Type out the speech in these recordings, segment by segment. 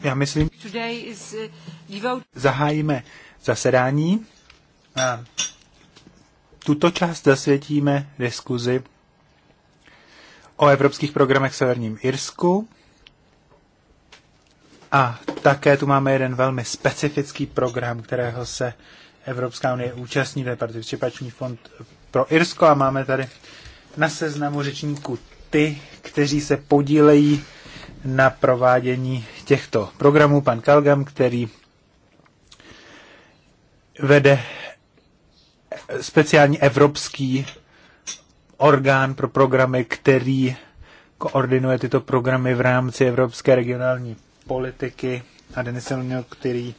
Já myslím, uh, zahájíme zasedání a tuto část zasvětíme diskuzi o evropských programech v Severním Irsku. A také tu máme jeden velmi specifický program, kterého se Evropská unie účastní, to je participační fond pro Irsko a máme tady na seznamu řečníků ty, kteří se podílejí na provádění těchto programů. Pan Kalgam, který vede speciální evropský orgán pro programy, který koordinuje tyto programy v rámci evropské regionální politiky a Denis Silonio, který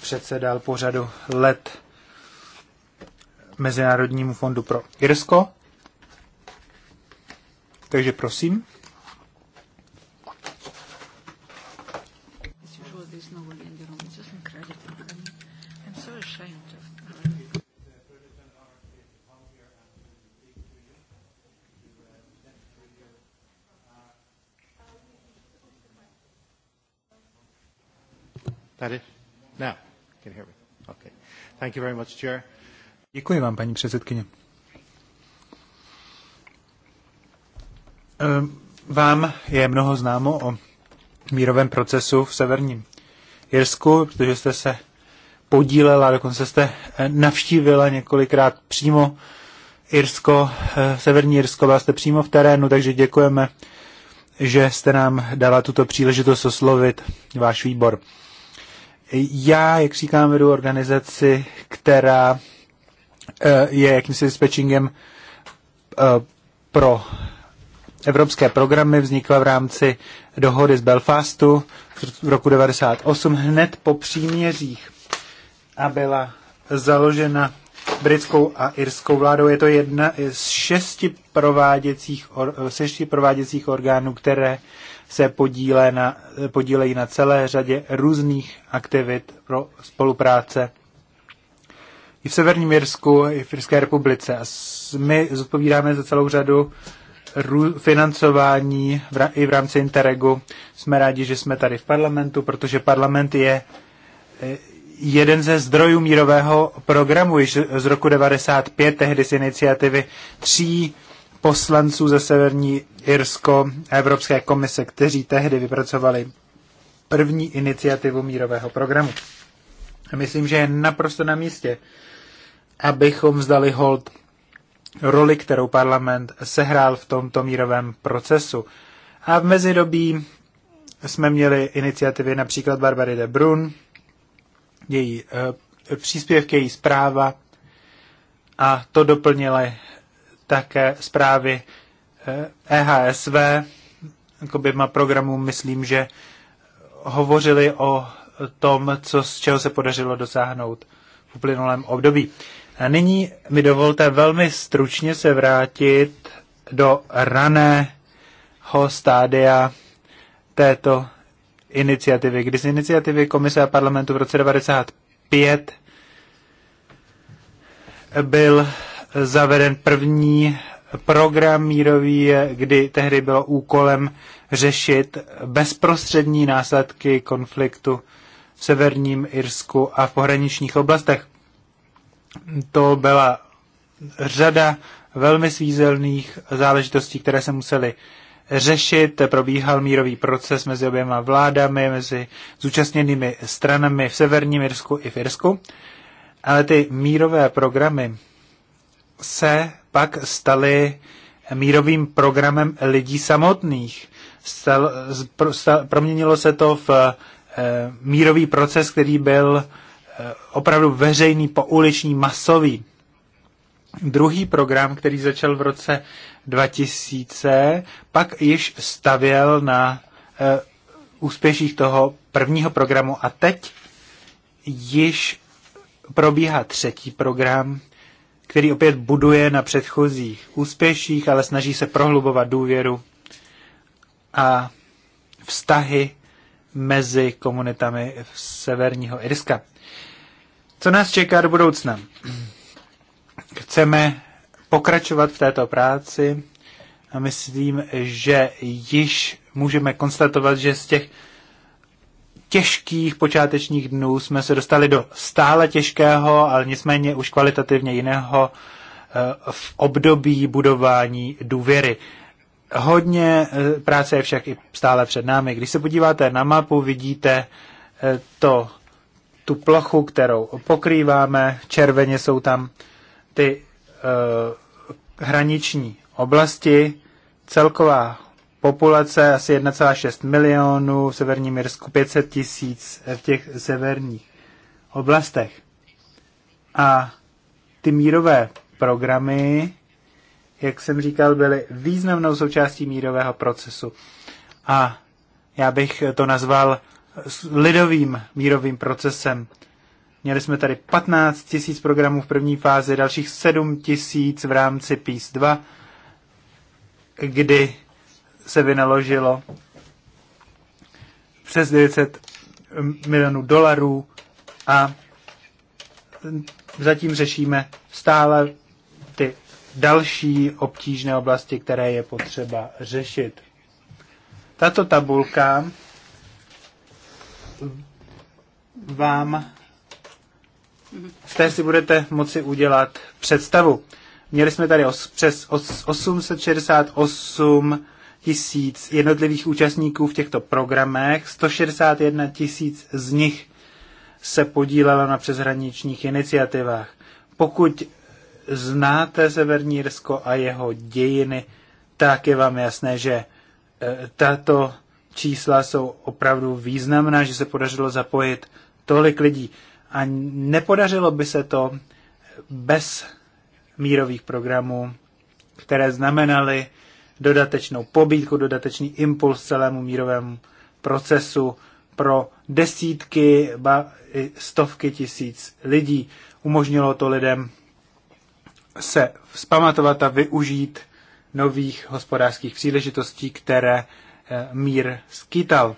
předsedal pořadu let Mezinárodnímu fondu pro Irsko. Takže prosím. That it? Now, can hear me? Okay. Thank you very much, Chair. Děkuji vám, paní předsedkyně. Eh, vám je mnoho známo o mírovém procesu v severním Jirsku, protože jste se podílela, dokonce jste eh, navštívila několikrát přímo Irsko, eh, severní Irsko, byla jste přímo v terénu, takže děkujeme, že jste nám dala tuto příležitost oslovit váš výbor. Já, jak říkám, vedu organizaci, která je jakýmsi dispečingem pro evropské programy vznikla v rámci dohody z Belfastu v roku 98 hned po příměřích a byla založena britskou a irskou vládou. Je to jedna z šesti prováděcích, or, šesti prováděcích orgánů, které se podíle na, podílejí na celé řadě různých aktivit pro spolupráce i v Severním Irsku, i v Irské republice. A my zodpovídáme za celou řadu financování i v rámci Interregu. Jsme rádi, že jsme tady v parlamentu, protože parlament je eh, jeden ze zdrojů mírového programu již z roku 95, tehdy z iniciativy tří poslanců ze Severní Irsko Evropské komise, kteří tehdy vypracovali první iniciativu mírového programu. A myslím, že je naprosto na místě, abychom vzdali hold roli, kterou parlament sehrál v tomto mírovém procesu. A v mezidobí jsme měli iniciativy například Barbary de Brun, její e, příspěvky, její zpráva a to doplnily také zprávy EHSV, e k jako oběma programu myslím, že hovořili o tom, co, z čeho se podařilo dosáhnout v uplynulém období. A nyní mi dovolte velmi stručně se vrátit do raného stádia této iniciativy, kdy z iniciativy Komise a parlamentu v roce 1995 byl zaveden první program mírový, kdy tehdy bylo úkolem řešit bezprostřední následky konfliktu v severním Irsku a v pohraničních oblastech to byla řada velmi svízelných záležitostí, které se musely řešit. Probíhal mírový proces mezi oběma vládami, mezi zúčastněnými stranami v Severním Irsku i v Irsku. Ale ty mírové programy se pak staly mírovým programem lidí samotných. Stal, stal, proměnilo se to v e, mírový proces, který byl e, Eh, opravdu veřejný, pouliční, masový. Druhý program, který začal v roce 2000, pak již stavěl na eh, úspěších toho prvního programu a teď již probíhá třetí program, který opět buduje na předchozích úspěších, ale snaží se prohlubovat důvěru a vztahy mezi komunitami v severního Irska. Co nás čeká do budoucna? Chceme pokračovat v této práci a myslím, že již můžeme konstatovat, že z těch těžkých počátečních dnů jsme se dostali do stále těžkého, ale nicméně už kvalitativně jiného eh, v období budování důvěry. Hodně eh, práce je však i stále před námi. Když se podíváte na mapu, vidíte eh, to, tu plochu, kterou pokrýváme. Červeně jsou tam ty uh, hraniční oblasti. Celková populace asi 1,6 milionů, v severním Jirsku 500 tisíc v těch severních oblastech. A ty mírové programy jak jsem říkal, byly významnou součástí mírového procesu. A já bych to nazval lidovým mírovým procesem. Měli jsme tady 15 tisíc programů v první fázi, dalších 7 tisíc v rámci PIS 2, kdy se vynaložilo přes 900 milionů dolarů a zatím řešíme stále další obtížné oblasti, které je potřeba řešit. Tato tabulka vám z té si budete moci udělat představu. Měli jsme tady os, přes os, 868 tisíc jednotlivých účastníků v těchto programech, 161 tisíc z nich se podílelo na přeshraničních iniciativách. Pokud znáte Severní Irsko a jeho dějiny, tak je vám jasné, že e, tato čísla jsou opravdu významná, že se podařilo zapojit tolik lidí. A nepodařilo by se to bez mírových programů, které znamenaly dodatečnou pobídku, dodatečný impuls celému mírovému procesu pro desítky, ba stovky tisíc lidí. Umožnilo to lidem se vzpamatovat a využít nových hospodářských příležitostí, které eh, mír skýtal.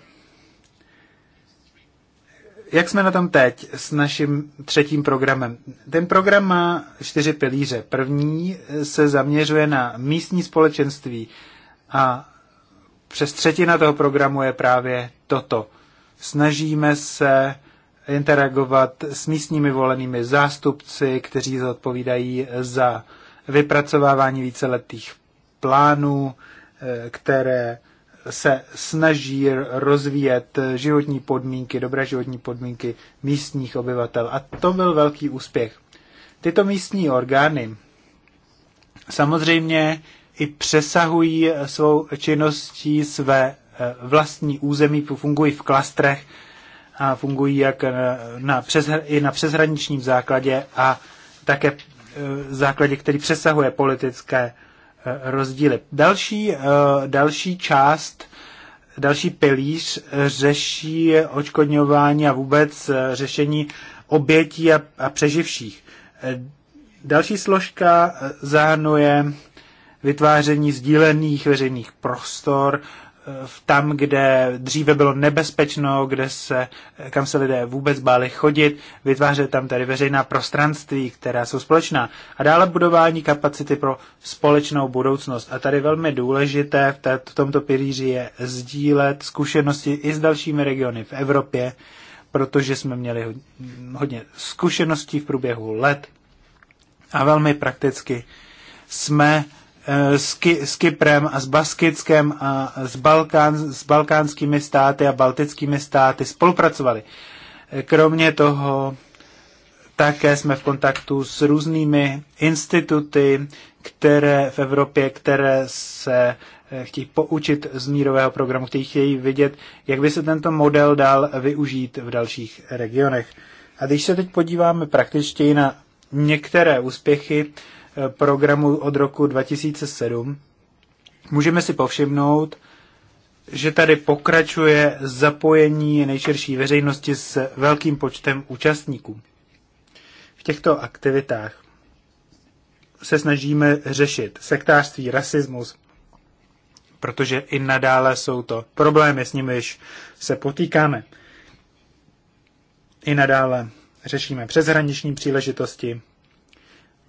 Jak jsme na tom teď s naším třetím programem? Ten program má čtyři pilíře. První se zaměřuje na místní společenství a přes třetina toho programu je právě toto. Snažíme se interagovat s místními volenými zástupci, kteří zodpovídají za vypracovávání víceletých plánů, eh, které se snaží rozvíjet životní podmínky, dobré životní podmínky místních obyvatel. A to byl velký úspěch. Tyto místní orgány samozřejmě i přesahují svou činností své eh, vlastní území, fungují v klastrech, a fungují jak na přes, i na přeshraničním základě a také e, základě, který přesahuje politické e, rozdíly. Další, e, další část, další pilíř řeší očkodňování a vůbec řešení obětí a, a přeživších. Další složka zahrnuje vytváření sdílených veřejných prostor, tam, kde dříve bylo nebezpečno, kde se, kam se lidé vůbec báli chodit, vytvářet tam tady veřejná prostranství, která jsou společná. A dále budování kapacity pro společnou budoucnost. A tady velmi důležité v, té, v tomto pilíři je sdílet zkušenosti i s dalšími regiony v Evropě, protože jsme měli hodně zkušeností v průběhu let a velmi prakticky jsme Eh, s, Ky, s Kyprem a s Baskickem a s, Balkán, s balkánskými státy a baltickými státy spolupracovali. Eh, kromě toho také jsme v kontaktu s různými instituty, které v Evropě, které se eh, chtějí poučit z mírového programu, chtějí, chtějí vidět, jak by se tento model dal využít v dalších regionech. A když se teď podíváme praktičtěji na některé úspěchy, programu od roku 2007, můžeme si povšimnout, že tady pokračuje zapojení nejširší veřejnosti s velkým počtem účastníků. V těchto aktivitách se snažíme řešit sektářství, rasismus, protože i nadále jsou to problémy, s nimiž se potýkáme. I nadále řešíme přeshraniční příležitosti,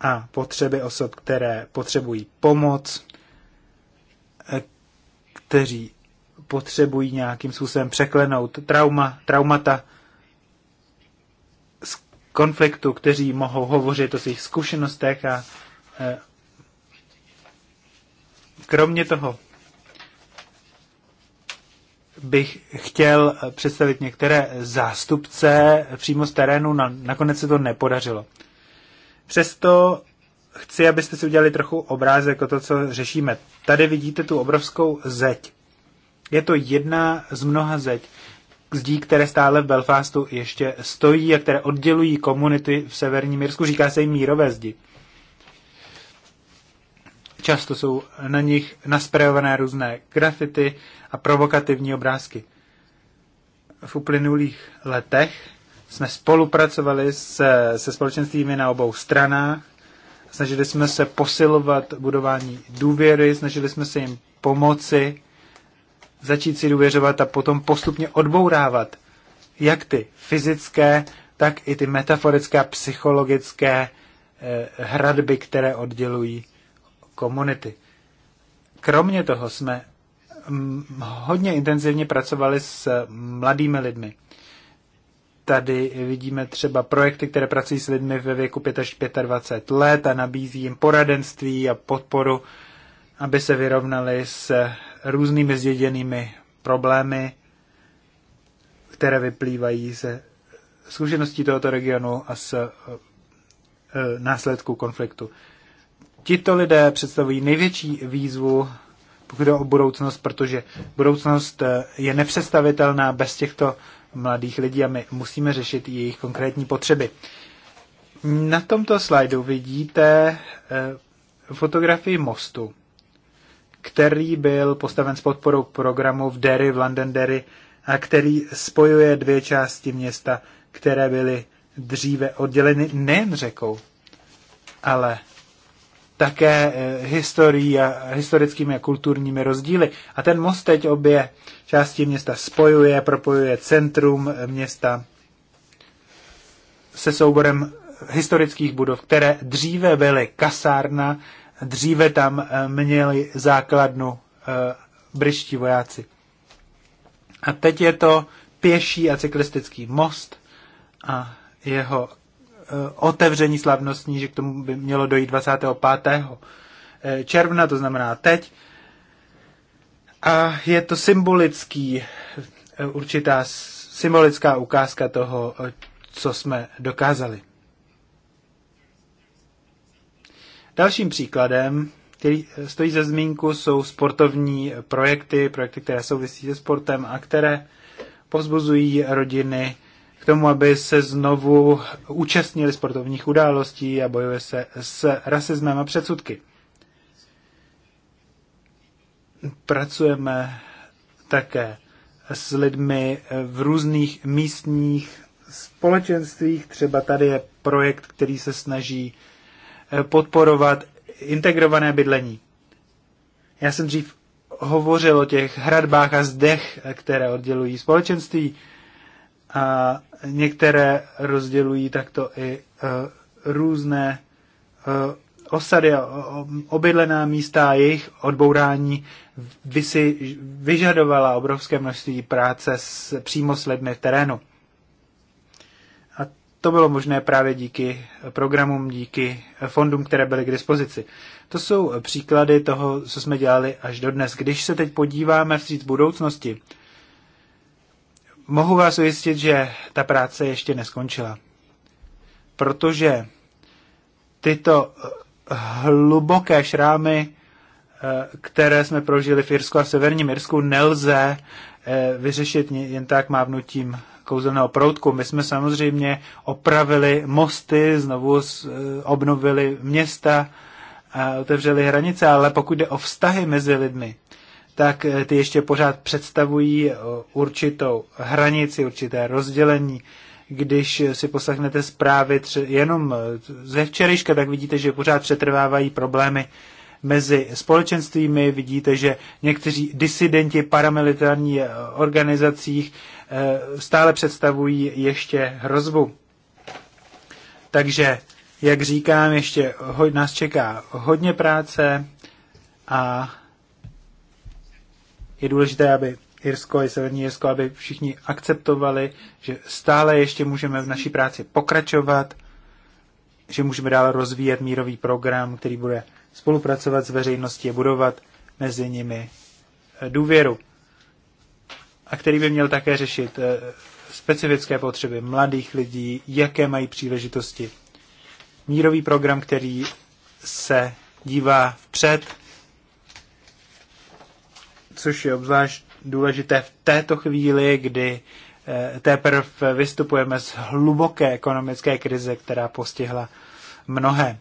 a potřeby osob, které potřebují pomoc, eh, kteří potřebují nějakým způsobem překlenout trauma, traumata z konfliktu, kteří mohou hovořit o svých zkušenostech a eh, kromě toho bych chtěl eh, představit některé zástupce přímo z terénu, na, nakonec se to nepodařilo. Přesto chci, abyste si udělali trochu obrázek o to, co řešíme. Tady vidíte tu obrovskou zeď. Je to jedna z mnoha zeď, zdí, které stále v Belfastu ještě stojí a které oddělují komunity v severním Jirsku. Říká se jim mírové zdi. Často jsou na nich nasprejované různé grafity a provokativní obrázky. V uplynulých letech jsme spolupracovali se, se společenstvími na obou stranách, snažili jsme se posilovat budování důvěry, snažili jsme se jim pomoci, začít si důvěřovat a potom postupně odbourávat jak ty fyzické, tak i ty metaforické a psychologické eh, hradby, které oddělují komunity. Kromě toho jsme mm, hodně intenzivně pracovali s mladými lidmi. Tady vidíme třeba projekty, které pracují s lidmi ve věku 5 až 25 let a nabízí jim poradenství a podporu, aby se vyrovnali s různými zděděnými problémy, které vyplývají ze zkušeností tohoto regionu a z eh, následků konfliktu. Tito lidé představují největší výzvu, pokud jde o budoucnost, protože budoucnost eh, je nepředstavitelná bez těchto mladých lidí a my musíme řešit jejich konkrétní potřeby. Na tomto slajdu vidíte eh, fotografii mostu, který byl postaven s podporou programu v Derry, v Londonderry, a který spojuje dvě části města, které byly dříve odděleny nejen řekou, ale také eh, historií a historickými a kulturními rozdíly. A ten most teď obě části města spojuje, propojuje centrum eh, města se souborem eh, historických budov, které dříve byly kasárna, dříve tam měli základnu bryští vojáci. A teď je to pěší a cyklistický most a jeho Eh, otevření slavnostní, že k tomu by mělo dojít 25. června, to znamená teď. A je to symbolický, eh, určitá symbolická ukázka toho, eh, co jsme dokázali. Dalším příkladem, který stojí ze zmínku, jsou sportovní projekty, projekty, které souvisí se sportem a které povzbuzují rodiny k tomu, aby se znovu účastnili sportovních událostí a bojuje se s rasismem a předsudky. Pracujeme také s lidmi v různých místních společenstvích. Třeba tady je projekt, který se snaží eh, podporovat integrované bydlení. Já jsem dřív hovořil o těch hradbách a zdech, eh, které oddělují společenství. A Některé rozdělují takto i eh, různé eh, osady a obydlená místa a jejich odbourání by si vyžadovala obrovské množství práce s, přímo s lidmi v terénu. A to bylo možné právě díky programům, díky fondům, které byly k dispozici. To jsou příklady toho, co jsme dělali až dodnes. Když se teď podíváme vstříc budoucnosti, mohu vás ujistit, že ta práce ještě neskončila. Protože tyto eh, hluboké šrámy, eh, které jsme prožili v Irsku a v Severním Irsku, nelze eh, vyřešit jen tak mávnutím kouzelného proutku. My jsme samozřejmě opravili mosty, znovu obnovili města, a otevřeli hranice, ale pokud jde o vztahy mezi lidmi, tak eh, ty ještě pořád představují eh, určitou hranici, určité rozdělení. Když eh, si poslechnete zprávy tři, jenom ze včerejška, tak vidíte, že pořád přetrvávají problémy mezi společenstvími. Vidíte, že někteří disidenti paramilitární organizacích stále představují ještě hrozbu. Takže, jak říkám, ještě nás čeká hodně práce a je důležité, aby Irsko i Severní Irsko, aby všichni akceptovali, že stále ještě můžeme v naší práci pokračovat, že můžeme dále rozvíjet mírový program, který bude spolupracovat s veřejností a budovat mezi nimi eh, důvěru. A který by měl také řešit eh, specifické potřeby mladých lidí, jaké mají příležitosti. Mírový program, který se dívá vpřed což je obzvlášť důležité v této chvíli, kdy eh, teprve vystupujeme z hluboké ekonomické krize, která postihla mnohé.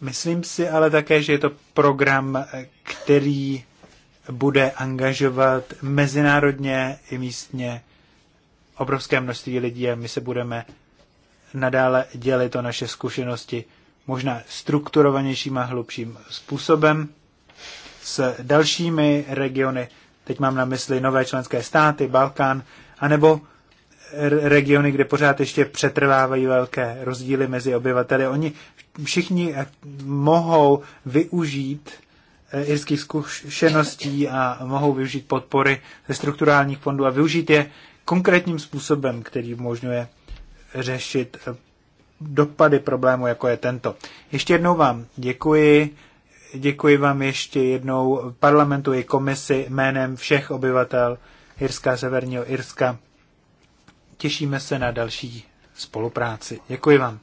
Myslím si ale také, že je to program, eh, který bude angažovat mezinárodně i místně obrovské množství lidí a my se budeme nadále dělit o naše zkušenosti možná strukturovanějším a hlubším způsobem s dalšími regiony, teď mám na mysli nové členské státy, Balkán, anebo regiony, kde pořád ještě přetrvávají velké rozdíly mezi obyvateli. Oni všichni eh, mohou využít eh, irských zkušeností a mohou využít podpory ze strukturálních fondů a využít je konkrétním způsobem, který umožňuje řešit eh, dopady problému, jako je tento. Ještě jednou vám děkuji děkuji vám ještě jednou parlamentu i komisi jménem všech obyvatel Irska, Severního Irska. Těšíme se na další spolupráci. Děkuji vám.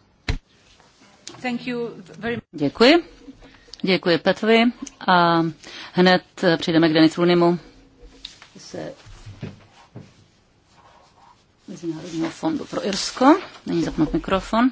Very... Děkuji. Děkuji Petvi a hned přijdeme k Denisu Lunimu se Mezinárodního fondu pro Irsko. Není zapnout mikrofon.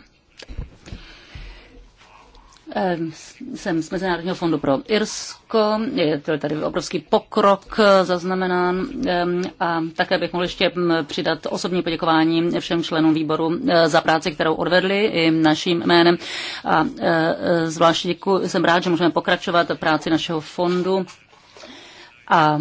Ehm, jsem z Mezinárodního fondu pro Irsko, je tady obrovský pokrok eh, zaznamenán ehm, a také bych mohl ještě mm, přidat osobní poděkování všem členům výboru eh, za práci, kterou odvedli i naším jménem a eh, zvláště jsem rád, že můžeme pokračovat v práci našeho fondu a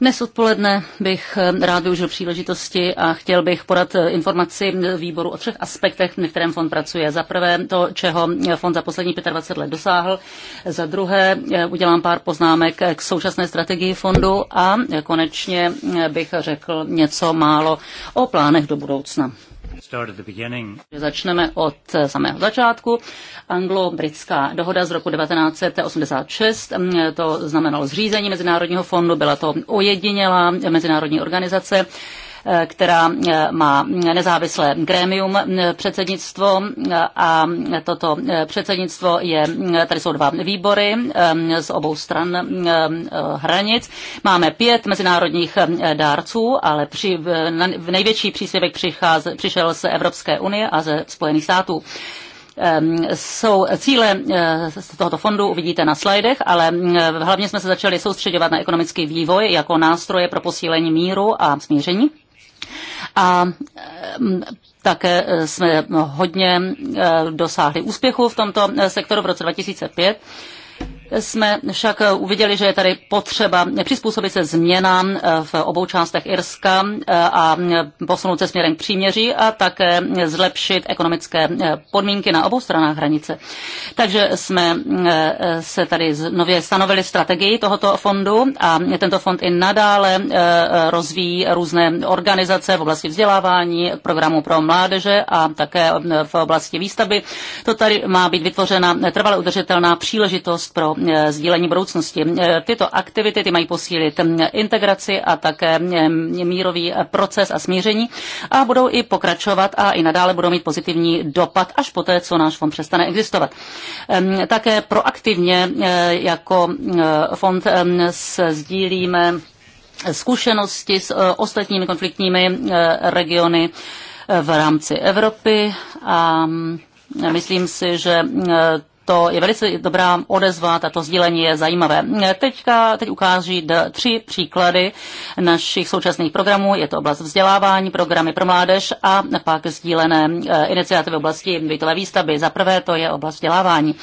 dnes odpoledne bych eh, rád využil příležitosti a chtěl bych podat eh, informaci eh, výboru o třech aspektech, na kterém fond pracuje. Za prvé to, čeho fond za poslední 25 let dosáhl. Za druhé udělám pár poznámek k současné strategii fondu a konečně bych řekl něco málo o plánech do budoucna. Začneme od samého začátku. Anglo-britská dohoda z roku 1986, mm, to znamenalo zřízení Mezinárodního fondu, byla to ojedinělá mezinárodní organizace která eh, má nezávislé grémium eh, předsednictvo eh, a toto předsednictvo je, tady jsou dva výbory z obou stran hranic. Máme pět mezinárodních dárců, ale při, v největší příspěvek přicház, přišel z Evropské unie a ze Spojených států ehm, jsou cíle z tohoto fondu, uvidíte na slajdech, ale hlavně jsme se začali soustředovat na ekonomický vývoj jako nástroje pro posílení míru a smíření. A mm, také e, jsme hodně e, dosáhli úspěchu v tomto e, sektoru v roce 2005 jsme však uviděli, že je tady potřeba přizpůsobit se změnám eh, v obou částech Irska eh, a posunout se směrem k příměří a také zlepšit ekonomické eh, podmínky na obou stranách hranice. Takže jsme se tady nově stanovili strategii tohoto fondu a tento fond i nadále rozvíjí různé organizace v oblasti vzdělávání, programu pro mládeže a také v oblasti výstavby. To tady má být vytvořena trvale udržitelná příležitost pro E, sdílení budoucnosti. E, tyto aktivity ty mají posílit e, integraci a také mírový proces a smíření a budou i pokračovat a i nadále budou mít pozitivní dopad až poté, co náš fond přestane existovat. Také proaktivně jako fond sdílíme zkušenosti s ostatními konfliktními regiony v rámci Evropy a myslím si, že to je velice dobrá odezva, tato sdílení je zajímavé. Teďka, teď ukáží tři příklady našich současných programů. Je to oblast vzdělávání, programy pro mládež a pak sdílené eh, iniciativy v oblasti bytové výstavby. Za prvé to je oblast vzdělávání.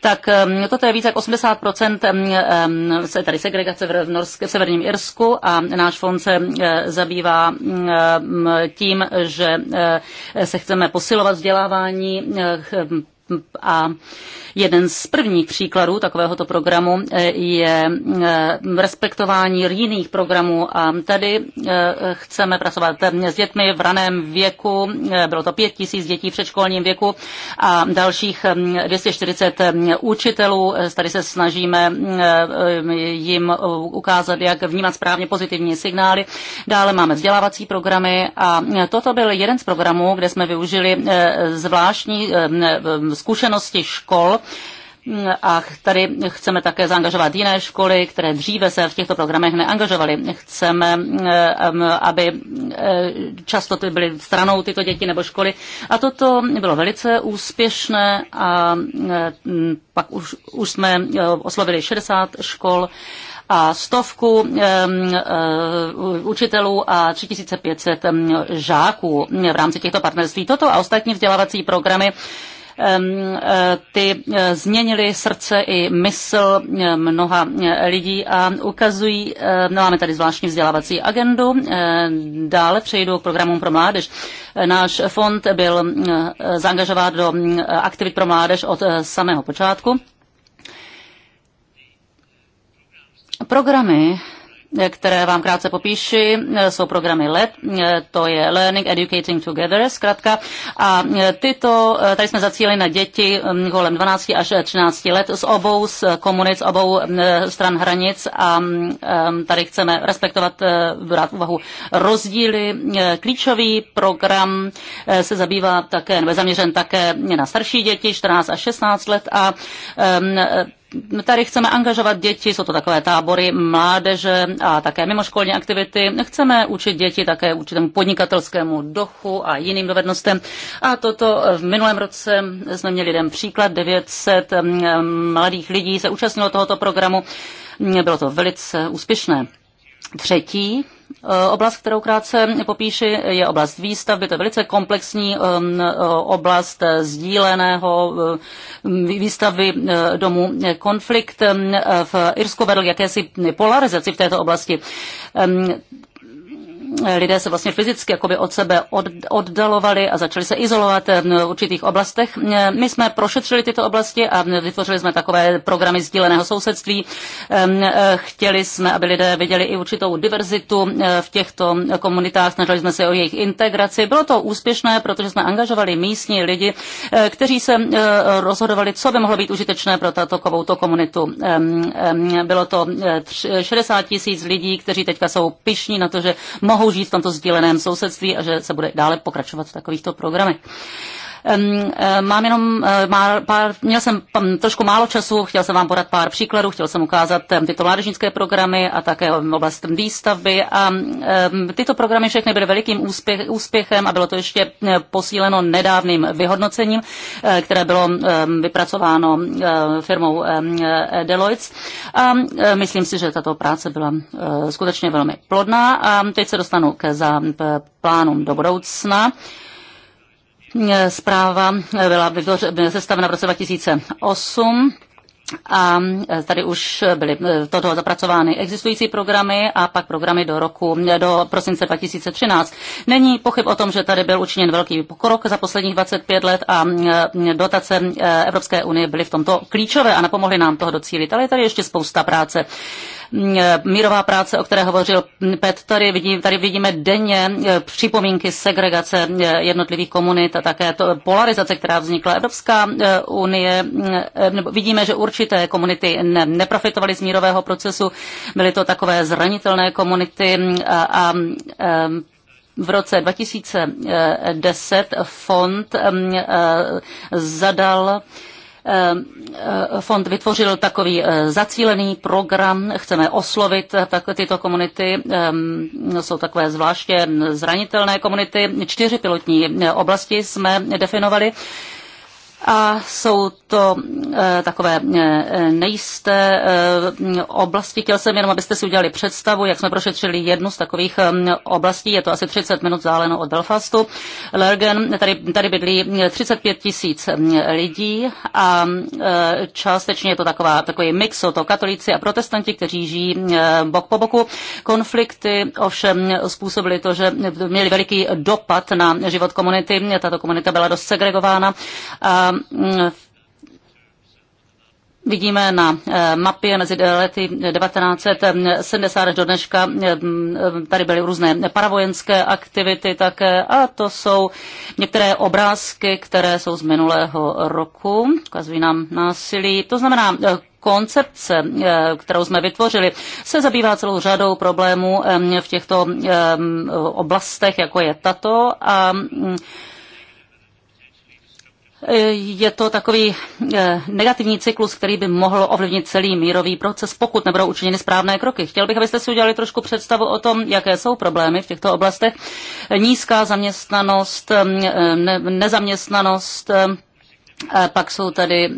Tak ehm, toto je více jak 80% ehm, ehm, se tady segregace v, Norsk, v severním Irsku a náš fond se eh, zabývá tím, že eh, se chceme posilovat vzdělávání a Jeden z prvních příkladů takovéhoto programu eh, je eh, respektování jiných programů a tady eh, chceme pracovat s dětmi v raném věku, bylo to 5 tisíc dětí v předškolním věku a dalších 240 učitelů. Tady se snažíme jim ukázat, jak vnímat správně pozitivní signály. Dále máme vzdělávací programy a toto byl jeden z programů, kde jsme využili zvláštní zkušenosti škol a tady chceme také zaangažovat jiné školy, které dříve se v těchto programech neangažovaly. Chceme, ehm, aby eh, často ty byly stranou tyto děti nebo školy. A toto bylo velice úspěšné a eh, pak už, už jsme eh, oslovili 60 škol a stovku ehm, učitelů a 3500 ehm, žáků v rámci těchto partnerství. Toto a ostatní vzdělávací programy E, ty e, změnily srdce i mysl e, mnoha lidí a ukazují, no máme tady zvláštní vzdělávací agendu, dále přejdu k programům pro mládež. Náš fond byl zaangažován do aktivit pro mládež od samého počátku. Programy které vám krátce popíši, e, jsou programy LED, e, to je Learning Educating Together, zkrátka. A e, tyto, tady jsme zacílili na děti kolem 12 až 13 let z obou z komunic, z obou stran hranic a tady chceme respektovat, brát úvahu rozdíly. Klíčový program se zabývá také, nebo zaměřen také na starší děti, 14 až 16 let a tady chceme angažovat děti, jsou to takové tábory mládeže a také mimoškolní aktivity. Chceme učit děti také určitému podnikatelskému dochu a jiným dovednostem. A toto v minulém roce jsme měli jeden příklad, 900 mladých lidí se účastnilo tohoto programu. Bylo to velice úspěšné. Třetí Eh, oblast, kterou krátce popíši, je oblast výstavby. To je velice komplexní eh, oblast eh, sdíleného výstavby domu Konflikt v Irsku vedl jakési polarizaci v této oblasti lidé se vlastně fyzicky jakoby od sebe oddalovali a začali se izolovat eh, v určitých oblastech. Eh, my jsme prošetřili tyto oblasti a vytvořili jsme takové programy sdíleného sousedství. Ehm, eh, chtěli jsme, aby lidé viděli i určitou diverzitu v těchto komunitách, snažili jsme se o jejich integraci. Bylo to úspěšné, protože jsme angažovali místní lidi, kteří se rozhodovali, co by mohlo být užitečné pro takovouto komunitu. Ehm, ehm, bylo to 60 tisíc lidí, kteří teďka jsou pišní na to, že mohou mohou žít v tomto sdíleném sousedství a že se bude dále pokračovat v takovýchto programech. Eh, mám jenom eh, pár, měl jsem trošku málo času, chtěl jsem vám podat pár příkladů, chtěl jsem ukázat tyto mládežnické programy a také oblast výstavby. A tyto programy všechny byly velikým úspěch, úspěchem a bylo to ještě eh, posíleno nedávným vyhodnocením, které bylo vypracováno firmou Deloitte. A myslím si, že tato práce byla skutečně velmi plodná. A teď se dostanu k plánům do budoucna zpráva byla sestavena v roce 2008 a tady už byly toto zapracovány existující programy a pak programy do roku, do prosince 2013. Není pochyb o tom, že tady byl učiněn velký pokrok za posledních 25 let a e, dotace e, Evropské unie byly v tomto klíčové a napomohly nám toho docílit, ale je tady ještě spousta práce. E, mírová práce, o které hovořil Pet, tady, vidí, tady vidíme denně e, připomínky segregace e, jednotlivých komunit a také to, polarizace, která vznikla. Evropská unie, nebo vidíme, že určité komunity ne, neprofitovaly z mírového procesu, byly to takové zranitelné komunity a, a, a v roce 2010 fond zadal Eh, eh, fond vytvořil takový eh, zacílený program, chceme oslovit tak tyto komunity, ehm, jsou takové zvláště zranitelné komunity. Čtyři pilotní oblasti jsme definovali a jsou to e, takové e, nejisté e, oblasti. Chtěl jsem jenom, abyste si udělali představu, jak jsme prošetřili jednu z takových e, oblastí. Je to asi 30 minut vzdáleno od Belfastu. Lergen, tady, tady bydlí 35 tisíc lidí a e, částečně je to taková, takový mix, jsou to katolíci a protestanti, kteří žijí e, bok po boku. Konflikty ovšem způsobily to, že měli veliký dopad na život komunity. Tato komunita byla dost segregována. A Eh, vidíme na eh, mapě mezi lety 1970 eh, až do dneška, tady byly různé paravojenské aktivity také a to jsou některé obrázky, které jsou z minulého roku, ukazují nám násilí. To znamená, koncepce, kterou jsme vytvořili, se zabývá celou řadou problémů v těchto oblastech, jako je tato. A mm, je to takový eh, negativní cyklus, který by mohl ovlivnit celý mírový proces, pokud nebudou učiněny správné kroky. Chtěl bych, abyste si udělali trošku představu o tom, jaké jsou problémy v těchto oblastech. Nízká zaměstnanost, nezaměstnanost, pak jsou tady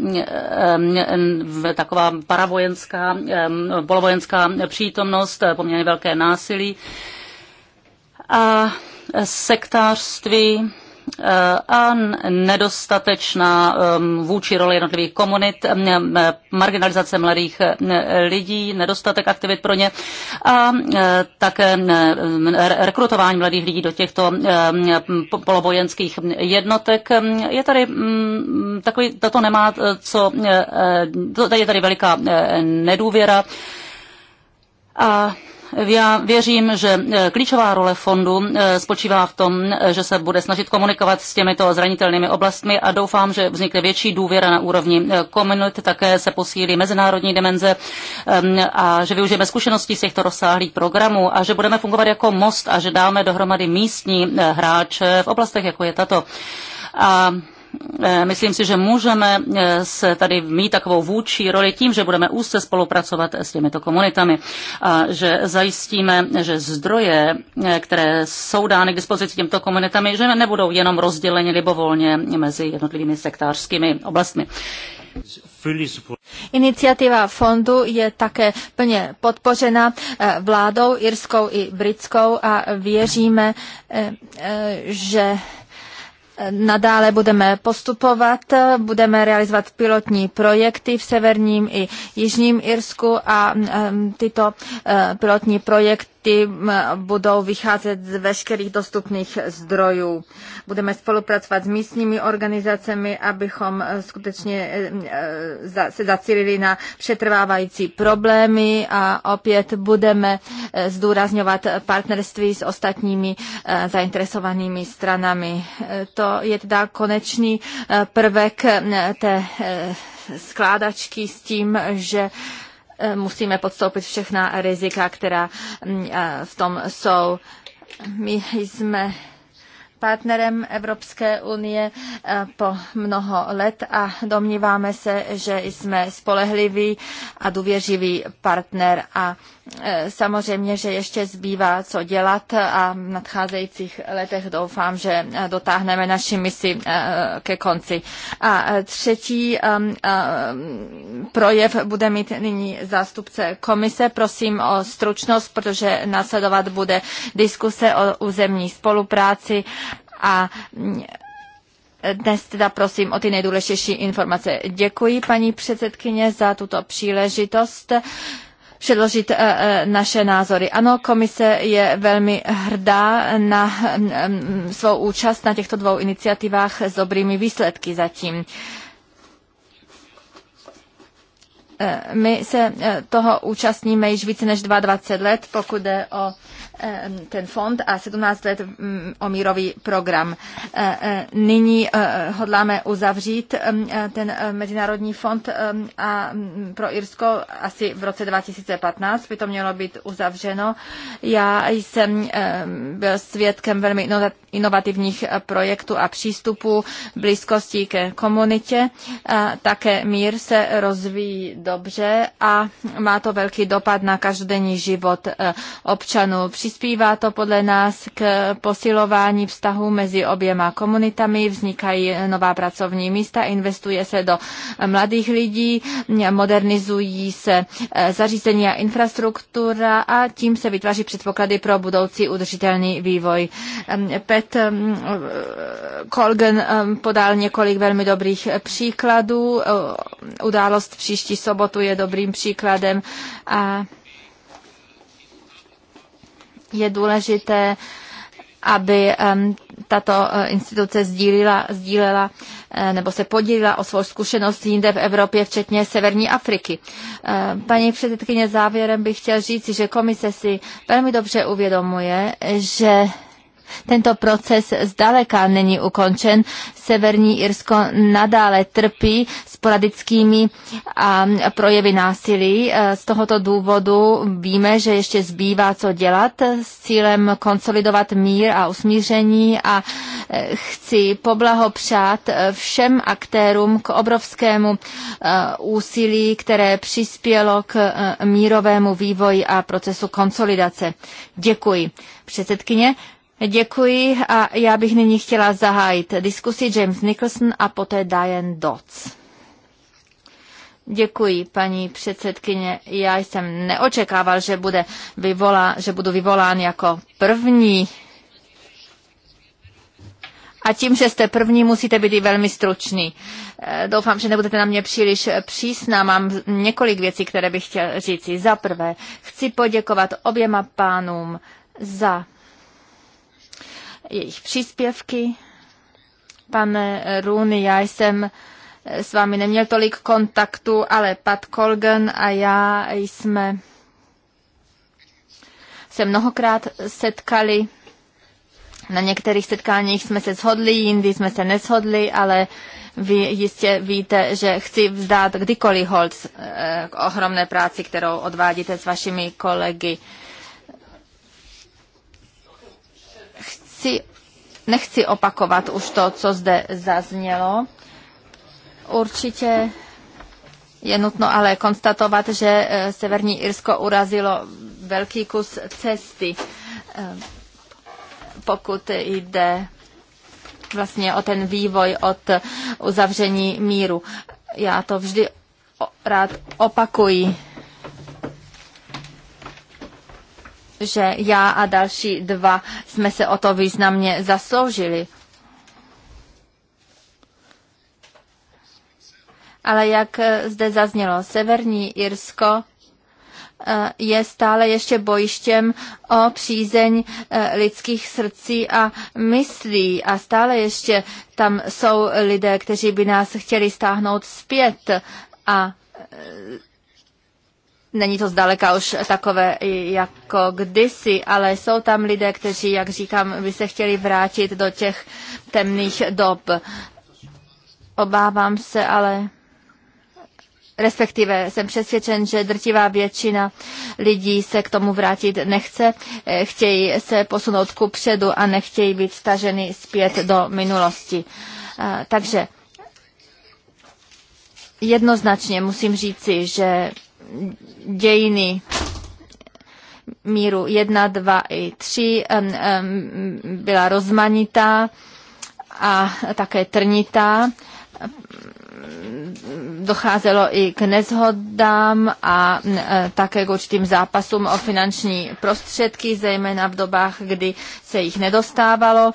taková paravojenská, polovojenská přítomnost, poměrně velké násilí a sektářství, a nedostatečná um, vůči roli jednotlivých komunit, marginalizace mladých lidí, nedostatek aktivit pro ně a také rekrutování mladých lidí do těchto polovojenských jednotek. Je tady takový, toto nemá co, e, e, je tady veliká e, nedůvěra. A já věřím, že eh, klíčová role fondu eh, spočívá v tom, eh, že se bude snažit komunikovat s těmito zranitelnými oblastmi a doufám, že vznikne větší důvěra na úrovni komunit, také se posílí mezinárodní dimenze ehm, a že využijeme zkušenosti z těchto rozsáhlých programů a že budeme fungovat jako most a že dáme dohromady místní hráče v oblastech, jako je tato. A Eh, myslím si, že můžeme eh, se tady mít takovou vůči roli tím, že budeme úzce spolupracovat s těmito komunitami a že zajistíme, že zdroje, eh, které jsou dány k dispozici těmto komunitami, že nebudou jenom rozděleny libovolně mezi jednotlivými sektářskými oblastmi. Iniciativa fondu je také plně podpořena vládou irskou i britskou a věříme, že Nadále budeme postupovat, budeme realizovat pilotní projekty v severním i jižním Irsku a tyto eh, pilotní projekty ty budou vycházet z veškerých dostupných zdrojů. Budeme spolupracovat s místními organizacemi, abychom e, skutečně e, e, se zacílili na přetrvávající problémy a opět budeme zdůrazňovat partnerství s ostatními zainteresovanými stranami. To je teda konečný prvek té skládačky s tím, že musíme podstoupit všechna rizika, která mm, eh, v tom jsou. My jsme partnerem Evropské unie eh, po mnoho let a domníváme se, že jsme spolehlivý a důvěřivý partner a Eh, samozřejmě, že ještě zbývá co dělat a v nadcházejících letech doufám, že eh, dotáhneme naši misi eh, ke konci. A třetí projev bude mít nyní zástupce komise. Prosím o stručnost, protože následovat bude diskuse o územní spolupráci a mm, dnes teda prosím o ty nejdůležitější informace. Děkuji paní předsedkyně za tuto příležitost předložit eh, eh, naše názory. Ano, komise je velmi hrdá na mm, mm, svou účast na těchto dvou iniciativách s dobrými výsledky zatím. E, my se e, toho účastníme již více než 22 let, pokud jde o e, ten fond a 17 let o mírový program. Nyní hodláme uzavřít ten Mezinárodní fond a pro Irsko asi v roce 2015 by to mělo být uzavřeno. Já jsem byl svědkem velmi inovativních projektů a přístupů blízkosti ke komunitě. Také mír se rozvíjí do dobře a má to velký dopad na každodenní život eh, občanů. Přispívá to podle nás k posilování vztahu mezi oběma komunitami, vznikají nová pracovní místa, investuje se do mladých lidí, modernizují se eh, zařízení a infrastruktura a tím se vytváří předpoklady pro budoucí udržitelný vývoj. Pet Kolgen podal několik velmi dobrých příkladů. Eh, událost příští jsou sobotu je dobrým příkladem a je důležité, aby tato eh, instituce sdílila, sdílela eh, nebo se podílila o svou zkušenost jinde v Evropě, včetně Severní Afriky. Eh, paní předsedkyně, závěrem bych chtěl říct, že komise si velmi dobře uvědomuje, že tento proces zdaleka není ukončen. Severní Irsko nadále trpí sporadickými projevy násilí. E, z tohoto důvodu víme, že ještě zbývá co dělat s cílem konsolidovat mír a usmíření a e, chci poblahopřát e, všem aktérům k obrovskému úsilí, které přispělo k mírovému vývoji a procesu konsolidace. Děkuji. Předsedkyně, Děkuji a já bych nyní chtěla zahájit diskusi James Nicholson a poté Diane Dodds. Děkuji, paní předsedkyně. Já jsem neočekával, že, bude vyvolá, že budu vyvolán jako první. A tím, že jste první, musíte být i velmi stručný. Eh, doufám, že nebudete na mě příliš přísná. Mám několik věcí, které bych chtěl říci. Za prvé, chci poděkovat oběma pánům za jejich příspěvky. Pane Rune, já jsem s vámi neměl tolik kontaktu, ale Pat Colgan a já jsme se mnohokrát setkali. Na některých setkáních jsme se shodli, jindy jsme se neshodli, ale vy jistě víte, že chci vzdát kdykoliv hold eh, k ohromné práci, kterou odvádíte s vašimi kolegy. Nechci, nechci opakovat už to, co zde zaznělo. Určitě je nutno ale konstatovat, že eh, Severní Irsko urazilo velký kus cesty, eh, pokud jde vlastně o ten vývoj od uzavření míru. Já to vždy rád opakuji že já a další dva jsme se o to významně zasloužili. Ale jak eh, zde zaznělo, Severní Irsko eh, je stále ještě bojištěm o přízeň eh, lidských srdcí a myslí a stále ještě tam jsou lidé, kteří by nás chtěli stáhnout zpět a Není to zdaleka už takové jako kdysi, ale jsou tam lidé, kteří, jak říkám, by se chtěli vrátit do těch temných dob. Obávám se ale, respektive jsem přesvědčen, že drtivá většina lidí se k tomu vrátit nechce, chtějí se posunout ku předu a nechtějí být staženy zpět do minulosti. Takže jednoznačně musím říci, že dějiny míru 1, 2 i 3 byla rozmanitá a také trnitá. Docházelo i k nezhodám a také k určitým zápasům o finanční prostředky, zejména v dobách, kdy se jich nedostávalo.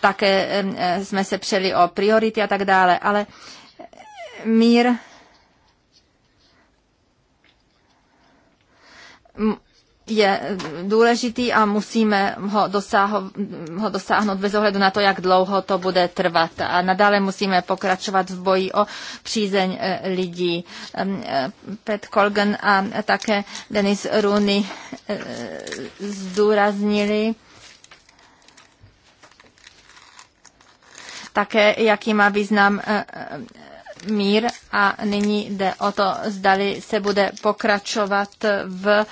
Také jsme se přeli o priority a tak dále, ale mír je důležitý a musíme ho, dosáho, ho dosáhnout bez ohledu na to, jak dlouho to bude trvat. A nadále musíme pokračovat v boji o přízeň e, lidí. E, Pet Colgan a také Denis Rooney e, zdůraznili, také, jaký má význam mír a nyní jde o to, zdali se bude pokračovat v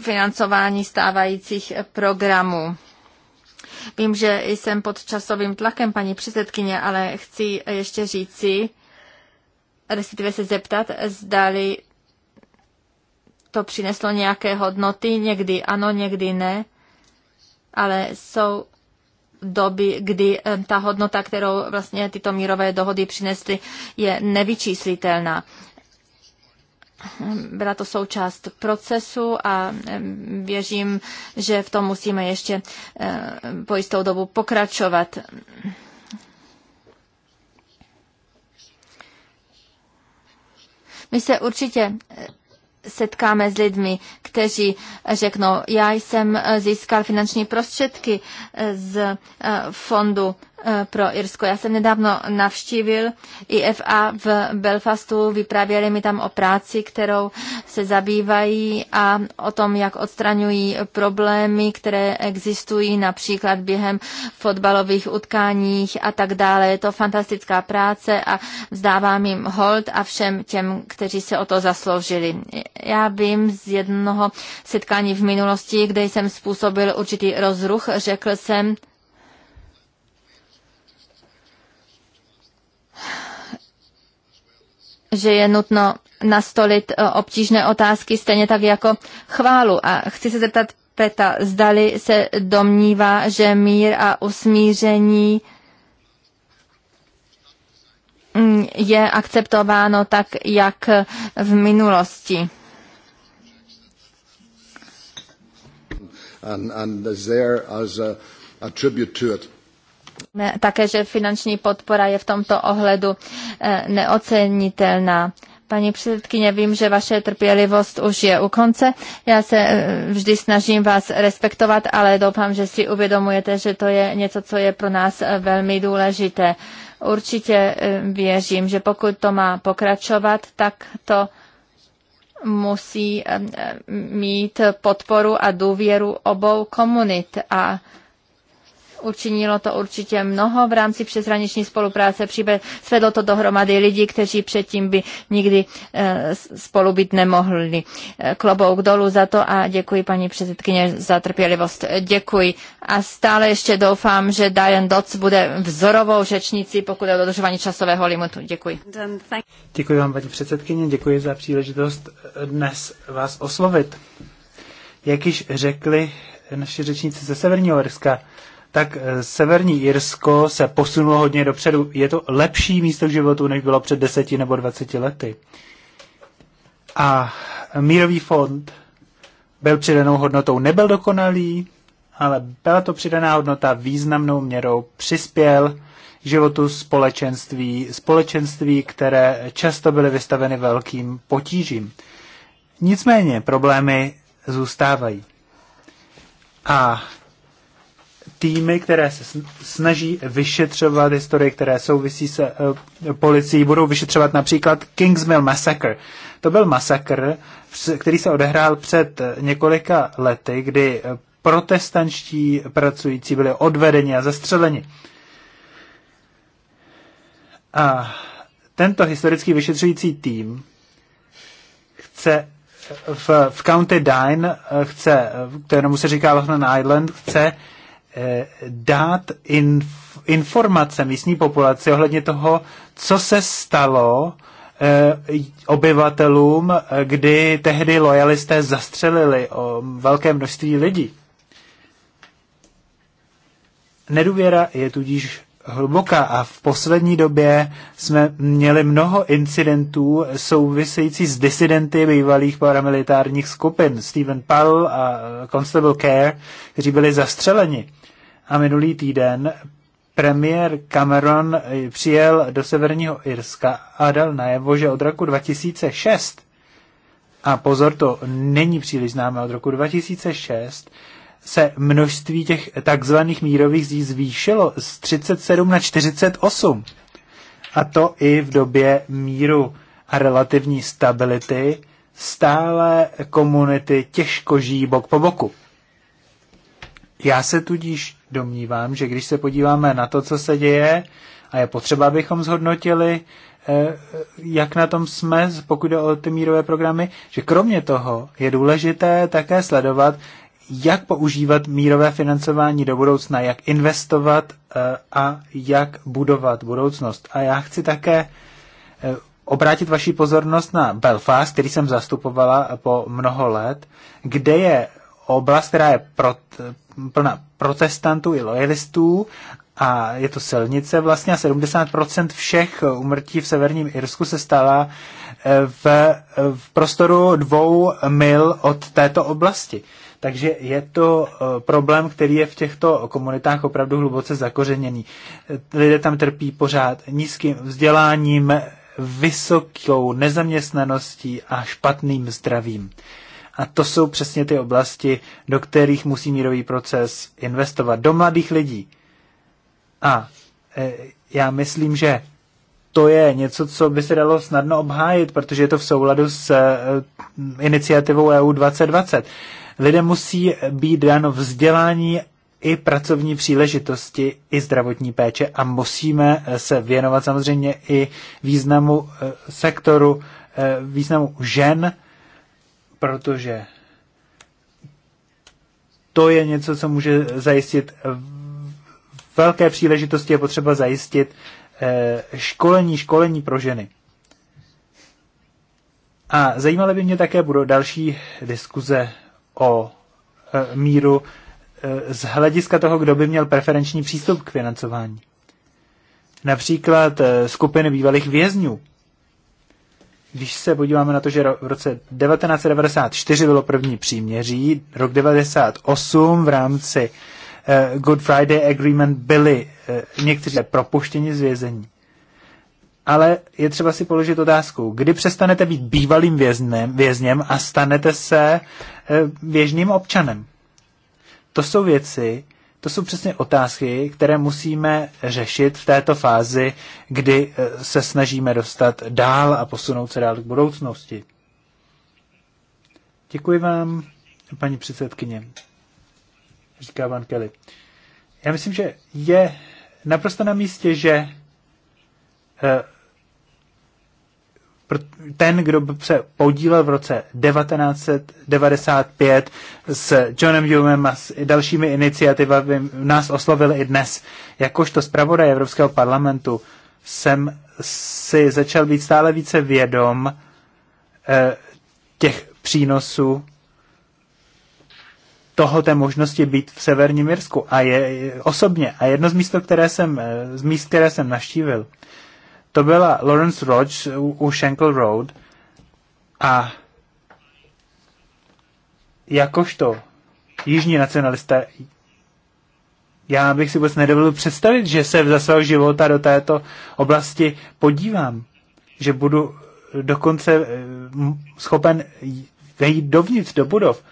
financování stávajících programů. Vím, že jsem pod časovým tlakem, paní předsedkyně, ale chci ještě říci, respektive se zeptat, zdali to přineslo nějaké hodnoty, někdy ano, někdy ne, ale jsou doby, kdy eh, ta hodnota, kterou vlastně tyto mírové dohody přinesly, je nevyčíslitelná. Byla to součást procesu a eh, věřím, že v tom musíme ještě eh, po jistou dobu pokračovat. My se určitě setkáme s lidmi, kteří řeknou, já jsem eh, získal finanční prostředky eh, z eh, fondu Eh, pro Irsko. Já jsem nedávno navštívil IFA v Belfastu, vyprávěli mi tam o práci, kterou se zabývají a o tom, jak odstraňují problémy, které existují například během fotbalových utkáních a tak dále. Je to fantastická práce a vzdávám jim hold a všem těm, kteří se o to zasloužili. Já vím z jednoho setkání v minulosti, kde jsem způsobil určitý rozruch, řekl jsem, že je nutno nastolit e, obtížné otázky, stejně tak jako chválu. A chci se zeptat Peta, zdali se domnívá, že mír a usmíření mm, je akceptováno tak, jak v minulosti. And, and is there as a, a tribute to it také, že finanční podpora je v tomto ohledu eh, neocenitelná. Paní předsedkyně, vím, že vaše trpělivost už je u konce. Já se eh, vždy snažím vás respektovat, ale doufám, že si uvědomujete, že to je něco, co je pro nás eh, velmi důležité. Určitě věřím, že pokud to má pokračovat, tak to musí mít podporu a důvěru obou komunit a Učinilo to určitě mnoho v rámci přeshraniční spolupráce. Příbe, svedlo to dohromady lidi, kteří předtím by nikdy eh, spolu být nemohli. Eh, klobouk dolů za to a děkuji paní předsedkyně za trpělivost. Děkuji. A stále ještě doufám, že Diane Dodds bude vzorovou řečnicí, pokud je o dodržování časového limitu. Děkuji. Děkuji vám, paní předsedkyně, děkuji za příležitost eh, dnes vás oslovit. Jak již řekli naši řečníci ze Severního Irska, tak eh, severní Irsko se posunulo hodně dopředu. Je to lepší místo k životu, než bylo před deseti nebo dvaceti lety. A mírový fond byl přidanou hodnotou. Nebyl dokonalý, ale byla to přidaná hodnota významnou měrou. Přispěl k životu společenství, společenství, které často byly vystaveny velkým potížím. Nicméně problémy zůstávají. A týmy, které se snaží vyšetřovat historie, které souvisí se uh, policií, budou vyšetřovat například Kingsmill Massacre. To byl masakr, který se odehrál před eh, několika lety, kdy eh, protestančtí pracující byli odvedeni a zastřeleni. A tento historický vyšetřující tým chce v, v County Dine, chce, kterému se říká Lachlan Island, chce uh, Eh, dát inf, informace místní populaci ohledně toho, co se stalo eh, obyvatelům, eh, kdy tehdy lojalisté zastřelili o velké množství lidí. Nedůvěra je tudíž hluboká a v poslední době jsme měli mnoho incidentů související s disidenty bývalých paramilitárních skupin, Stephen Powell a Constable Care, kteří byli zastřeleni a minulý týden premiér Cameron přijel do severního Irska a dal najevo, že od roku 2006, a pozor, to není příliš známé, od roku 2006 se množství těch takzvaných mírových zdí zvýšilo z 37 na 48. A to i v době míru a relativní stability stále komunity těžko žijí bok po boku. Já se tudíž domnívám, že když se podíváme na to, co se děje, a je potřeba, abychom zhodnotili, eh, eh, jak na tom jsme, pokud jde o ty mírové programy, že kromě toho je důležité také sledovat, jak používat mírové financování do budoucna, jak investovat eh, a jak budovat budoucnost. A já chci také obrátit vaši pozornost na Belfast, který jsem zastupovala po mnoho let, kde je oblast, která je plná protestantů i lojalistů a je to silnice vlastně a 70% všech umrtí v severním Irsku se stala eh, v, v prostoru dvou mil od této oblasti. Takže je to eh, problém, který je v těchto komunitách opravdu hluboce zakořeněný. Lidé tam trpí pořád nízkým vzděláním, vysokou nezaměstnaností a špatným zdravím. A to jsou přesně ty oblasti, do kterých musí mírový proces investovat. Do mladých lidí. A e, já myslím, že to je něco, co by se dalo snadno obhájit, protože je to v souladu s e, iniciativou EU 2020. Lidem musí být dáno vzdělání i pracovní příležitosti, i zdravotní péče a musíme e, se věnovat samozřejmě i významu e, sektoru, e, významu žen, protože to je něco, co může zajistit velké příležitosti, je potřeba zajistit eh, školení, školení pro ženy. A zajímalo by mě také budou další diskuze o eh, míru eh, z hlediska toho, kdo by měl preferenční přístup k financování. Například skupiny bývalých vězňů když se podíváme na to, že v roce 1994 bylo první příměří, rok 1998 v rámci uh, Good Friday Agreement byli uh, někteří propuštěni z vězení. Ale je třeba si položit otázku, kdy přestanete být bývalým vězněm, vězněm a stanete se uh, běžným občanem. To jsou věci, to jsou přesně otázky, které musíme řešit v této fázi, kdy eh, se snažíme dostat dál a posunout se dál k budoucnosti. Děkuji vám, paní předsedkyně, říká pan Kelly. Já myslím, že je naprosto na místě, že eh, ten, kdo se podílel v roce 1995 s Johnem Humem a s dalšími iniciativami, nás oslovil i dnes. Jakožto zpravodaj Evropského parlamentu jsem si začal být stále více vědom eh, těch přínosů toho té možnosti být v Severním Jirsku a je, osobně. A jedno z míst, které jsem, eh, z míst, které jsem naštívil, eh, to byla Lawrence Roach u, u Shankle Road a jakožto jižní nacionalista já bych si vůbec nedovolil představit, že se za svého života do této oblasti podívám. Že budu dokonce eh, schopen vejít dovnitř do budov.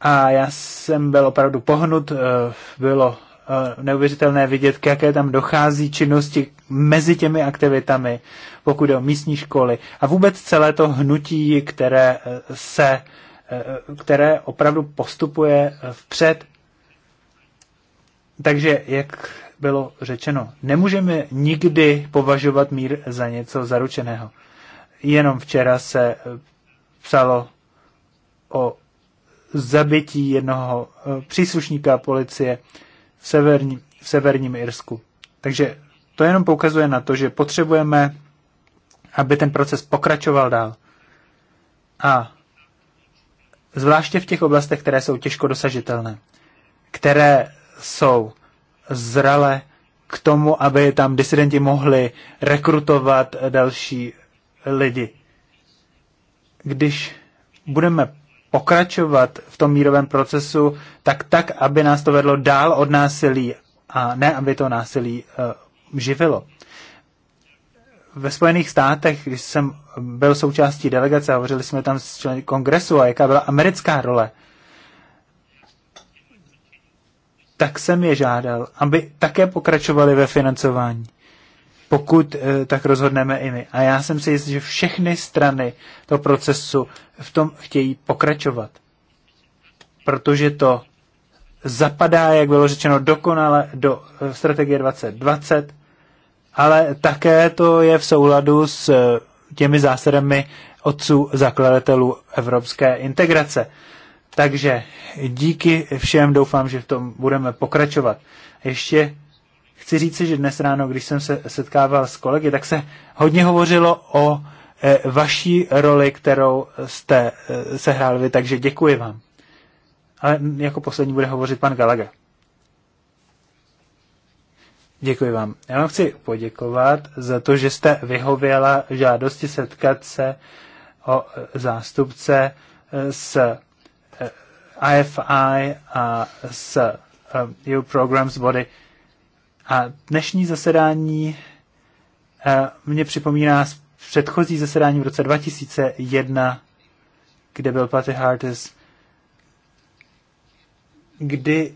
A já jsem byl opravdu pohnut, eh, bylo Eh, neuvěřitelné vidět, k jaké tam dochází činnosti mezi těmi aktivitami, pokud jde o místní školy a vůbec celé to hnutí, které eh, se, eh, které opravdu postupuje vpřed. Takže, jak bylo řečeno, nemůžeme nikdy považovat mír za něco zaručeného. Jenom včera se psalo o zabití jednoho příslušníka policie, v, severní, v severním Irsku. Takže to jenom poukazuje na to, že potřebujeme, aby ten proces pokračoval dál. A zvláště v těch oblastech, které jsou těžko dosažitelné, které jsou zralé k tomu, aby tam disidenti mohli rekrutovat další lidi. Když budeme pokračovat v tom mírovém procesu tak, tak, aby nás to vedlo dál od násilí a ne, aby to násilí uh, živilo. Ve Spojených státech, když jsem byl součástí delegace a hovořili jsme tam s členy kongresu a jaká byla americká role, tak jsem je žádal, aby také pokračovali ve financování pokud eh, tak rozhodneme i my. A já jsem si jistý, že všechny strany toho procesu v tom chtějí pokračovat. Protože to zapadá, jak bylo řečeno, dokonale do eh, strategie 2020, ale také to je v souladu s eh, těmi zásadami otců zakladatelů evropské integrace. Takže díky všem, doufám, že v tom budeme pokračovat. Ještě chci říci, že dnes ráno, když jsem se setkával s kolegy, tak se hodně hovořilo o eh, vaší roli, kterou jste eh, sehrál vy, takže děkuji vám. Ale jako poslední bude hovořit pan Gallagher. Děkuji vám. Já vám chci poděkovat za to, že jste vyhověla žádosti setkat se o eh, zástupce s IFI a s EU Programs Body a dnešní zasedání eh, mě připomíná předchozí zasedání v roce 2001, kde byl Patty Hartis, kdy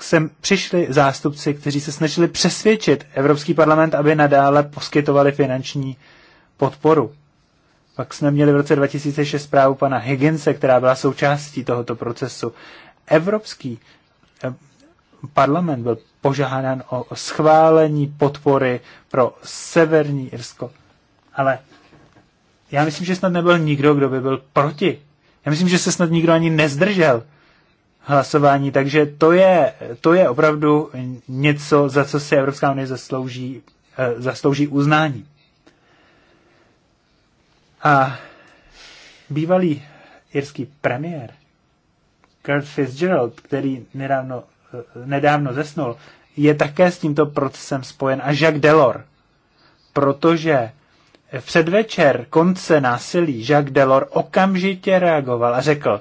sem přišli zástupci, kteří se snažili přesvědčit Evropský parlament, aby nadále poskytovali finanční podporu. Pak jsme měli v roce 2006 zprávu pana Higginse, která byla součástí tohoto procesu. Evropský eh, parlament byl požádán o schválení podpory pro Severní Irsko. Ale já myslím, že snad nebyl nikdo, kdo by byl proti. Já myslím, že se snad nikdo ani nezdržel hlasování, takže to je, to je opravdu něco, za co si Evropská unie zaslouží, eh, zaslouží uznání. A bývalý irský premiér Kurt Fitzgerald, který nedávno nedávno zesnul, je také s tímto procesem spojen a Jacques Delors, protože v předvečer konce násilí Jacques Delors okamžitě reagoval a řekl,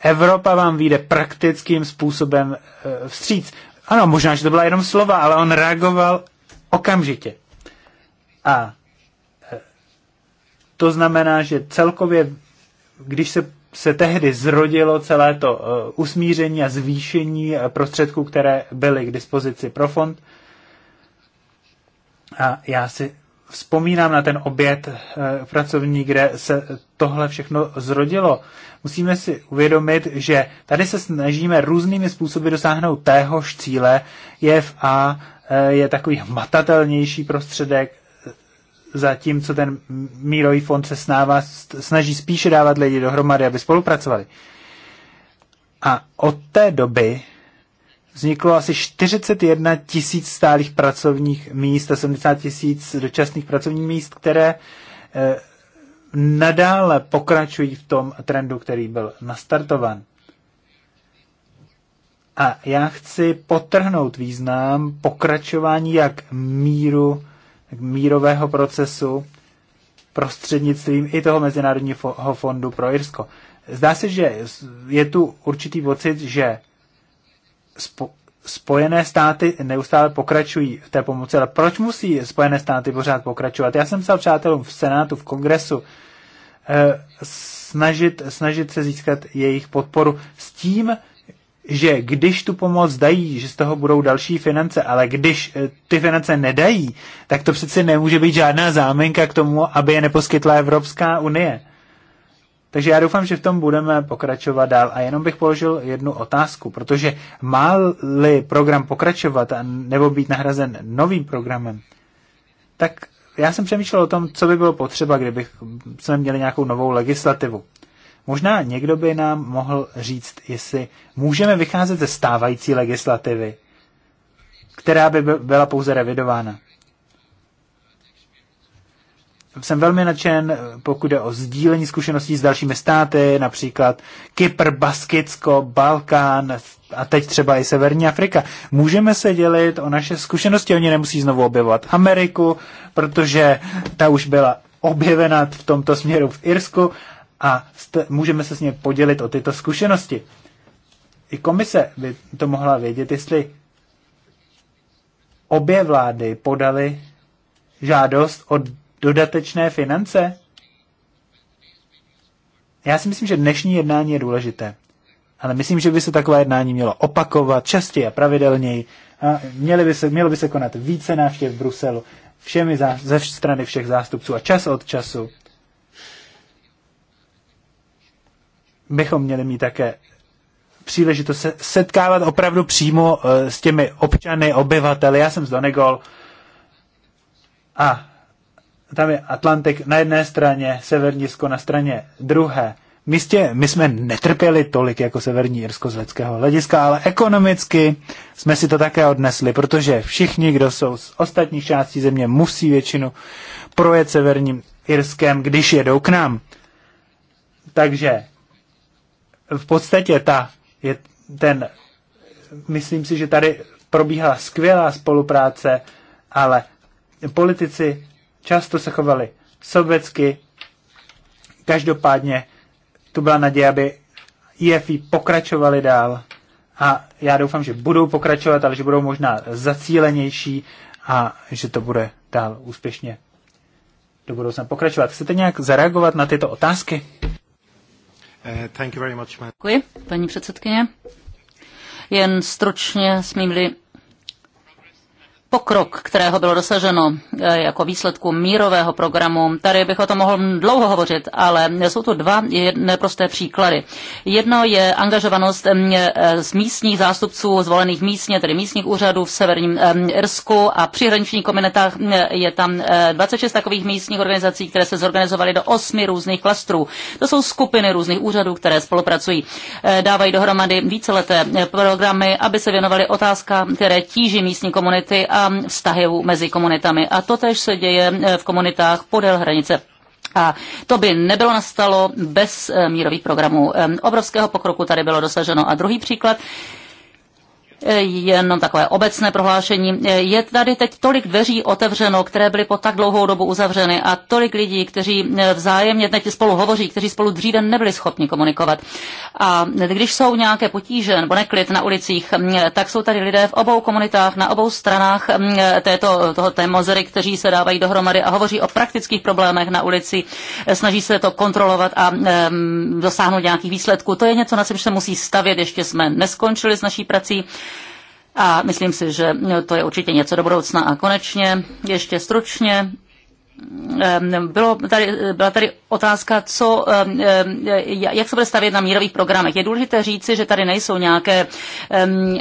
Evropa vám vyjde praktickým způsobem eh, vstříc. Ano, možná, že to byla jenom slova, ale on reagoval okamžitě. A eh, to znamená, že celkově, když se se tehdy zrodilo celé to eh, usmíření a zvýšení eh, prostředků, které byly k dispozici pro fond. A já si vzpomínám na ten oběd eh, pracovní, kde se tohle všechno zrodilo. Musíme si uvědomit, že tady se snažíme různými způsoby dosáhnout téhož cíle. JFA je takový matatelnější prostředek, zatímco ten mírový fond se snává, snaží spíše dávat lidi dohromady, aby spolupracovali. A od té doby vzniklo asi 41 tisíc stálých pracovních míst a 70 tisíc dočasných pracovních míst, které eh, nadále pokračují v tom trendu, který byl nastartovan. A já chci potrhnout význam pokračování jak míru, mírového procesu prostřednictvím i toho Mezinárodního fondu pro Irsko. Zdá se, že je tu určitý pocit, že spo, Spojené státy neustále pokračují v té pomoci, ale proč musí Spojené státy pořád pokračovat? Já jsem psal přátelům v Senátu, v Kongresu, eh, snažit, snažit se získat jejich podporu s tím, že když tu pomoc dají, že z toho budou další finance, ale když eh, ty finance nedají, tak to přece nemůže být žádná záminka k tomu, aby je neposkytla Evropská unie. Takže já doufám, že v tom budeme pokračovat dál. A jenom bych položil jednu otázku, protože má-li program pokračovat a nebo být nahrazen novým programem, tak já jsem přemýšlel o tom, co by bylo potřeba, kdybych měli nějakou novou legislativu. Možná někdo by nám mohl říct, jestli můžeme vycházet ze stávající legislativy, která by byla pouze revidována. Jsem velmi nadšen, pokud jde o sdílení zkušeností s dalšími státy, například Kypr, Baskicko, Balkán a teď třeba i Severní Afrika. Můžeme se dělit o naše zkušenosti, oni nemusí znovu objevovat Ameriku, protože ta už byla objevena v tomto směru v Irsku a můžeme se s ním podělit o tyto zkušenosti. I komise by to mohla vědět, jestli obě vlády podaly žádost o dodatečné finance. Já si myslím, že dnešní jednání je důležité. Ale myslím, že by se takové jednání mělo opakovat častěji a pravidelněji. A měly by se, mělo by se konat více návštěv v Bruselu všemi za, ze strany všech zástupců a čas od času bychom měli mít také příležitost se setkávat opravdu přímo eh, s těmi občany, obyvateli. Já jsem z Donegal a tam je Atlantik na jedné straně, Severní Irsko na straně druhé. Místě my jsme netrpěli tolik jako Severní Jirsko z lidského hlediska, ale ekonomicky jsme si to také odnesli, protože všichni, kdo jsou z ostatních částí země, musí většinu projet Severním Irskem, když jedou k nám. Takže v podstatě ta, je ten, myslím si, že tady probíhala skvělá spolupráce, ale politici často se chovali sobecky. Každopádně tu byla naděje, aby IFI e pokračovali dál a já doufám, že budou pokračovat, ale že budou možná zacílenější a že to bude dál úspěšně do budoucna pokračovat. Chcete nějak zareagovat na tyto otázky? Eh, Děkuji, paní předsedkyně. Jen stručně smím-li pokrok, kterého bylo dosaženo e, jako výsledku mírového programu. Tady bych o tom mohl dlouho hovořit, ale jsou tu dva neprosté příklady. Jedno je angažovanost e, z místních zástupců zvolených místně, tedy místních úřadů v severním e, Irsku a při hraničních komunitách je tam 26 takových místních organizací, které se zorganizovaly do osmi různých klastrů. To jsou skupiny různých úřadů, které spolupracují. Dávají dohromady víceleté programy, aby se věnovaly otázkám, které tíží místní komunity a vztahy mezi komunitami. A to tež se děje eh, v komunitách podél hranice a to by nebylo nastalo bez eh, mírových programů. Obrovského pokroku tady bylo dosaženo. A druhý příklad, jenom takové obecné prohlášení. Je tady teď tolik dveří otevřeno, které byly po tak dlouhou dobu uzavřeny a tolik lidí, kteří vzájemně teď spolu hovoří, kteří spolu dříve nebyli schopni komunikovat. A když jsou nějaké potíže nebo neklid na ulicích, tak jsou tady lidé v obou komunitách, na obou stranách mm, této, toho té mozery, kteří se dávají dohromady a hovoří o praktických problémech na ulici, snaží se to kontrolovat a mm, dosáhnout nějakých výsledků. To je něco, na čem se musí stavět, ještě jsme neskončili s naší prací. A myslím si, že to je určitě něco do budoucna. A konečně ještě stručně bylo tady, byla tady otázka, co, jak se bude stavět na mírových programech. Je důležité říci, že tady nejsou nějaké,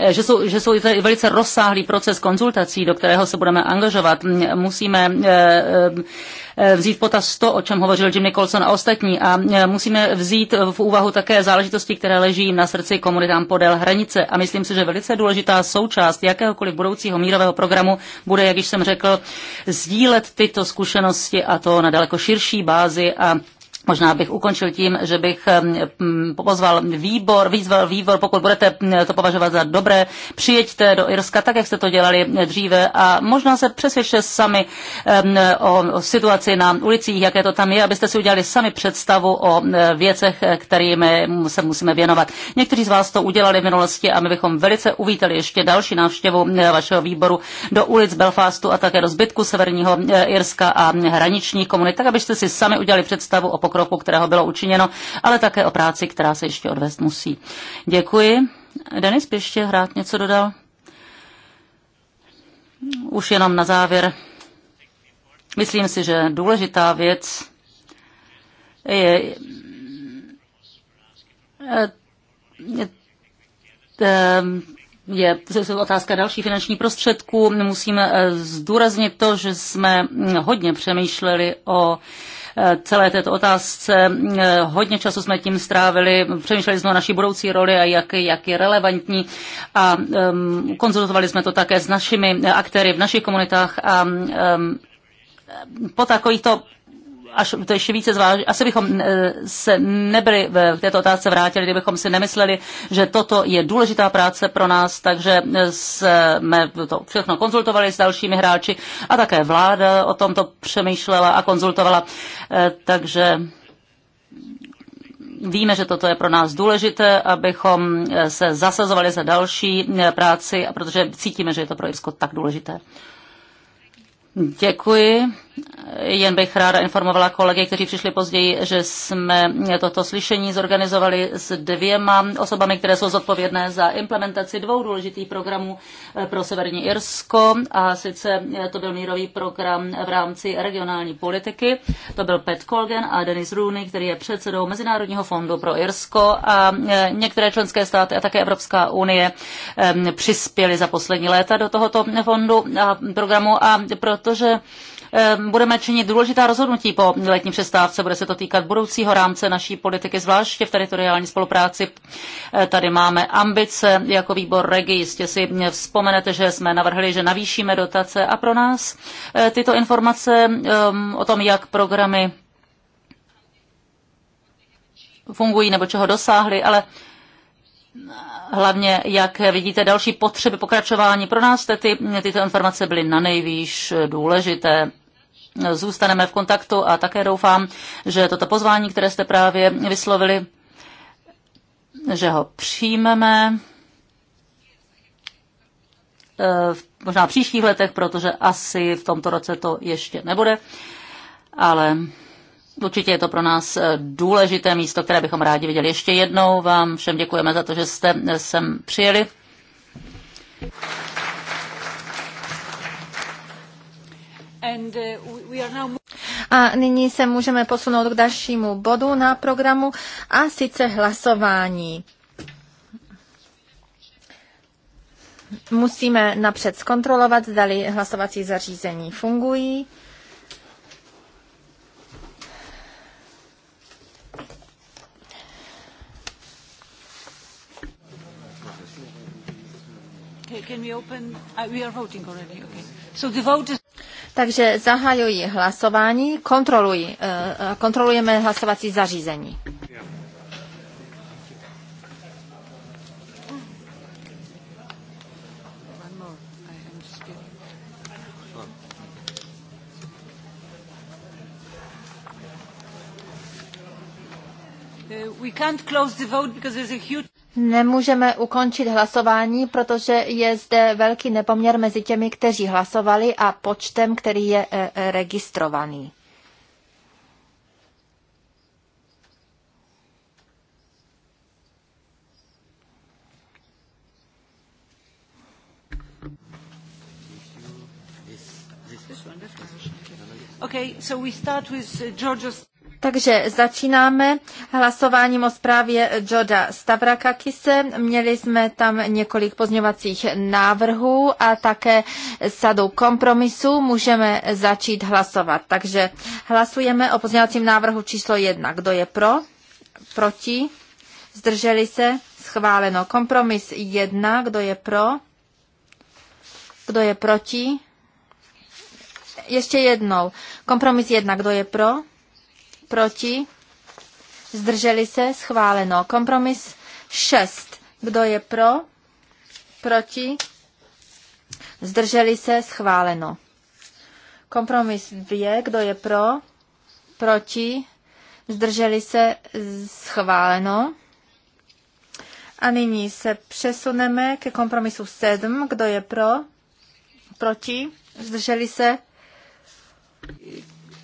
že jsou, že jsou tady velice rozsáhlý proces konzultací, do kterého se budeme angažovat. Musíme eh, Eh, vzít potaz to, o čem hovořil Jim Nicholson a ostatní. A eh, musíme vzít v úvahu také záležitosti, které leží na srdci komunitám podél hranice. A myslím si, že velice důležitá součást jakéhokoliv budoucího mírového programu bude, jak již jsem řekl, sdílet tyto zkušenosti a to na daleko širší bázi a Možná bych ukončil tím, že bych pozval výbor, vyzval výbor, pokud budete to považovat za dobré, přijeďte do Irska tak, jak jste to dělali dříve a možná se přesvědčte sami o situaci na ulicích, jaké to tam je, abyste si udělali sami představu o věcech, kterým se musíme věnovat. Někteří z vás to udělali v minulosti a my bychom velice uvítali ještě další návštěvu vašeho výboru do ulic Belfastu a také do zbytku severního Irska a hraničních komunit, tak abyste si sami udělali představu o pokroku pokroku, kterého bylo učiněno, ale také o práci, která se ještě odvést musí. Děkuji. Denis ještě hrát něco dodal? Už jenom na závěr. Myslím si, že důležitá věc je, je, je, je otázka další finanční prostředků. Musíme zdůraznit to, že jsme hodně přemýšleli o celé této otázce. Eh, hodně času jsme tím strávili, přemýšleli jsme o naší budoucí roli a jak, jak je relevantní a um, konzultovali jsme to také s našimi aktéry v našich komunitách a um, po takovýchto až to ještě více zvážit. Asi bychom e, se nebyli v této otázce vrátili, kdybychom si nemysleli, že toto je důležitá práce pro nás, takže e, jsme to všechno konzultovali s dalšími hráči a také vláda o tomto přemýšlela a konzultovala. E, takže víme, že toto je pro nás důležité, abychom se zasazovali za další práci, protože cítíme, že je to pro Irsko tak důležité. Děkuji. Jen bych ráda informovala kolegy, kteří přišli později, že jsme toto slyšení zorganizovali s dvěma osobami, které jsou zodpovědné za implementaci dvou důležitých programů eh, pro Severní Irsko. A sice eh, to byl mírový program v rámci regionální politiky. To byl Pat Colgan a Denis Rooney, který je předsedou Mezinárodního fondu pro Irsko. A eh, některé členské státy a také Evropská unie přispěly za poslední léta do tohoto fondu a programu. A protože Ehm, budeme činit důležitá rozhodnutí po letní přestávce. Bude se to týkat budoucího rámce naší politiky, zvláště v teritoriální spolupráci. E, tady máme ambice jako výbor regi. Jistě si vzpomenete, že jsme navrhli, že navýšíme dotace a pro nás e, tyto informace ehm, o tom, jak programy fungují nebo čeho dosáhly, ale hlavně, jak vidíte, další potřeby pokračování. Pro nás ty, tyto informace byly na nejvýš důležité zůstaneme v kontaktu a také doufám, že toto pozvání, které jste právě vyslovili, že ho přijmeme eh, v možná v příštích letech, protože asi v tomto roce to ještě nebude, ale určitě je to pro nás eh, důležité místo, které bychom rádi viděli. Ještě jednou vám všem děkujeme za to, že jste sem přijeli. Uh, a nyní se můžeme posunout k dalšímu bodu na programu a sice hlasování. Musíme napřed zkontrolovat, zda hlasovací zařízení fungují. Okay, can we open? Uh, we are voting already. Okay. Takže zahajuji hlasování, kontroluji, eh, eh, kontrolujeme hlasovací zařízení. Yeah. Nemůžeme ukončit hlasování, protože je zde velký nepoměr mezi těmi, kteří hlasovali a počtem, který je e, e, registrovaný. Okay, so we start with uh, George's. Takže začínáme hlasováním o zprávě Joda Stavrakakise. Měli jsme tam několik pozměvacích návrhů a také sadu kompromisů. Můžeme začít hlasovat. Takže hlasujeme o pozměvacím návrhu číslo jedna. Kdo je pro? Proti? Zdrželi se? Schváleno. Kompromis jedna. Kdo je pro? Kdo je proti? Ještě jednou. Kompromis jedna. Kdo je pro? proti, zdrželi se, schváleno. Kompromis 6. Kdo je pro, proti, zdrželi se, schváleno. Kompromis 2. Kdo je pro, proti, zdrželi se, schváleno. A nyní se přesuneme ke kompromisu 7. Kdo je pro? Proti? Zdrželi se?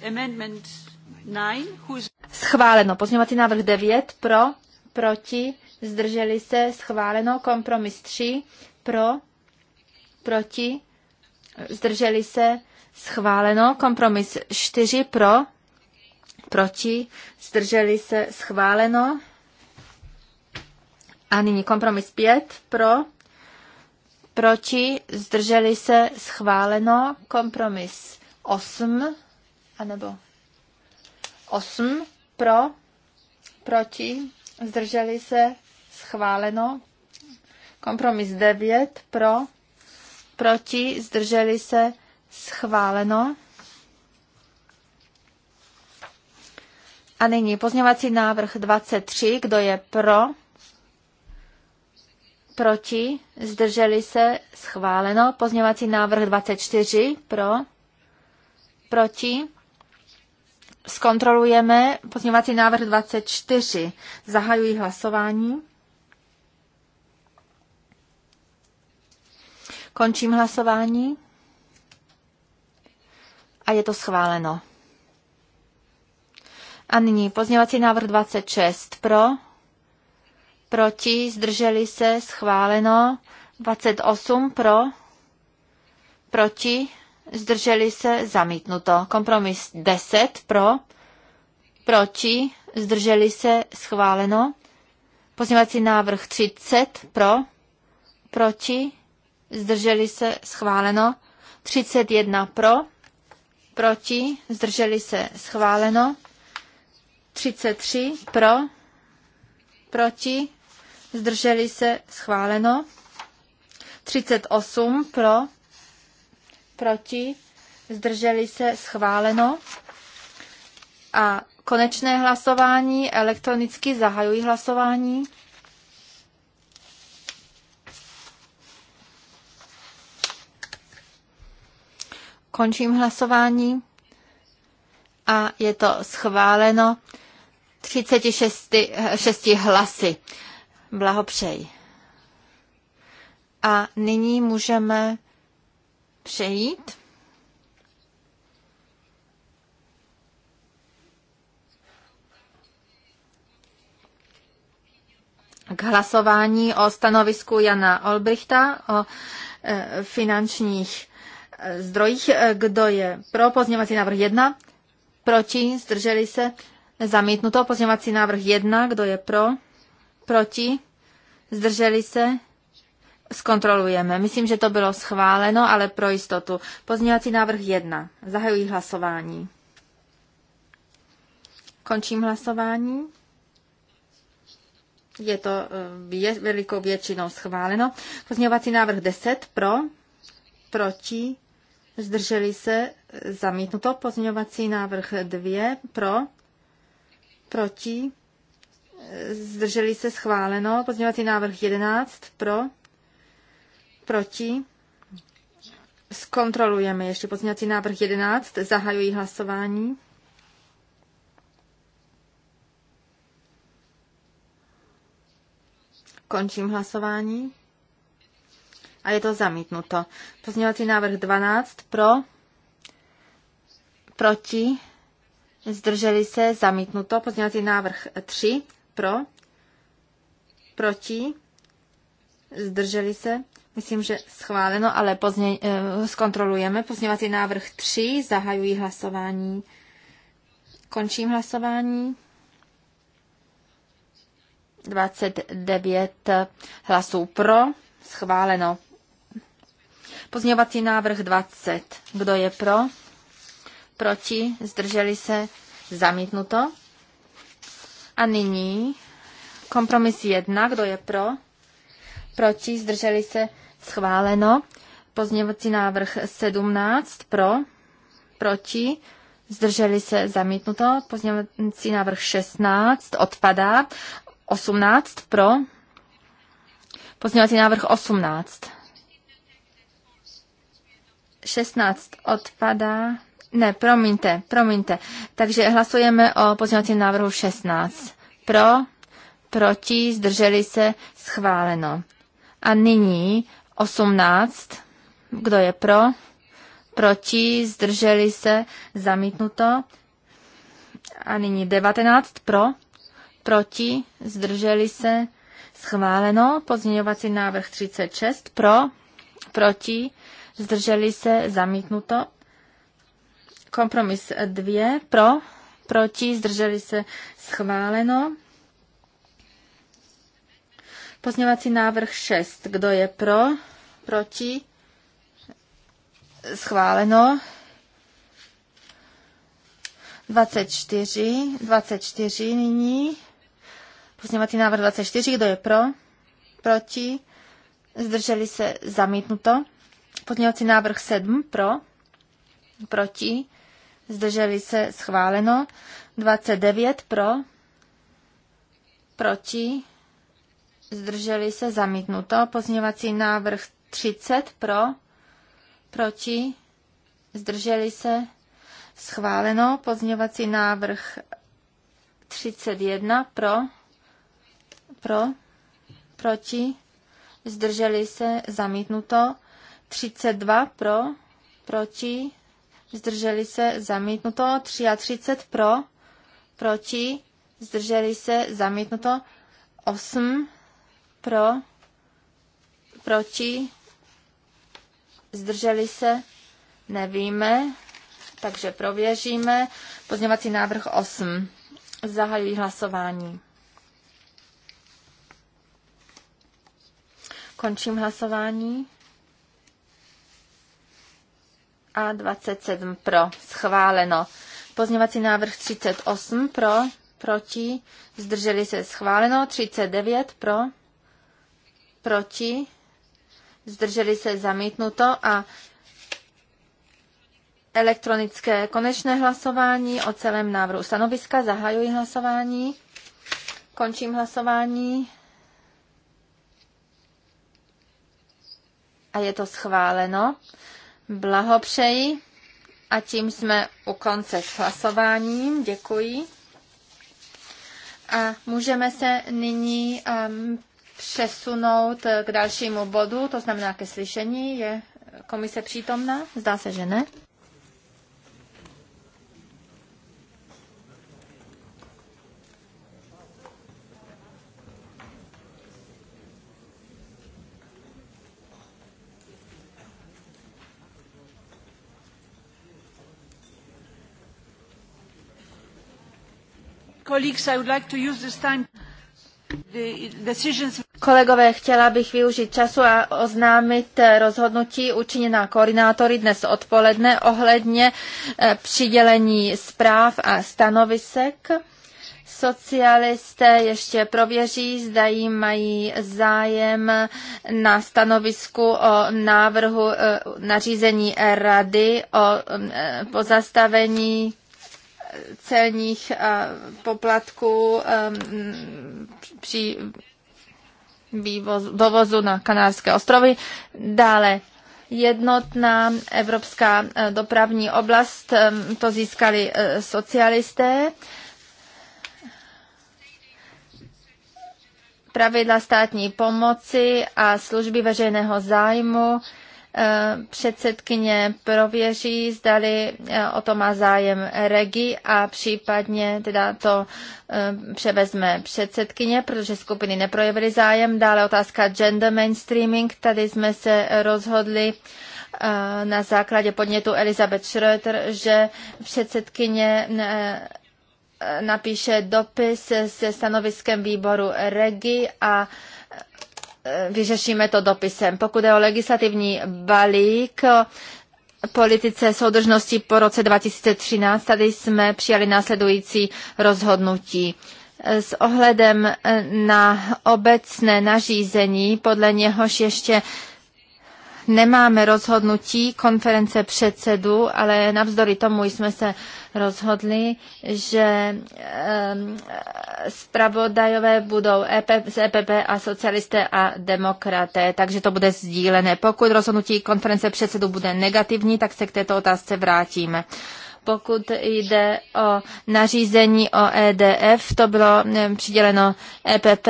Amendment Schváleno. Pozměňovací návrh 9 pro, proti, zdrželi se, schváleno. Kompromis 3 pro, proti, zdrželi se, schváleno. Kompromis 4 pro, proti, zdrželi se, schváleno. A nyní kompromis 5 pro, proti, zdrželi se, schváleno. Kompromis 8, anebo 8 pro, proti, zdrželi se, schváleno. Kompromis 9 pro, proti, zdrželi se, schváleno. A nyní pozněvací návrh 23, kdo je pro, proti, zdrželi se, schváleno. Pozněvací návrh 24, pro, proti, zkontrolujeme pozměňovací návrh 24. Zahajuji hlasování. Končím hlasování. A je to schváleno. A nyní pozměňovací návrh 26 pro, proti, zdrželi se, schváleno, 28 pro, proti, zdrželi se, zamítnuto. Kompromis 10 pro, proti, zdrželi se, schváleno. Pozměňovací návrh 30 pro, proti, zdrželi se, schváleno. 31 pro, proti, zdrželi se, schváleno. 33 pro, proti, zdrželi se, schváleno. 38 pro, proti, zdrželi se, schváleno. A konečné hlasování, elektronicky zahajují hlasování. Končím hlasování a je to schváleno 36 6 hlasy. Blahopřeji. A nyní můžeme přejít. K hlasování o stanovisku Jana Olbrichta o e, finančních e, zdrojích. E, kdo je pro pozněvací návrh 1? Proti? Zdrželi se? Zamítnuto. Pozněvací návrh 1. Kdo je pro? Proti? Zdrželi se? zkontrolujeme. Myslím, že to bylo schváleno, ale pro jistotu. Pozměňovací návrh 1. Zahajuji hlasování. Končím hlasování. Je to vě- eh, velikou většinou schváleno. Pozměňovací návrh 10 pro, proti, zdrželi se, zamítnuto. Pozměňovací návrh 2 pro, proti, eh, zdrželi se, schváleno. Pozměňovací návrh 11 pro, Proti? Zkontrolujeme ještě pozměňovací návrh 11. Zahajuji hlasování. Končím hlasování. A je to zamítnuto. Pozměňovací návrh 12 pro, proti, zdrželi se, zamítnuto. Pozměňovací návrh 3 pro, proti, zdrželi se, Myslím, že schváleno, ale pozně, eh, zkontrolujeme. Pozněvací návrh 3, zahajuji hlasování. Končím hlasování. 29 hlasů pro, schváleno. Pozněvací návrh 20. Kdo je pro? Proti? Zdrželi se? Zamítnuto. A nyní kompromis 1. Kdo je pro? Proti? Zdrželi se? Schváleno. Pozněvací návrh 17 pro, proti, zdrželi se zamítnuto. Pozněvací návrh 16 odpadá. 18 pro, pozněvací návrh 18. 16 odpadá. Ne, promiňte, promiňte. Takže hlasujeme o pozměňovacím návrhu 16. Pro, proti, zdrželi se, schváleno. A nyní 18. Kdo je pro? Proti? Zdrželi se? Zamítnuto. A nyní 19. Pro? Proti? Zdrželi se? Schváleno. Pozměňovací návrh 36. Pro? Proti? Zdrželi se? Zamítnuto. Kompromis 2. Pro? Proti? Zdrželi se? Schváleno. Pozměňovací návrh 6. Kdo je pro? proti, schváleno. 24, 24 nyní. Pozněvatý návrh 24, kdo je pro? Proti? Zdrželi se zamítnuto. Pozněvací návrh 7, pro? Proti? Zdrželi se schváleno. 29, pro? Proti? Zdrželi se zamítnuto. Pozněvací návrh 30 pro, proti, zdrželi se, schváleno. Pozměňovací návrh 31 pro, pro, proti, zdrželi se, zamítnuto. 32 pro, proti, zdrželi se, zamítnuto. 33 pro, proti, zdrželi se, zamítnuto. 8 pro, proti, zdrželi se, nevíme, takže prověříme. Pozněvací návrh 8. Zahajují hlasování. Končím hlasování. A 27 pro. Schváleno. Pozněvací návrh 38 pro, proti, zdrželi se schváleno, 39 pro, proti, zdrželi se zamítnuto a elektronické konečné hlasování o celém návrhu stanoviska. Zahajuji hlasování. Končím hlasování. A je to schváleno. Blahopřeji. A tím jsme u konce s hlasováním. Děkuji. A můžeme se nyní um, přesunout eh, k dalšímu bodu, to znamená ke slyšení. Je komise přítomná? Zdá se, že ne. Colleagues, I would like to use this time. Kolegové, chtěla bych využít času a oznámit eh, rozhodnutí učiněná koordinátory dnes odpoledne ohledně eh, přidělení zpráv a stanovisek. Socialisté ještě prověří, zda jim mají zájem na stanovisku o návrhu eh, nařízení Rady o mm, pozastavení celních eh, poplatků eh, při vývozu, dovozu na Kanárské ostrovy. Dále jednotná evropská eh, dopravní oblast, to získali socialisté. Pravidla státní pomoci a služby veřejného zájmu Eh, předsedkyně prověří, zdali eh, o to má zájem regi a případně teda to eh, převezme předsedkyně, protože skupiny neprojevily zájem. Dále otázka gender mainstreaming. Tady jsme se rozhodli na základě podnětu Elizabeth Schroeter, že předsedkyně napíše dopis se stanoviskem výboru Regi a Eh, vyřešíme to dopisem. Pokud je o legislativní balík, eh, politice soudržnosti po roce 2013, tady jsme přijali následující rozhodnutí. Eh, s ohledem na obecné nařízení, podle něhož ještě nemáme rozhodnutí konference předsedů, ale navzdory tomu jsme se rozhodli, že ehm, zpravodajové budou EP, z EPP a socialisté a demokraté, takže to bude sdílené. Pokud rozhodnutí konference předsedů bude negativní, tak se k této otázce vrátíme. Pokud jde o nařízení o EDF, to bylo přiděleno EPP,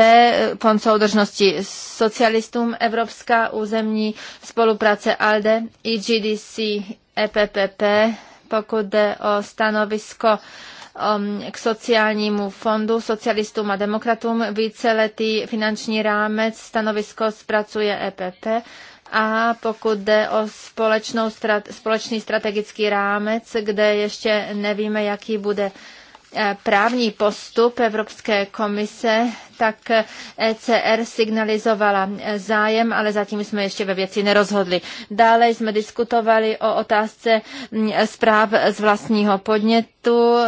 Fond soudržnosti socialistům, Evropská územní spolupráce ALDE, IGDC, EPPP, pokud jde o stanovisko k sociálnímu fondu socialistům a demokratům. Víceletý finanční rámec stanovisko zpracuje EPP a pokud jde o společnou strat, společný strategický rámec, kde ještě nevíme, jaký bude eh, právní postup Evropské komise, tak ECR signalizovala zájem, ale zatím jsme ještě ve věci nerozhodli. Dále jsme diskutovali o otázce mm, zpráv z vlastního podnětu.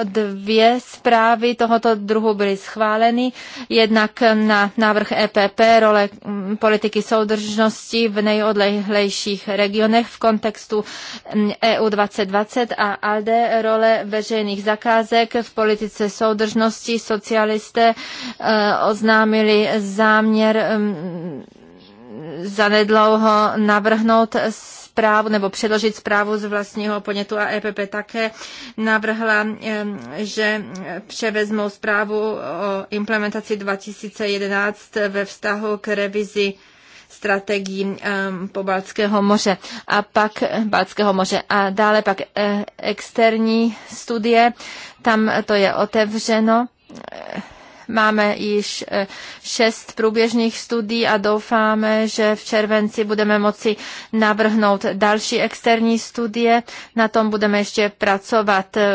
Dvě zprávy tohoto druhu byly schváleny. Jednak na návrh EPP role mm, politiky soudržnosti v nejodlehlejších regionech v kontextu mm, EU 2020 a ALDE role veřejných zakázek v politice soudržnosti socialisté e, označili oznámili záměr um, zanedlouho navrhnout zprávu nebo předložit zprávu z vlastního podnětu a EPP také navrhla, um, že převezmou zprávu o implementaci 2011 ve vztahu k revizi strategií um, Balckého moře a pak Balckého moře a dále pak eh, externí studie, tam to je otevřeno eh, Máme již eh, šest průběžných studií a doufáme, že v červenci budeme moci navrhnout další externí studie. Na tom budeme ještě pracovat eh,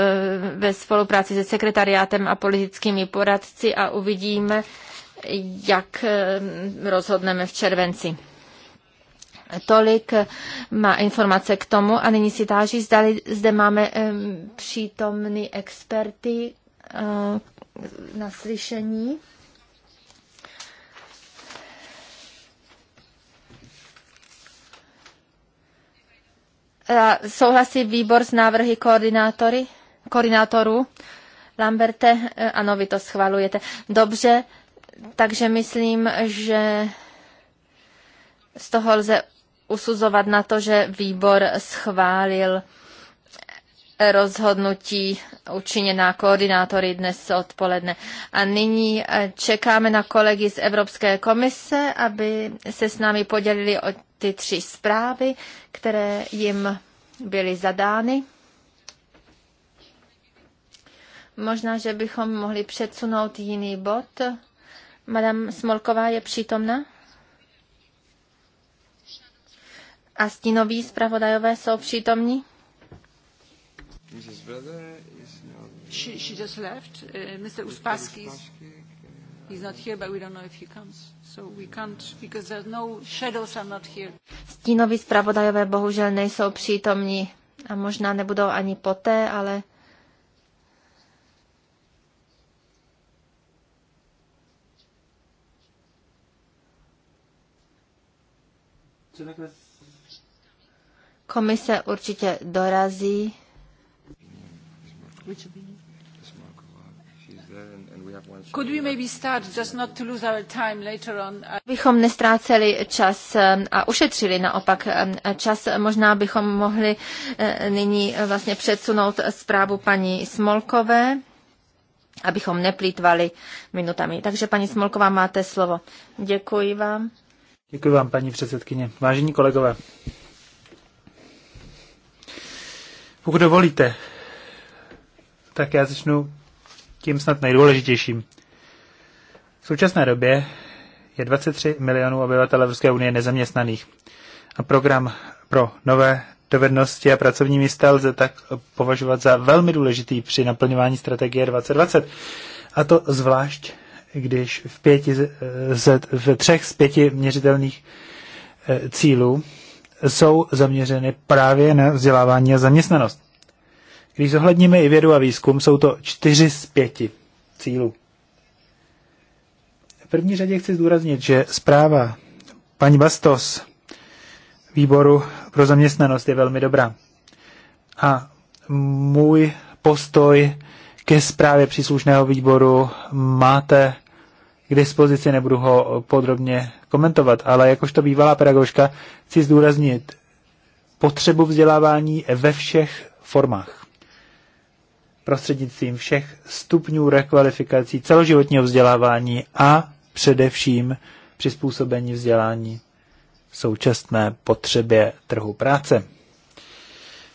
ve spolupráci se sekretariátem a politickými poradci a uvidíme, jak eh, rozhodneme v červenci. Tolik má informace k tomu a nyní si táží, zda zde máme přítomný experty na slyšení. Souhlasí výbor s návrhy koordinátory, koordinátorů? Lamberte, eh, ano, vy to schvalujete. Dobře, takže myslím, že z toho lze usuzovat na to, že výbor schválil rozhodnutí učiněná koordinátory dnes odpoledne. A nyní eh, čekáme na kolegy z Evropské komise, aby se s námi podělili o ty tři zprávy, které jim byly zadány. Možná, že bychom mohli předsunout jiný bod. Madame Smolková je přítomna? A stínoví zpravodajové jsou přítomní? Mrs. Vella is now... She, she just left. Uh, Mr. Uspaski, he's not uh, here, but we don't know if he comes. So we can't, because there's no shadows are not here. Stínoví zpravodajové bohužel nejsou přítomní a možná nebudou ani poté, ale... Komise určitě dorazí. Which Bychom nestráceli čas eh, a ušetřili naopak eh, čas. Eh, možná bychom mohli nyní vlastně předsunout zprávu paní Smolkové, abychom neplýtvali minutami. Takže paní Smolková, máte slovo. Děkuji vám. Děkuji vám, paní předsedkyně. Vážení kolegové, pokud dovolíte, tak já začnu tím snad nejdůležitějším. V současné době je 23 milionů obyvatel Evropské unie nezaměstnaných a program pro nové dovednosti a pracovní místa lze tak považovat za velmi důležitý při naplňování strategie 2020. A to zvlášť, když v, pěti z, v třech z pěti měřitelných eh, cílů jsou zaměřeny právě na vzdělávání a zaměstnanost. Když zohledníme i vědu a výzkum, jsou to čtyři z pěti cílů. V první řadě chci zdůraznit, že zpráva paní Bastos výboru pro zaměstnanost je velmi dobrá. A můj postoj ke zprávě příslušného výboru máte k dispozici, nebudu ho podrobně komentovat, ale jakožto bývalá pedagožka chci zdůraznit potřebu vzdělávání ve všech formách prostřednictvím všech stupňů rekvalifikací, celoživotního vzdělávání a především přizpůsobení vzdělání současné potřebě trhu práce.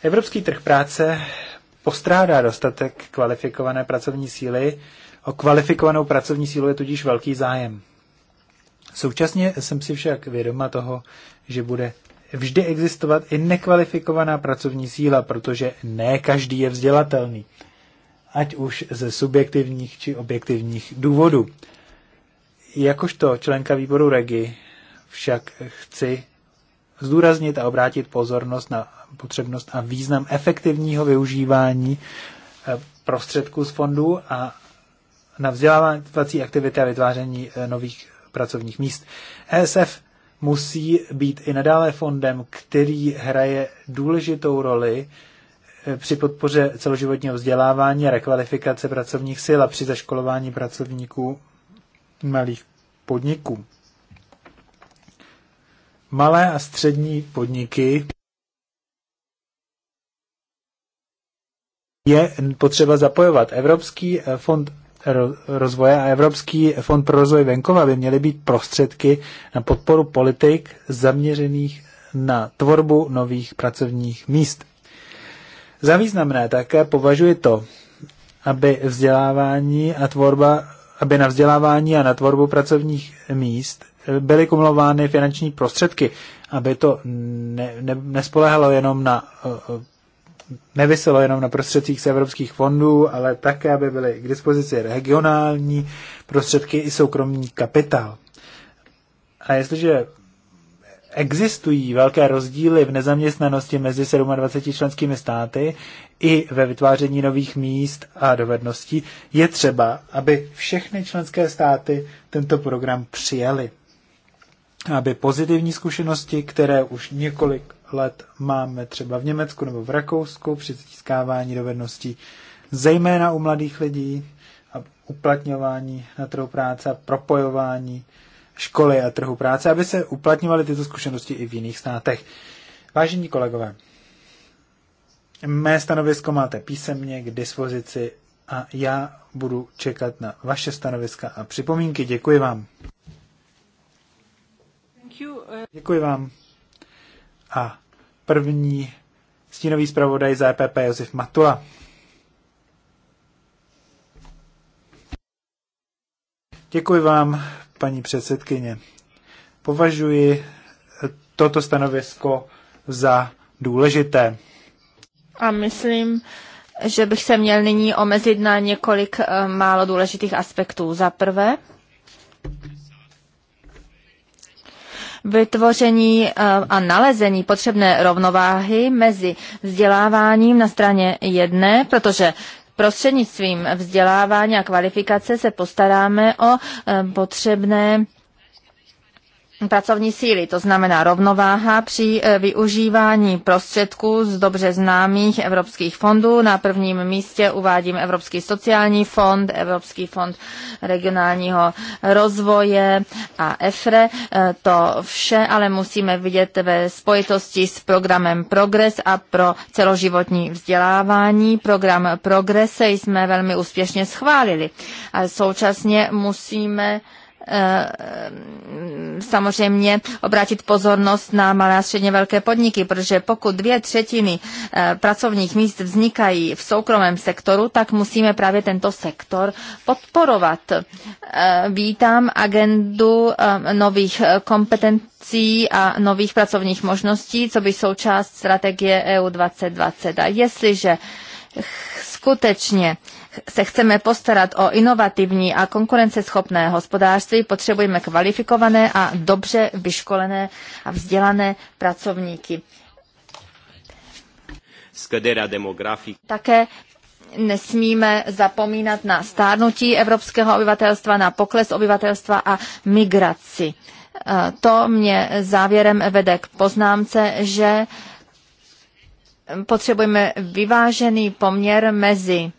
Evropský trh práce postrádá dostatek kvalifikované pracovní síly, o kvalifikovanou pracovní sílu je tudíž velký zájem. Současně jsem si však vědoma toho, že bude vždy existovat i nekvalifikovaná pracovní síla, protože ne každý je vzdělatelný ať už ze subjektivních či objektivních důvodů. Jakožto členka výboru REGI však chci zdůraznit a obrátit pozornost na potřebnost a význam efektivního využívání eh, prostředků z fondů a na vzdělávací aktivity a vytváření eh, nových pracovních míst. ESF musí být i nadále fondem, který hraje důležitou roli při podpoře celoživotního vzdělávání a rekvalifikace pracovních sil a při zaškolování pracovníků malých podniků. Malé a střední podniky je potřeba zapojovat. Evropský eh, fond rozvoje a Evropský fond pro rozvoj venkova by měly být prostředky na podporu politik zaměřených na tvorbu nových pracovních míst. Za významné také považuji to, aby vzdělávání a tvorba, aby na vzdělávání a na tvorbu pracovních míst byly kumulovány finanční prostředky, aby to ne, ne, nespolehalo jenom na nevyselo jenom na prostředcích z evropských fondů, ale také, aby byly k dispozici regionální prostředky i soukromý kapitál. A jestliže existují velké rozdíly v nezaměstnanosti mezi 27 členskými státy i ve vytváření nových míst a dovedností, je třeba, aby všechny členské státy tento program přijali. Aby pozitivní zkušenosti, které už několik let máme třeba v Německu nebo v Rakousku při získávání dovedností, zejména u mladých lidí a uplatňování na trhu práce a propojování školy a trhu práce, aby se uplatňovaly tyto zkušenosti i v jiných státech. Vážení kolegové, mé stanovisko máte písemně k dispozici a já budu čekat na vaše stanoviska a připomínky. Děkuji vám. Uh, Děkuji vám. A první stínový zpravodaj za EPP Josef Matula. Děkuji vám, paní předsedkyně. Považuji toto stanovisko za důležité. A myslím, že bych se měl nyní omezit na několik eh, málo důležitých aspektů. Za prvé, vytvoření eh, a nalezení potřebné rovnováhy mezi vzděláváním na straně jedné, protože prostřednictvím vzdělávání a kvalifikace se postaráme o eh, potřebné pracovní síly, to znamená rovnováha při eh, využívání prostředků z dobře známých evropských fondů. Na prvním místě uvádím Evropský sociální fond, Evropský fond regionálního rozvoje a EFRE. Eh, to vše ale musíme vidět ve spojitosti s programem Progress a pro celoživotní vzdělávání. Program Progress jsme velmi úspěšně schválili. A současně musíme Eh, samozřejmě obrátit pozornost na malé a středně velké podniky, protože pokud dvě třetiny eh, pracovních míst vznikají v soukromém sektoru, tak musíme právě tento sektor podporovat. Eh, vítám agendu nových kompetencí a nových pracovních možností, co by součást strategie EU 2020. A jestliže skutečně uh, se chceme postarat o inovativní a konkurenceschopné hospodářství, potřebujeme kvalifikované a dobře vyškolené a vzdělané pracovníky. Také nesmíme zapomínat na stárnutí evropského obyvatelstva, na pokles obyvatelstva a migraci. E, to mě závěrem vede k poznámce, že potřebujeme vyvážený poměr mezi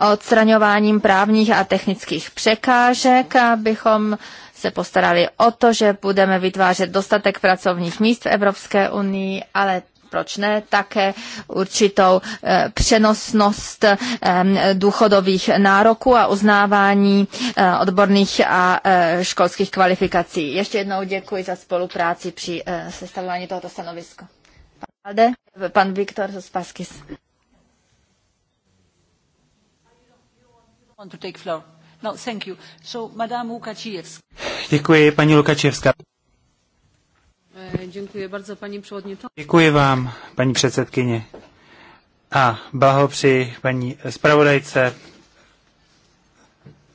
odstraňováním právních a technických překážek, abychom se postarali o to, že budeme vytvářet dostatek pracovních míst v Evropské unii, ale proč ne, také určitou eh, přenosnost ehm, důchodových nároků a uznávání eh, odborných a eh, školských kvalifikací. Ještě jednou děkuji za spolupráci při sestavování tohoto stanoviska. Pan Viktor Spaskis. No, děkuji, paní Lukačevská. Eh, děkuji Děkuji vám, paní předsedkyně. A blahopři paní zpravodajce.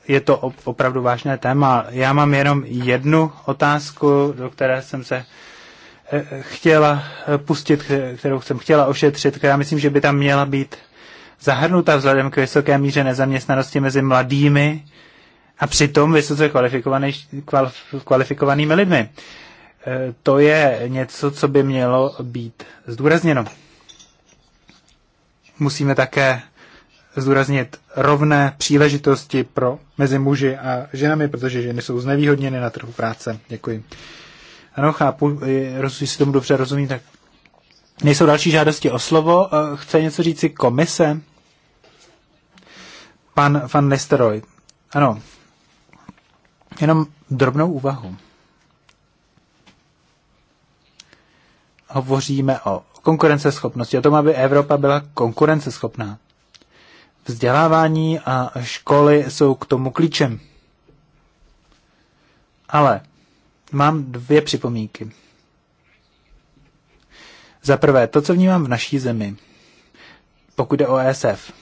Je to opravdu vážné téma. Já mám jenom jednu otázku, do které jsem se eh, chtěla eh, pustit, kterou jsem chtěla ošetřit, která myslím, že by tam měla být zahrnuta vzhledem k vysoké míře nezaměstnanosti mezi mladými a přitom vysoce kvalifikovanými lidmi. E, to je něco, co by mělo být zdůrazněno. Musíme také zdůraznit rovné příležitosti pro mezi muži a ženami, protože ženy jsou znevýhodněny na trhu práce. Děkuji. Ano, chápu, jestli si tomu dobře rozumím, tak nejsou další žádosti o slovo. E, chce něco říci komise? Pan Van Nesteroy. Ano. Jenom drobnou úvahu. Hovoříme o konkurenceschopnosti, o tom, aby Evropa byla konkurenceschopná. Vzdělávání a školy jsou k tomu klíčem. Ale mám dvě připomínky. Za prvé, to, co vnímám v naší zemi, pokud jde o ESF,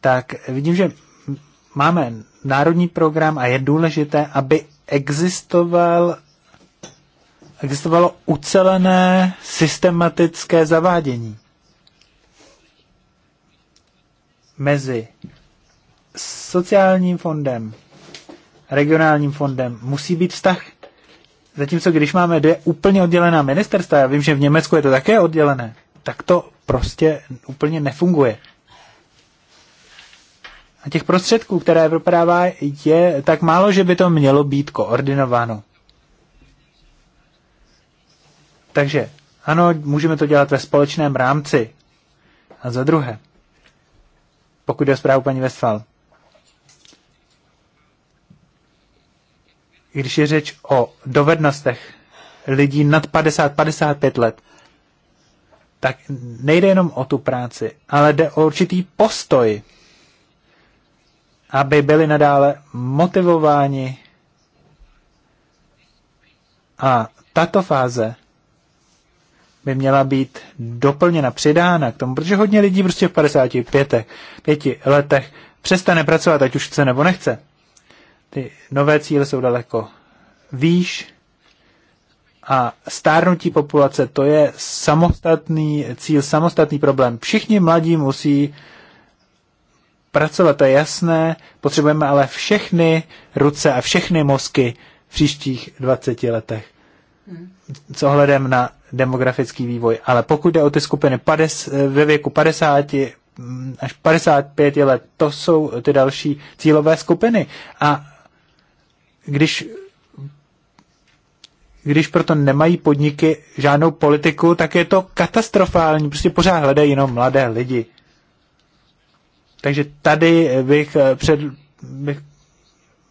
tak vidím, že máme národní program a je důležité, aby existoval, existovalo ucelené systematické zavádění mezi sociálním fondem, regionálním fondem. Musí být vztah. Zatímco když máme dvě úplně oddělená ministerstva, já vím, že v Německu je to také oddělené, tak to prostě úplně nefunguje a těch prostředků, které Evropa dává, je tak málo, že by to mělo být koordinováno. Takže ano, můžeme to dělat ve společném rámci. A za druhé, pokud je zprávu paní Westfal, když je řeč o dovednostech lidí nad 50-55 let, tak nejde jenom o tu práci, ale jde o určitý postoj aby byli nadále motivováni. A tato fáze by měla být doplněna, přidána k tomu, protože hodně lidí prostě v 55 pěti letech přestane pracovat, ať už chce nebo nechce. Ty nové cíle jsou daleko výš a stárnutí populace, to je samostatný cíl, samostatný problém. Všichni mladí musí pracovat, to je jasné, potřebujeme ale všechny ruce a všechny mozky v příštích 20 letech hmm. s ohledem na demografický vývoj. Ale pokud jde o ty skupiny 50, ve věku 50 mm, až 55 let, to jsou ty další cílové skupiny. A když když proto nemají podniky žádnou politiku, tak je to katastrofální. Prostě pořád hledají jenom mladé lidi. Takže tady bych, eh, před, bych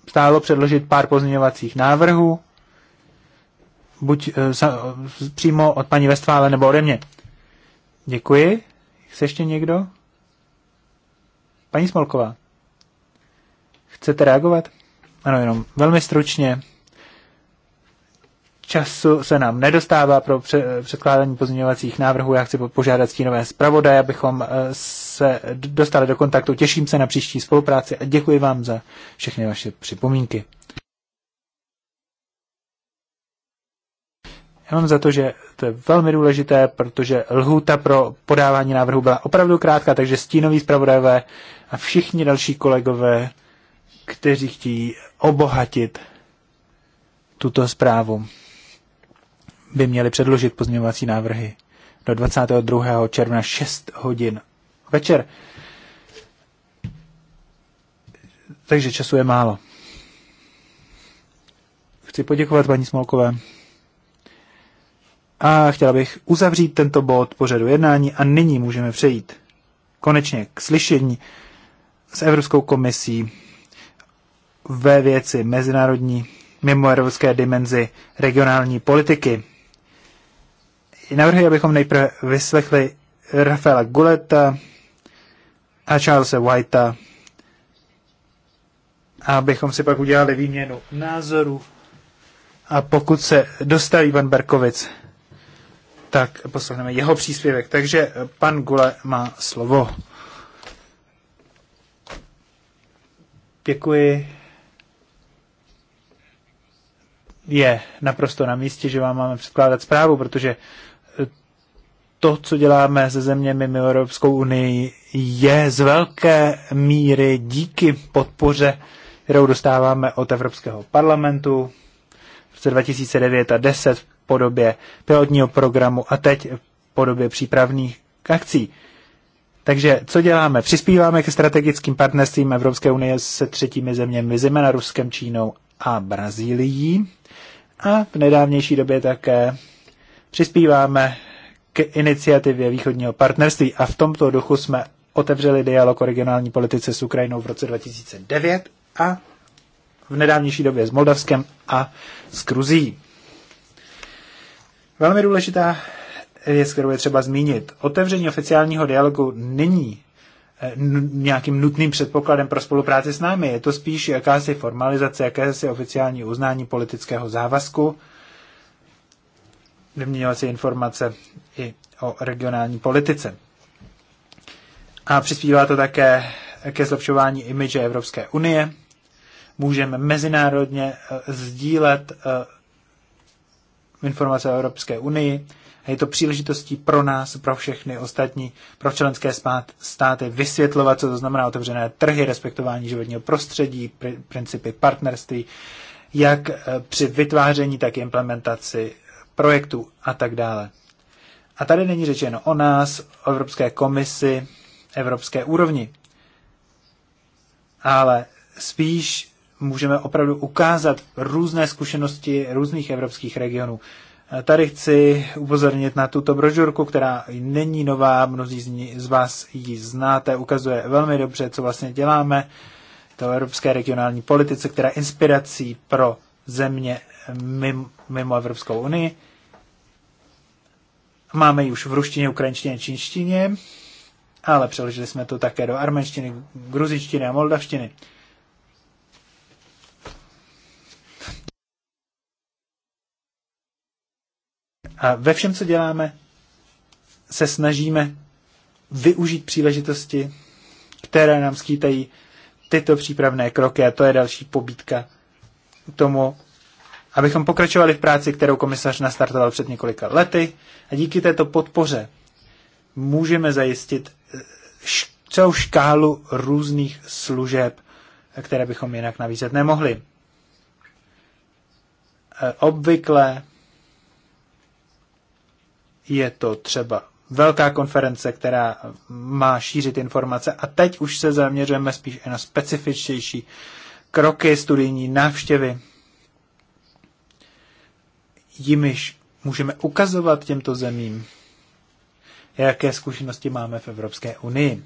stálo předložit pár pozměňovacích návrhů, buď eh, sa, eh, přímo od paní Vestvále nebo ode mě. Děkuji. Chce ještě někdo? Paní Smolková, chcete reagovat? Ano, jenom velmi stručně. Času se nám nedostává pro předkládání pozměňovacích návrhů. Já chci požádat stínové zpravodaje, abychom se dostali do kontaktu. Těším se na příští spolupráci a děkuji vám za všechny vaše připomínky. Já mám za to, že to je velmi důležité, protože lhůta pro podávání návrhu byla opravdu krátká, takže stínoví zpravodajové a všichni další kolegové, kteří chtějí obohatit tuto zprávu, by měli předložit pozměňovací návrhy do 22. června 6 hodin večer. Takže času je málo. Chci poděkovat paní Smolkové. A chtěla bych uzavřít tento bod pořadu jednání a nyní můžeme přejít konečně k slyšení s Evropskou komisí ve věci mezinárodní mimoevropské dimenzi regionální politiky. Navrhuji, abychom nejprve vyslechli Rafaela Guleta, a Charlesa Whitea, abychom si pak udělali výměnu názorů. A pokud se dostaví pan Berkovic, tak poslechneme jeho příspěvek. Takže pan Gule má slovo. Děkuji. Je naprosto na místě, že vám máme předkládat zprávu, protože to, co děláme se zeměmi mimo Evropskou unii, je z velké míry díky podpoře, kterou dostáváme od Evropského parlamentu v roce 2009 a 10 v podobě pilotního programu a teď v podobě přípravných akcí. Takže co děláme? Přispíváme ke strategickým partnerstvím Evropské unie se třetími zeměmi, zejména Ruskem, Čínou a Brazílií. A v nedávnější době také přispíváme k iniciativě východního partnerství a v tomto duchu jsme otevřeli dialog o regionální politice s Ukrajinou v roce 2009 a v nedávnější době s Moldavskem a s Gruzí. Velmi důležitá věc, kterou je třeba zmínit. Otevření oficiálního dialogu není eh, nějakým nutným předpokladem pro spolupráci s námi. Je to spíš jakási formalizace, jakési oficiální uznání politického závazku, vyměňovací informace i o regionální politice a přispívá to také ke zlepšování imidže Evropské unie. Můžeme mezinárodně eh, sdílet eh, informace o Evropské unii a je to příležitostí pro nás, pro všechny ostatní, pro členské státy vysvětlovat, co to znamená otevřené trhy, respektování životního prostředí, principy partnerství, jak eh, při vytváření, tak i implementaci projektů a tak dále. A tady není řečeno o nás, o Evropské komisi, evropské úrovni. Ale spíš můžeme opravdu ukázat různé zkušenosti různých evropských regionů. Tady chci upozornit na tuto brožurku, která není nová, mnozí z, ní, z vás ji znáte, ukazuje velmi dobře, co vlastně děláme. To evropské regionální politice, která je inspirací pro země mimo, mimo Evropskou unii. Máme ji už v ruštině, ukrajinštině, čínštině ale přeložili jsme to také do arménštiny, gruzičtiny a moldavštiny. A ve všem, co děláme, se snažíme využít příležitosti, které nám skýtají tyto přípravné kroky a to je další pobídka k tomu, abychom pokračovali v práci, kterou komisař nastartoval před několika lety a díky této podpoře můžeme zajistit celou škálu různých služeb, které bychom jinak navízet nemohli. E, obvykle je to třeba velká konference, která má šířit informace a teď už se zaměřujeme spíš na specifičtější kroky, studijní návštěvy, jimiž můžeme ukazovat těmto zemím, jaké zkušenosti máme v Evropské unii.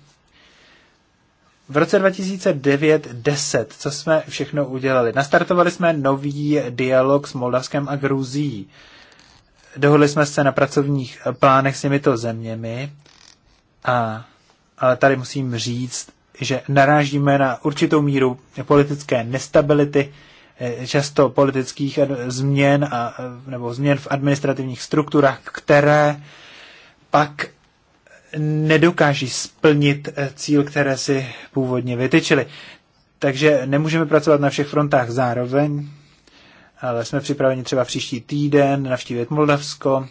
V roce 2009-10, co jsme všechno udělali? Nastartovali jsme nový dialog s Moldavskem a Gruzií. Dohodli jsme se na pracovních plánech s těmito zeměmi, a, ale tady musím říct, že narážíme na určitou míru politické nestability, eh, často politických změn a, eh, nebo změn v administrativních strukturách, které pak nedokáží splnit eh, cíl, které si původně vytyčili. Takže nemůžeme pracovat na všech frontách zároveň, ale jsme připraveni třeba příští týden navštívit Moldavsko,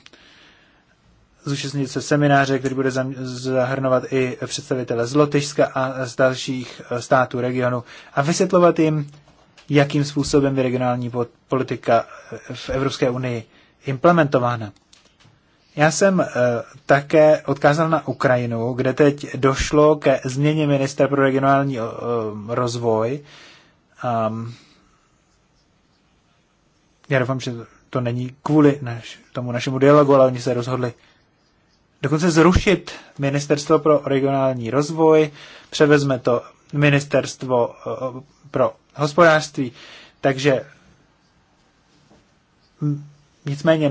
zúčastnit se semináře, který bude zahrnovat i představitele z Lotyšska a z dalších eh, států regionu a vysvětlovat jim, jakým způsobem je regionální politika eh, v Evropské unii implementována. Já jsem eh, také odkázal na Ukrajinu, kde teď došlo ke změně ministra pro regionální eh, rozvoj. Ehm, já doufám, že to není kvůli naš, tomu našemu dialogu, ale oni se rozhodli dokonce zrušit ministerstvo pro regionální rozvoj, převezme to ministerstvo eh, pro hospodářství, takže nicméně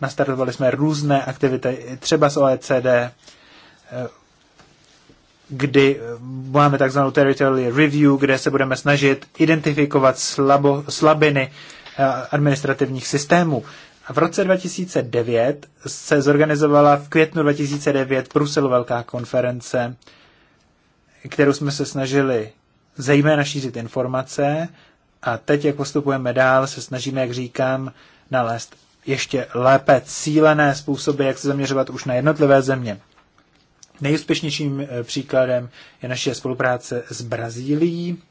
Nastartovali jsme různé aktivity, třeba z OECD, eh, kdy eh, máme takzvanou territorial review, kde se budeme snažit identifikovat slabo, slabiny eh, administrativních systémů. A v roce 2009 se zorganizovala v květnu 2009 v Bruselu velká konference, kterou jsme se snažili zejména šířit informace a teď, jak postupujeme dál, se snažíme, jak říkám, nalézt ještě lépe cílené způsoby, jak se zaměřovat už na jednotlivé země. Nejúspěšnějším eh, příkladem je naše spolupráce s Brazílií,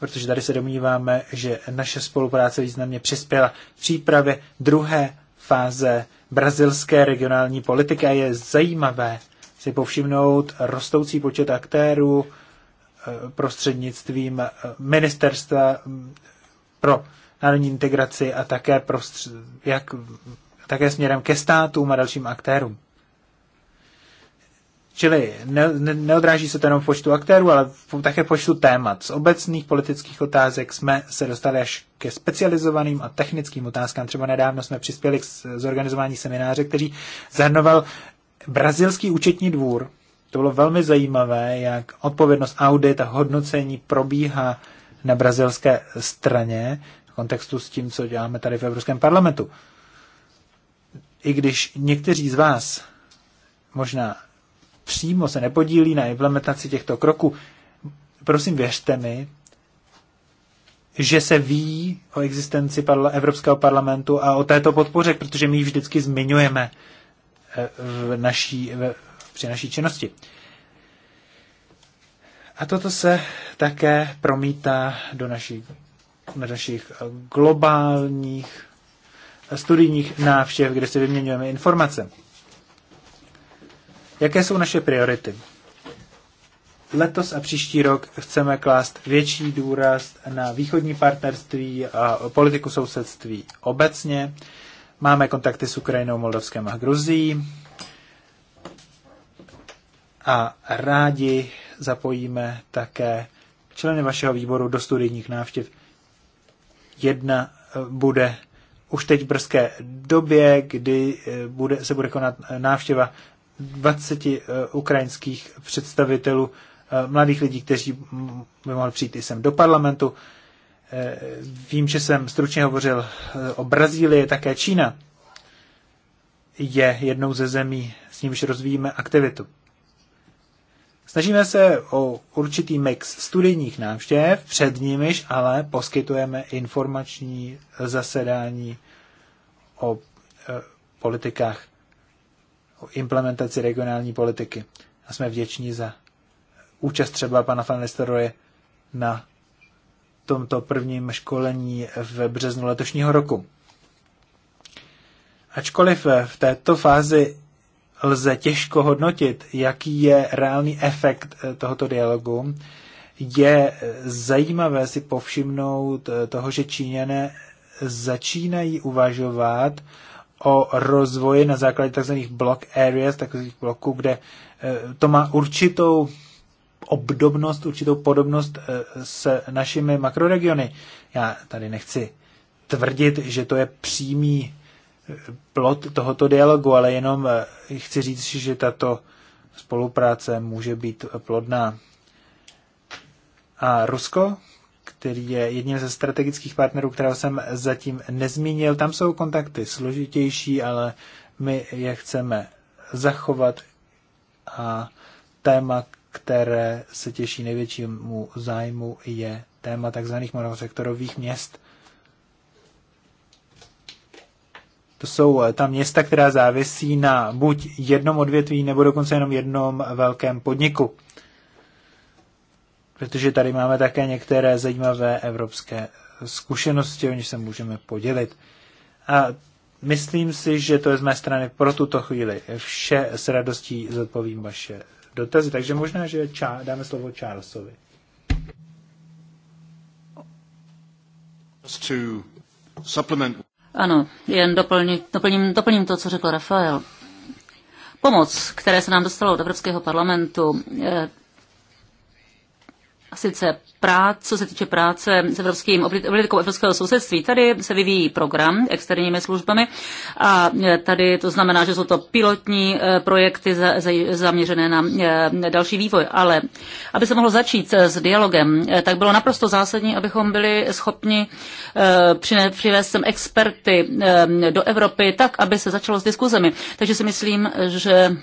protože tady se domníváme, že naše spolupráce významně přispěla v přípravě druhé fáze brazilské regionální politiky a je zajímavé si povšimnout rostoucí počet aktérů eh, prostřednictvím eh, ministerstva mm, pro národní integraci a také, prostř- jak, také směrem ke státům a dalším aktérům. Čili ne, ne, neodráží se to jenom v počtu aktérů, ale v, také v počtu témat. Z obecných politických otázek jsme se dostali až ke specializovaným a technickým otázkám. Třeba nedávno jsme přispěli k zorganizování semináře, který zahrnoval brazilský účetní dvůr. To bylo velmi zajímavé, jak odpovědnost audit a hodnocení probíhá na brazilské straně kontextu s tím, co děláme tady v Evropském parlamentu. I když někteří z vás možná přímo se nepodílí na implementaci těchto kroků, prosím věřte mi, že se ví o existenci Evropského parlamentu a o této podpoře, protože my ji vždycky zmiňujeme eh, v naší, v, při naší činnosti. A toto se také promítá do naší na našich eh, globálních eh, studijních návštěv, kde si vyměňujeme informace. Jaké jsou naše priority? Letos a příští rok chceme klást větší důraz na východní partnerství a politiku sousedství obecně. Máme kontakty s Ukrajinou, Moldavskem a Gruzií a rádi zapojíme také členy vašeho výboru do studijních návštěv jedna eh, bude už teď v brzké době, kdy eh, bude, se bude konat eh, návštěva 20 ukrajinských představitelů mladých lidí, kteří by mohli přijít i sem do parlamentu. Vím, že jsem stručně hovořil o Brazílii, také Čína je jednou ze zemí, s nímž rozvíjíme aktivitu. Snažíme se o určitý mix studijních návštěv, před nimiž ale poskytujeme informační zasedání o e, politikách, o implementaci regionální politiky. A jsme vděční za účast třeba pana Fanlesteroje na tomto prvním školení v březnu letošního roku. Ačkoliv v této fázi lze těžko hodnotit, jaký je reálný efekt eh, tohoto dialogu. Je eh, zajímavé si povšimnout eh, toho, že Číňané začínají uvažovat o rozvoji na základě tzv. block areas, takových bloků, kde to má určitou obdobnost, určitou podobnost s našimi makroregiony. Já tady nechci tvrdit, že to je přímý plot tohoto dialogu, ale jenom eh, chci říct, že tato spolupráce může být plodná. A Rusko, který je jedním ze strategických partnerů, kterého jsem zatím nezmínil, tam jsou kontakty složitější, ale my je chceme zachovat a téma, které se těší největšímu zájmu, je téma tzv. monosektorových měst. To jsou eh, ta města, která závisí na buď jednom odvětví, nebo dokonce jenom jednom velkém podniku. Protože tady máme také některé zajímavé evropské zkušenosti, o nich se můžeme podělit. A myslím si, že to je z mé strany pro tuto chvíli vše. S radostí zodpovím vaše dotazy, takže možná, že ča- dáme slovo Charlesovi. Just to supplement ano, jen doplním, doplním, doplním to, co řekl Rafael. Pomoc, které se nám dostalo od Evropského parlamentu, eh, sice prác, co se týče práce s evropským politikou evropského sousedství, tady se vyvíjí program externími službami a tady to znamená, že jsou to pilotní eh, projekty zaměřené na eh, další vývoj, ale aby se mohlo začít eh, s dialogem, tak bylo naprosto zásadní, abychom byli schopni přivést sem experty do Evropy tak, aby se začalo s diskuzemi. Takže si myslím, že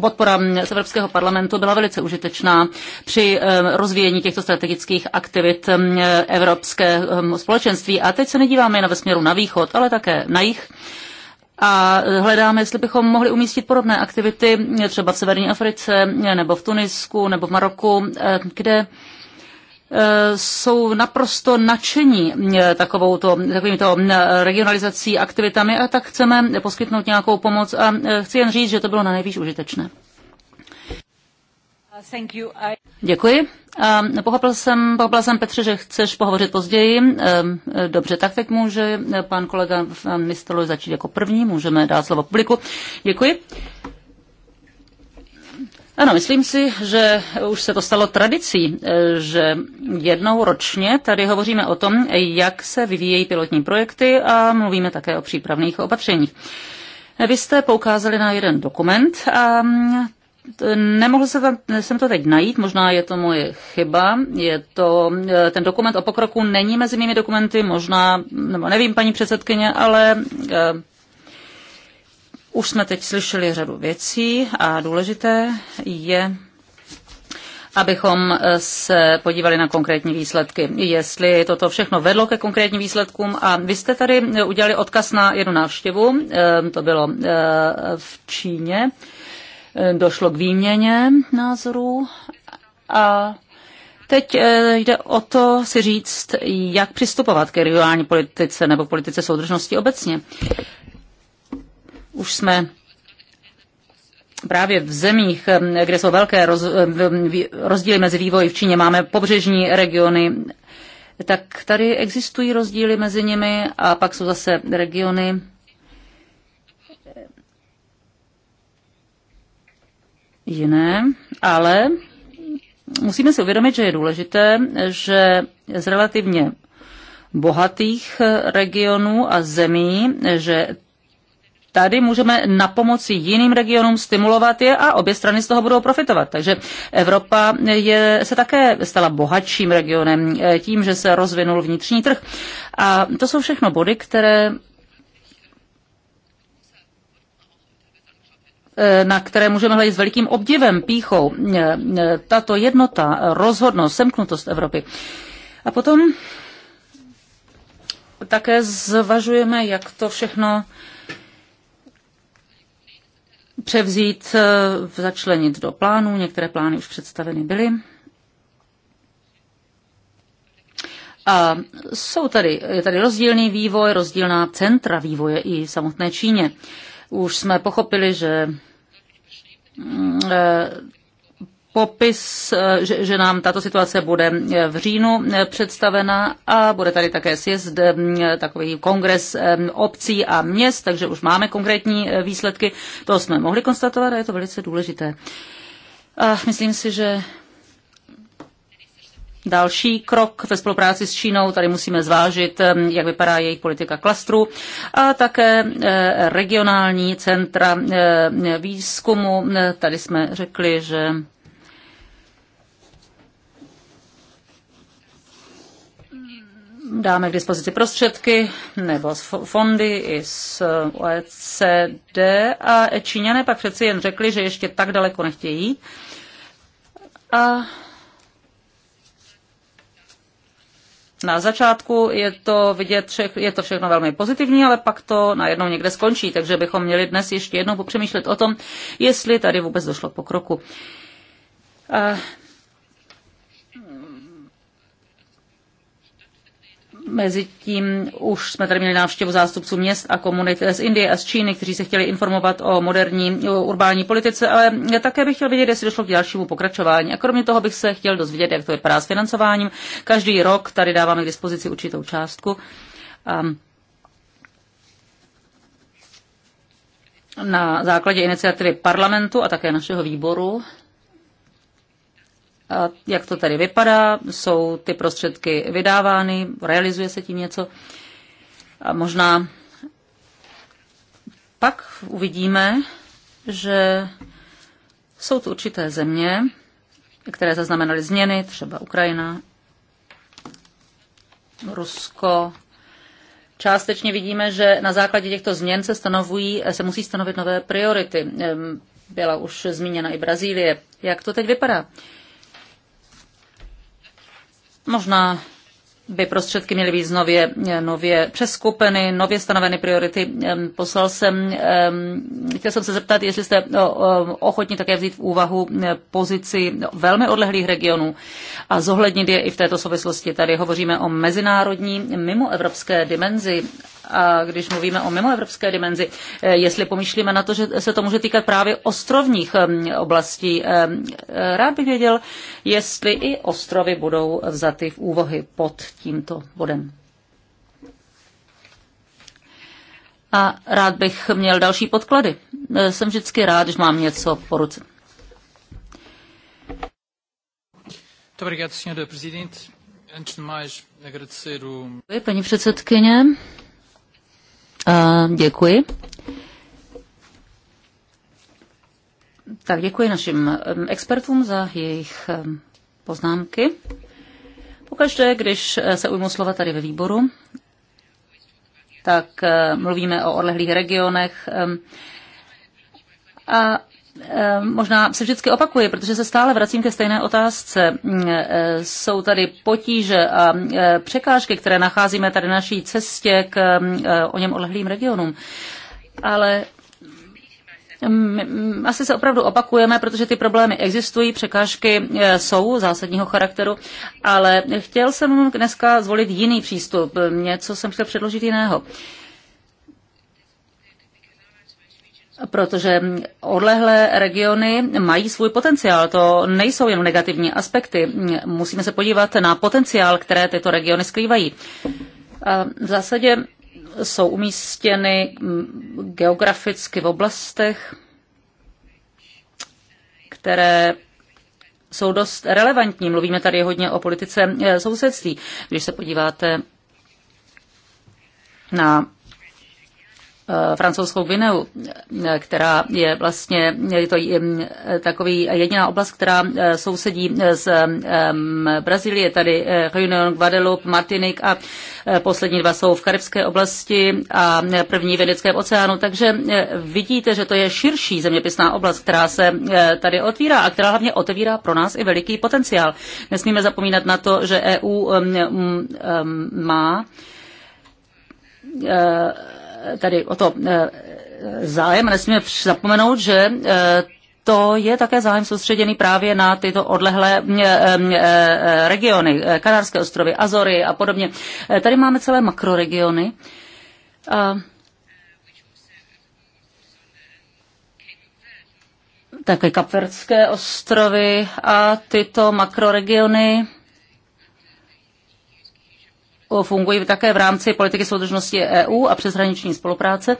podpora z Evropského parlamentu byla velice užitečná při rozvíjení rozvíjení těchto strategických aktivit Evropské společenství. A teď se nedíváme jen ve směru na východ, ale také na jih a hledáme, jestli bychom mohli umístit podobné aktivity třeba v Severní Africe, nebo v Tunisku, nebo v Maroku, eh, kde eh, jsou naprosto nadšení eh, takovouto, to regionalizací aktivitami a tak chceme poskytnout nějakou pomoc a chci jen říct, že to bylo na nejvíc užitečné. Děkuji. Pochopil jsem, pochopil jsem, Petře, že chceš pohovořit později. Dobře, tak teď může pan kolega Mistelo začít jako první. Můžeme dát slovo publiku. Děkuji. Ano, myslím si, že už se to stalo tradicí, e, že jednou ročně tady hovoříme o tom, jak se vyvíjejí pilotní projekty a mluvíme také o přípravných opatřeních. Vy jste poukázali na jeden dokument a Nemohl se tam, jsem to teď najít, možná je to moje chyba. Je to, eh, ten dokument o pokroku není mezi mými dokumenty, možná, nebo nevím, paní předsedkyně, ale uh, už jsme teď slyšeli řadu věcí a důležité je abychom eh, se podívali na konkrétní výsledky. Jestli toto všechno vedlo ke konkrétním výsledkům a vy jste tady udělali odkaz na jednu návštěvu, to bylo v Číně došlo k výměně názorů a Teď eh, jde o to si říct, jak přistupovat k regionální politice nebo politice soudržnosti obecně. Už jsme právě v zemích, eh, kde jsou velké roz, eh, rozdíly mezi vývoji v Číně, máme pobřežní regiony, tak tady existují rozdíly mezi nimi a pak jsou zase regiony, jiné, ale musíme si uvědomit, že je důležité, že z relativně bohatých eh, regionů a zemí, že tady můžeme na pomoci jiným regionům stimulovat je a obě strany z toho budou profitovat. Takže Evropa je, se také stala bohatším regionem eh, tím, že se rozvinul vnitřní trh. A to jsou všechno body, které Eh, na které můžeme hledět s velikým obdivem, píchou. Eh, eh, tato jednota, rozhodnost, semknutost Evropy. A potom také zvažujeme, jak to všechno převzít, začlenit do plánů. Některé plány už představeny byly. A jsou tady, je tady rozdílný vývoj, rozdílná centra vývoje i v samotné Číně. Už jsme pochopili, že Mm, eh, popis, eh, že, že nám tato situace bude eh, v říjnu představena a bude tady také sjezd, takový kongres obcí a měst, takže už máme konkrétní výsledky. To jsme mohli konstatovat a je to velice důležité. A myslím si, že další krok ve spolupráci s Čínou. Tady musíme zvážit, jak vypadá jejich politika klastru a také eh, regionální centra eh, výzkumu. Eh, tady jsme řekli, že dáme k dispozici prostředky nebo z fondy i z OECD a Číňané pak přeci jen řekli, že ještě tak daleko nechtějí. A na začátku je to vidět, je to všechno velmi pozitivní, ale pak to najednou někde skončí, takže bychom měli dnes ještě jednou popřemýšlet o tom, jestli tady vůbec došlo pokroku. Eh, Mezitím už jsme tady měli návštěvu zástupců měst a komunit z Indie a z Číny, kteří se chtěli informovat o moderní urbální politice, ale také bych chtěl vědět, jestli došlo k dalšímu pokračování. A kromě toho bych se chtěl dozvědět, jak to vypadá s financováním. Každý rok tady dáváme k dispozici určitou částku. A na základě iniciativy parlamentu a také našeho výboru jak to tady vypadá? Jsou ty prostředky vydávány? Realizuje se tím něco? A možná pak uvidíme, že jsou tu určité země, které zaznamenaly změny, třeba Ukrajina, Rusko. Částečně vidíme, že na základě těchto změn se, stanovují, se musí stanovit nové priority. Byla už zmíněna i Brazílie. Jak to teď vypadá? Možná by prostředky měly být znově, eh, nově přeskupeny, nově stanoveny priority. Poslal jsem, chtěl jsem se zeptat, jestli jste ochotni také vzít v úvahu eh, pozici velmi odlehlých regionů a zohlednit je i v této souvislosti. Tady hovoříme o mezinárodní mimoevropské dimenzi a když mluvíme o mimoevropské dimenzi, eh, jestli pomýšlíme na to, že se to může týkat právě ostrovních eh, oblastí. Eh, rád bych věděl, jestli i ostrovy budou vzaty v úvahy pod tímto bodem. A rád bych měl další podklady. Jsem vždycky rád, že mám něco po ruce. Děkuji. Paní předsedkyně, Ehm, děkuji. Tak děkuji našim ehm, expertům za jejich ehm, poznámky. Pokaždé, když eh, se ujmu slova tady ve výboru, tak eh, mluvíme o odlehlých regionech a Eh, možná se vždycky opakuje, protože se stále vracím ke stejné otázce. Mm, eh, jsou tady potíže a eh, překážky, které nacházíme tady na naší cestě k o něm odlehlým regionům. Ale mm, asi se opravdu opakujeme, protože ty problémy existují, překážky jsou zásadního charakteru, ale chtěl jsem dneska zvolit jiný přístup, něco jsem chtěl předložit jiného. protože odlehlé regiony mají svůj potenciál. To nejsou jen negativní aspekty. Musíme se podívat na potenciál, které tyto regiony skrývají. A v zásadě jsou umístěny mm, geograficky v oblastech, které jsou dost relevantní. Mluvíme tady hodně o politice eh, sousedství. Když se podíváte na Eh, francouzskou Vineu, eh, která je vlastně je to eh, takový jediná oblast, která sousedí s Brazílie, tady Réunion, Guadeloupe, Martinique a poslední dva jsou v Karibské oblasti a první v Indickém oceánu. Takže vidíte, že to je širší zeměpisná oblast, která se tady otvírá a která hlavně otevírá pro nás i veliký potenciál. Nesmíme zapomínat na to, že EU má tedy o to eh, zájem, nesmíme zapomenout, že eh, to je také zájem soustředěný právě na tyto odlehlé eh, regiony, Kanárské ostrovy, Azory a podobně. Tady máme celé makroregiony. Také Kapverdské ostrovy a tyto makroregiony fungují také v rámci politiky soudržnosti EU a přeshraniční spolupráce.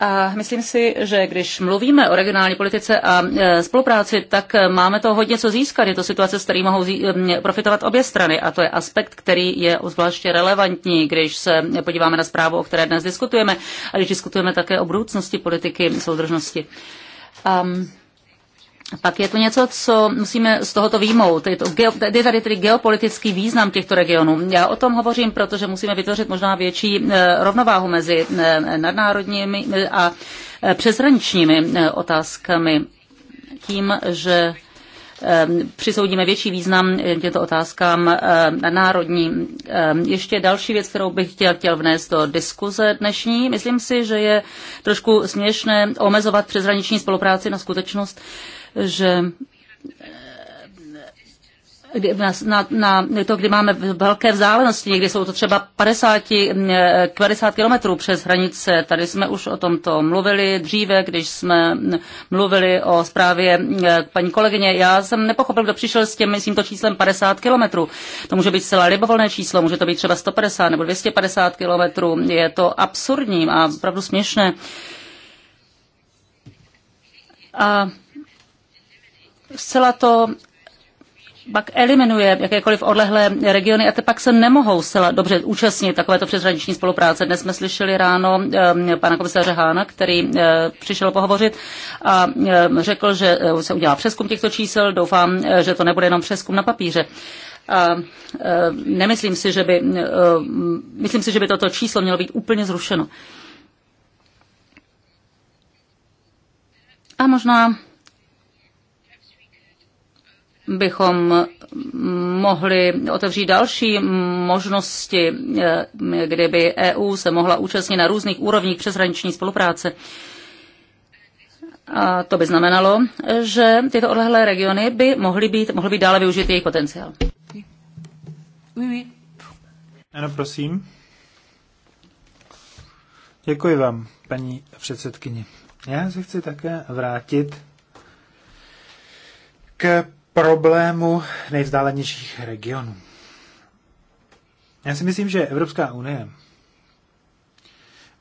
A myslím si, že když mluvíme o regionální politice a e, spolupráci, tak e, máme to hodně co získat. Je to situace, s který mohou e, profitovat obě strany. A to je aspekt, který je zvláště relevantní, když se podíváme na zprávu, o které dnes diskutujeme, a když diskutujeme také o budoucnosti politiky soudržnosti. Um, pak je to něco, co musíme z tohoto výjmout. Je, to, je tady tedy geopolitický význam těchto regionů. Já o tom hovořím, protože musíme vytvořit možná větší eh, rovnováhu mezi eh, nadnárodními eh, a přeshraničními otázkami tím, že přisoudíme větší význam těmto otázkám národní. Ještě další věc, kterou bych chtěl, chtěl vnést do diskuze dnešní. Myslím si, že je trošku směšné omezovat přeshraniční spolupráci na skutečnost, že eh, na, na, na to, kdy máme velké vzdálenosti, někdy jsou to třeba 50, 50 eh, kilometrů přes hranice. Tady jsme už o tomto mluvili dříve, když jsme mluvili o zprávě eh, paní kolegyně. Já jsem nepochopil, kdo přišel s, tím, myslím, to číslem 50 kilometrů. To může být celá libovolné číslo, může to být třeba 150 nebo 250 kilometrů. Je to absurdní a opravdu směšné. A zcela to pak eliminuje jakékoliv odlehlé regiony a ty pak se nemohou zcela dobře účastnit takovéto přeshraniční spolupráce. Dnes jsme slyšeli ráno um, pana komisaře Hána, který uh, přišel pohovořit a um, řekl, že uh, se udělá přeskum těchto čísel. Doufám, uh, že to nebude jenom přeskum na papíře. A nemyslím si, že by, myslím si, že by toto číslo mělo být úplně zrušeno. A možná bychom mohli otevřít další možnosti, eh, kdyby EU se mohla účastnit na různých úrovních přeshraniční spolupráce. A to by znamenalo, že tyto odlehlé regiony by mohly být, mohly být dále využít jejich potenciál. Ano, prosím. Děkuji vám, paní předsedkyně. Já se chci také vrátit k problému nejvzdálenějších regionů. Já si myslím, že Evropská unie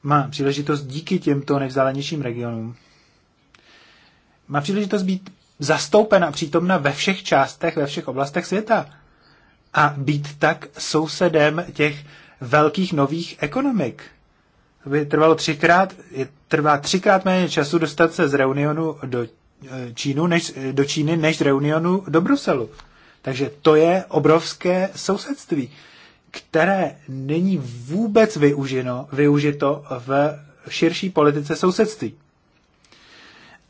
má příležitost díky těmto nejvzdálenějším regionům, má příležitost být zastoupena, přítomna ve všech částech, ve všech oblastech světa a být tak sousedem těch velkých nových ekonomik. To by trvalo třikrát, trvá třikrát méně času dostat se z Reunionu do Eh, Čínu než, eh, do Číny než z Reunionu do Bruselu. Takže to je obrovské sousedství, které není vůbec využino, využito v širší politice sousedství.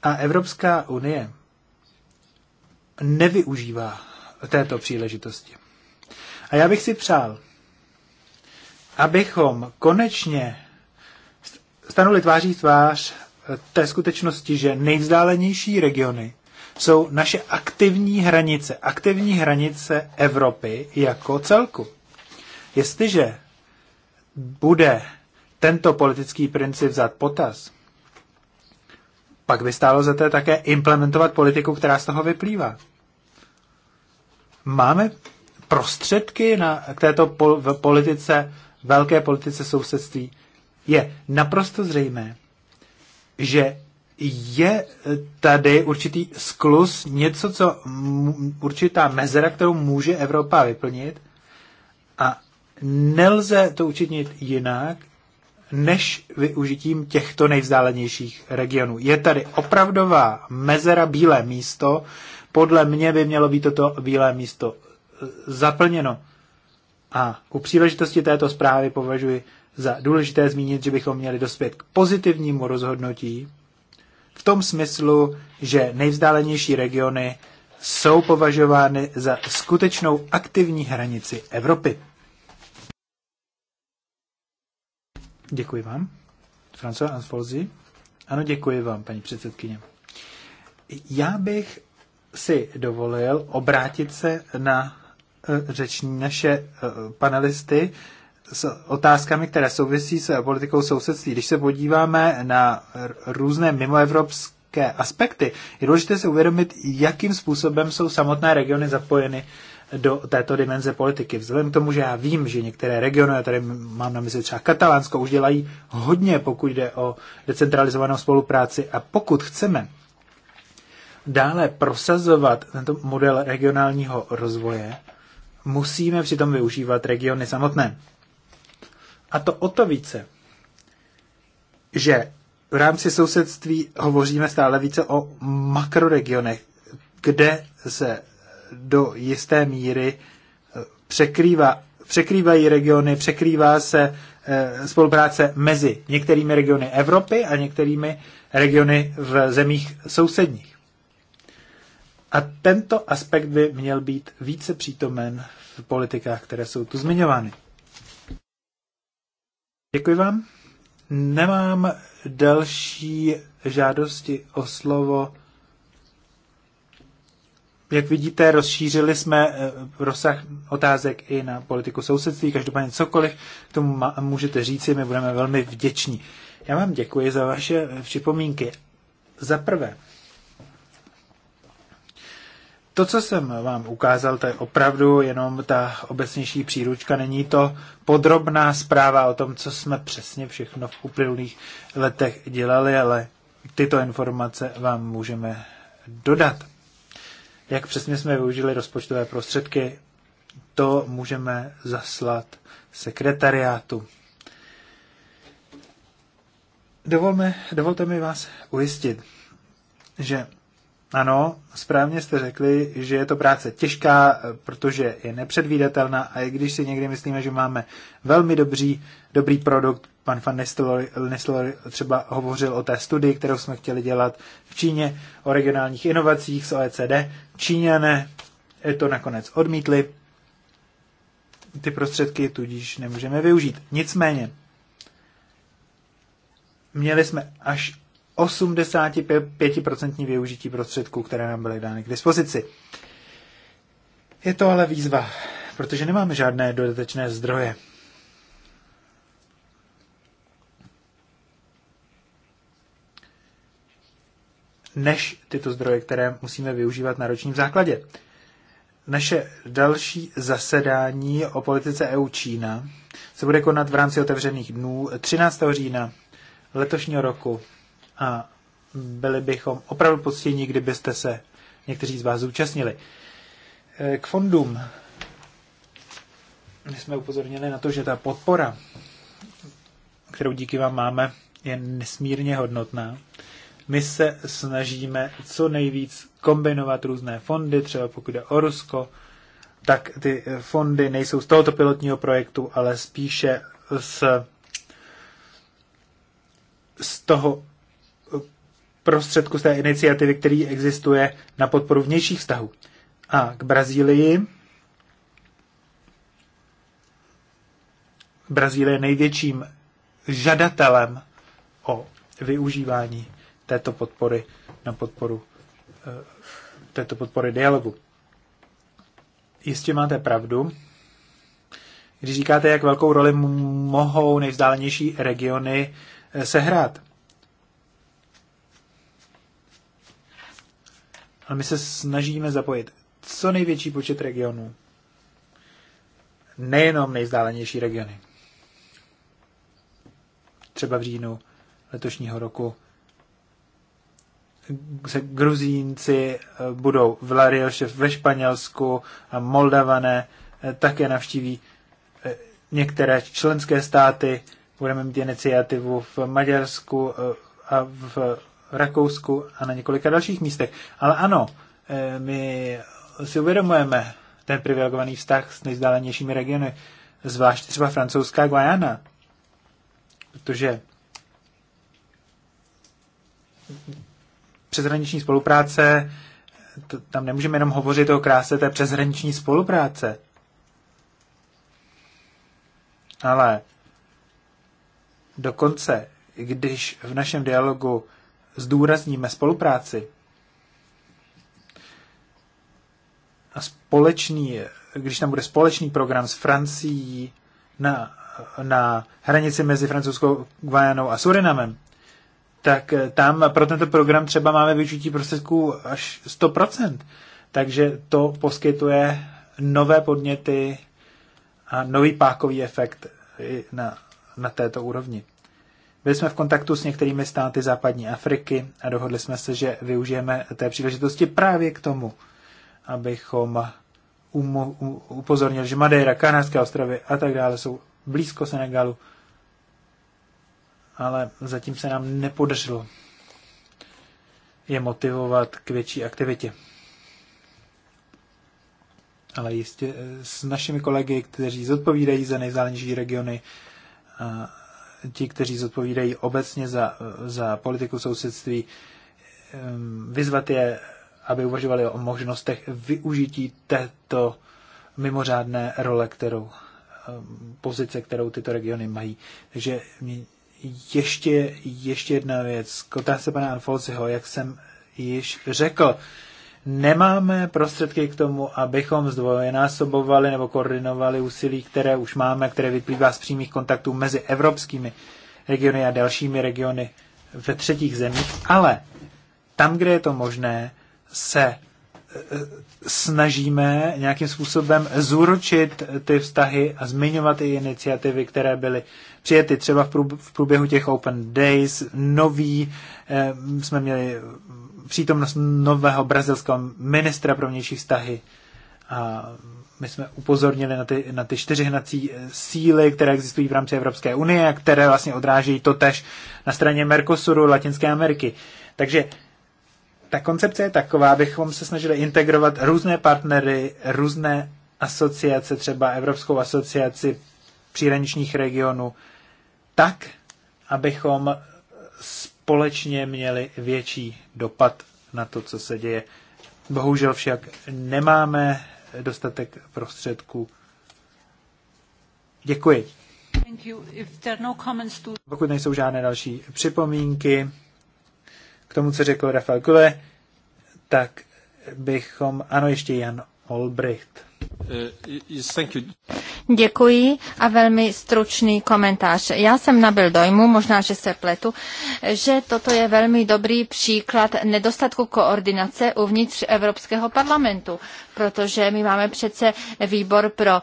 A Evropská unie nevyužívá této příležitosti. A já bych si přál, abychom konečně stanuli tváří tvář té skutečnosti, že nejvzdálenější regiony jsou naše aktivní hranice, aktivní hranice Evropy jako celku. Jestliže bude tento politický princip vzat potaz, pak by stálo za to také implementovat politiku, která z toho vyplývá. Máme prostředky na, k této pol, politice, velké politice sousedství. Je naprosto zřejmé, že je tady určitý sklus, něco, co určitá mezera, kterou může Evropa vyplnit a nelze to učinit jinak, než využitím těchto nejvzdálenějších regionů. Je tady opravdová mezera, bílé místo. Podle mě by mělo být toto bílé místo eh, zaplněno. A u příležitosti této zprávy považuji za důležité zmínit, že bychom měli dospět k pozitivnímu rozhodnutí v tom smyslu, že nejvzdálenější regiony jsou považovány za skutečnou aktivní hranici Evropy. Děkuji vám. François Ansfolzi. Ano, děkuji vám, paní předsedkyně. Já bych si dovolil obrátit se na eh, řeční naše eh, panelisty s otázkami, které souvisí s politikou sousedství. Když se podíváme na různé mimoevropské aspekty, je důležité si uvědomit, jakým způsobem jsou samotné regiony zapojeny do této dimenze politiky. Vzhledem k tomu, že já vím, že některé regiony, já tady mám na mysli třeba Katalánsko, už dělají hodně, pokud jde o decentralizovanou spolupráci a pokud chceme dále prosazovat tento model regionálního rozvoje, musíme přitom využívat regiony samotné. A to o to více, že v rámci sousedství hovoříme stále více o makroregionech, kde se do jisté míry eh, překrývá, překrývají regiony, překrývá se eh, spolupráce mezi některými regiony Evropy a některými regiony v zemích sousedních. A tento aspekt by měl být více přítomen v politikách, které jsou tu zmiňovány. Děkuji vám. Nemám další žádosti o slovo. Jak vidíte, rozšířili jsme eh, rozsah otázek i na politiku sousedství. Každopádně cokoliv k tomu můžete říci, my budeme velmi vděční. Já vám děkuji za vaše připomínky. Za prvé, to, co jsem vám ukázal, to je opravdu jenom ta obecnější příručka. Není to podrobná zpráva o tom, co jsme přesně všechno v uplynulých letech dělali, ale tyto informace vám můžeme dodat. Jak přesně jsme využili rozpočtové prostředky, to můžeme zaslat sekretariátu. Dovolme, dovolte mi vás ujistit, že ano, správně jste řekli, že je to práce těžká, protože je nepředvídatelná a i když si někdy myslíme, že máme velmi dobrý, dobrý produkt, pan van Nestelor třeba hovořil o té studii, kterou jsme chtěli dělat v Číně, o regionálních inovacích z OECD, Číňané to nakonec odmítli, ty prostředky tudíž nemůžeme využít. Nicméně, měli jsme až 85% využití prostředků, které nám byly dány k dispozici. Je to ale výzva, protože nemáme žádné dodatečné zdroje. než tyto zdroje, které musíme využívat na ročním základě. Naše další zasedání o politice EU Čína se bude konat v rámci otevřených dnů 13. října letošního roku a byli bychom opravdu poctěni, kdybyste se někteří z vás zúčastnili. Eh, k fondům. My jsme upozornili na to, že ta podpora, kterou díky vám máme, je nesmírně hodnotná. My se snažíme co nejvíc kombinovat různé fondy, třeba pokud jde o Rusko, tak ty fondy nejsou z tohoto pilotního projektu, ale spíše z, z toho prostředku z té iniciativy, který existuje na podporu vnějších vztahů. A k Brazílii. Brazílie je největším žadatelem o využívání této podpory na podporu eh, této podpory dialogu. Jistě máte pravdu, když říkáte, jak velkou roli mohou nejvzdálenější regiony eh, sehrát. A my se snažíme zapojit co největší počet regionů. Nejenom nejzdálenější regiony. Třeba v říjnu letošního roku se Gruzínci eh, budou v Larioše ve Španělsku a Moldavané eh, také navštíví eh, některé členské státy. Budeme mít iniciativu v Maďarsku a v Rakousku a na několika dalších místech. Ale ano, eh, my si uvědomujeme ten privilegovaný vztah s nejzdálenějšími regiony, zvlášť třeba francouzská Guajana, protože přeshraniční spolupráce, to, tam nemůžeme jenom hovořit o kráse té přeshraniční spolupráce, ale dokonce, když v našem dialogu zdůrazníme spolupráci a společný, když tam bude společný program s Francií na, na hranici mezi francouzskou Guajanou a Surinamem, tak tam pro tento program třeba máme využití prostředků až 100%. Takže to poskytuje nové podněty a nový pákový efekt na, na této úrovni. Byli jsme v kontaktu s některými státy západní Afriky a dohodli jsme se, že využijeme té příležitosti právě k tomu, abychom um, upozornili, že Madeira, Kanárské ostrovy a tak dále jsou blízko Senegalu, ale zatím se nám nepodařilo je motivovat k větší aktivitě. Ale jistě eh, s našimi kolegy, kteří zodpovídají za nejzálenější regiony, ti, kteří zodpovídají obecně za, za politiku sousedství, vyzvat je, aby uvažovali o možnostech využití této mimořádné role, kterou pozice, kterou tyto regiony mají. Takže ještě, ještě jedna věc. Kotá se pana Anfolciho, jak jsem již řekl, nemáme prostředky k tomu, abychom zdvojenásobovali nebo koordinovali úsilí, které už máme, které vyplývá z přímých kontaktů mezi evropskými regiony a dalšími regiony ve třetích zemích, ale tam, kde je to možné, se e, e, snažíme nějakým způsobem zúročit ty vztahy a zmiňovat i iniciativy, které byly přijety třeba v průběhu těch Open Days. Nový e, jsme měli přítomnost nového brazilského ministra pro vnější vztahy. A my jsme upozornili na ty, na ty čtyři hnací eh, síly, které existují v rámci Evropské unie a které vlastně odrážejí to tež na straně Mercosuru, Latinské Ameriky. Takže ta koncepce je taková, abychom se snažili integrovat různé partnery, různé asociace, třeba Evropskou asociaci příhraničních regionů, tak, abychom společně měli větší dopad na to, co se děje. Bohužel však nemáme dostatek prostředků. Děkuji. No Pokud nejsou žádné další připomínky k tomu, co řekl Rafael Kule, tak bychom, ano, ještě Jan Olbricht. Uh, yes, thank you. Děkuji a velmi stručný komentář. Já jsem nabil dojmu, možná, že se pletu, že toto je velmi dobrý příklad nedostatku koordinace uvnitř Evropského parlamentu protože my máme přece výbor pro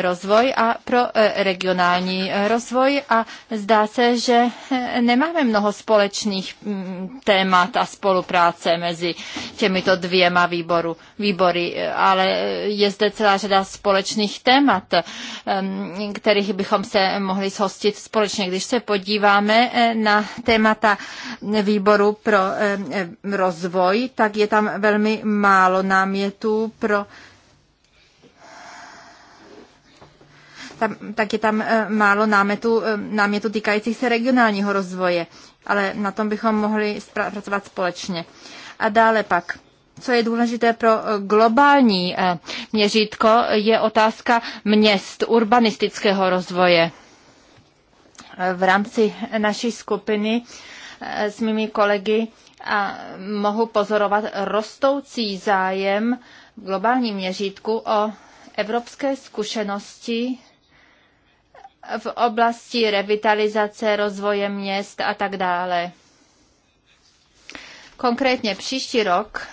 rozvoj a pro eh, regionální rozvoj a zdá se, že eh, nemáme mnoho společných mm, témat a spolupráce mezi těmito dvěma výboru, výbory, eh, ale je zde celá řada společných témat, ehm, kterých bychom se mohli zhostit společně. Když se podíváme na témata výboru pro rozvoj, tak je tam velmi málo námětů pro pro tam, tak je tam eh, málo e, námětu týkajících se regionálního rozvoje, ale na tom bychom mohli pracovat společně. A dále pak co je důležité pro eh, globální měřítko, je otázka měst, urbanistického rozvoje. V rámci naší skupiny s mými kolegy a mohu pozorovat rostoucí zájem globálním měřítku o evropské zkušenosti v oblasti revitalizace, rozvoje měst a tak dále. Konkrétně příští rok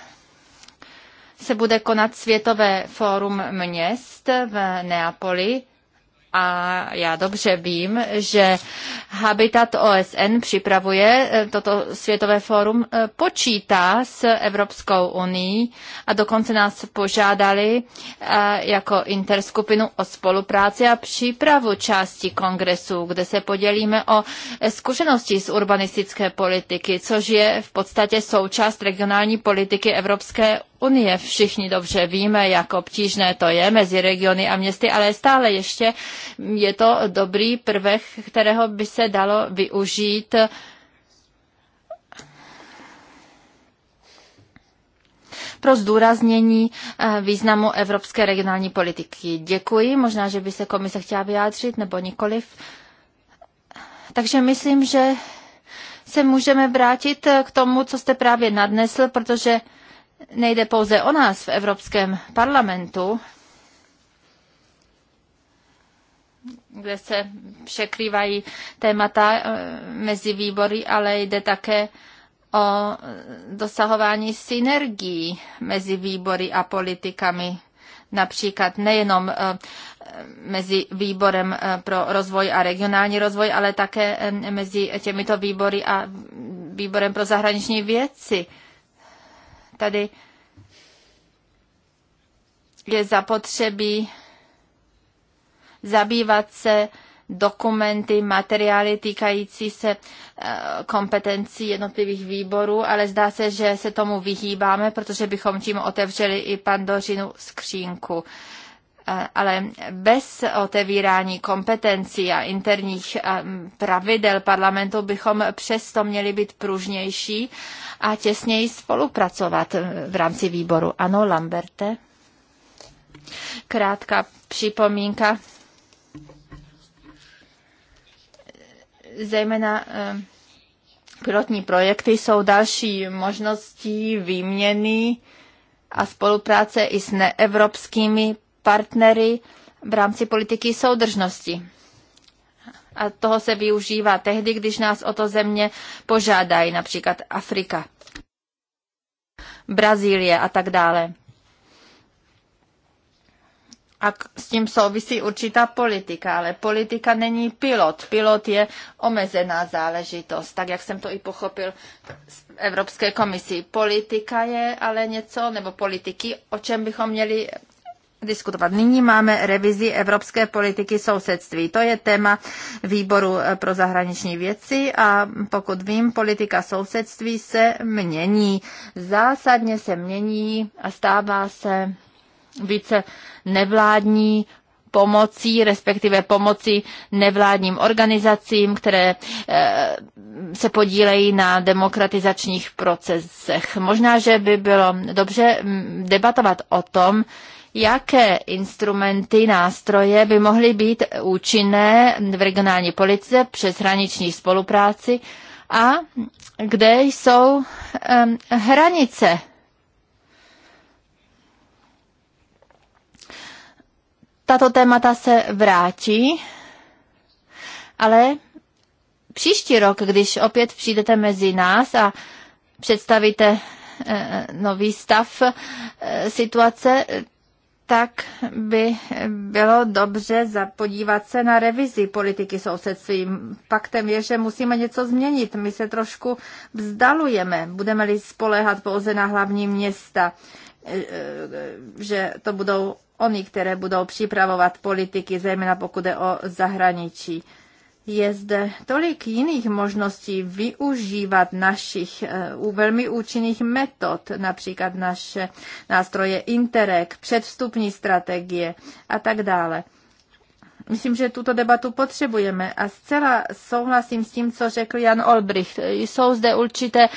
se bude konat Světové fórum měst v Neapoli a já dobře vím, že Habitat OSN připravuje eh, toto světové fórum, eh, počítá s Evropskou unii a dokonce nás požádali eh, jako interskupinu o spolupráci a přípravu části kongresu, kde se podělíme o zkušenosti z urbanistické politiky, což je v podstatě součást regionální politiky Evropské unie. Všichni dobře víme, jak obtížné to je mezi regiony a městy, ale stále ještě je to dobrý prvek, kterého by se dalo využít pro zdůraznění eh, významu evropské regionální politiky. Děkuji. Možná, že by se komise chtěla vyjádřit, nebo nikoliv. Takže myslím, že se můžeme vrátit eh, k tomu, co jste právě nadnesl, protože nejde pouze o nás v Evropském parlamentu, kde se překrývají témata eh, mezi výbory, ale jde také o dosahování synergií mezi výbory a politikami. Například nejenom eh, mezi výborem eh, pro rozvoj a regionální rozvoj, ale také mezi těmito výbory a výborem pro zahraniční věci. Tady je zapotřebí zabývat se dokumenty, materiály týkající se eh, kompetencí jednotlivých výborů, ale zdá se, že se tomu vyhýbáme, protože bychom tím otevřeli i pandořinu skřínku ale bez otevírání kompetencí a interních pravidel parlamentu bychom přesto měli být pružnější a těsněji spolupracovat v rámci výboru. Ano, Lamberte? Krátká připomínka. Zejména e, pilotní projekty jsou další možností výměny a spolupráce i s neevropskými partnery v rámci politiky soudržnosti. A toho se využívá tehdy, když nás o to země požádají, například Afrika, Brazílie a tak dále. A s tím souvisí určitá politika, ale politika není pilot. Pilot je omezená záležitost, tak jak jsem to i pochopil z Evropské komisí. Politika je ale něco, nebo politiky, o čem bychom měli diskutovat. Nyní máme revizi evropské politiky sousedství. To je téma výboru eh, pro zahraniční věci a pokud vím, politika sousedství se mění. Zásadně se mění a stává se více nevládní pomocí, respektive pomoci nevládním organizacím, které eh, se podílejí na demokratizačních procesech. Možná, že by bylo dobře mm, debatovat o tom, jaké instrumenty, nástroje by mohly být účinné v regionální politice přes hraniční spolupráci a kde jsou um, hranice. Tato témata se vrátí, ale příští rok, když opět přijdete mezi nás a představíte eh, nový stav eh, situace, tak by bylo dobře zapodívat se na revizi politiky sousedství. Faktem je, že musíme něco změnit. My se trošku vzdalujeme. Budeme-li spolehat pouze na hlavní města, e, e, že to budou oni, které budou připravovat politiky, zejména pokud je o zahraničí je zde tolik jiných možností využívat našich eh, velmi účinných metod, například naše nástroje Interreg, předvstupní strategie a tak dále. Myslím, že tuto debatu potřebujeme a zcela souhlasím s tím, co řekl Jan Olbricht. Jsou zde určité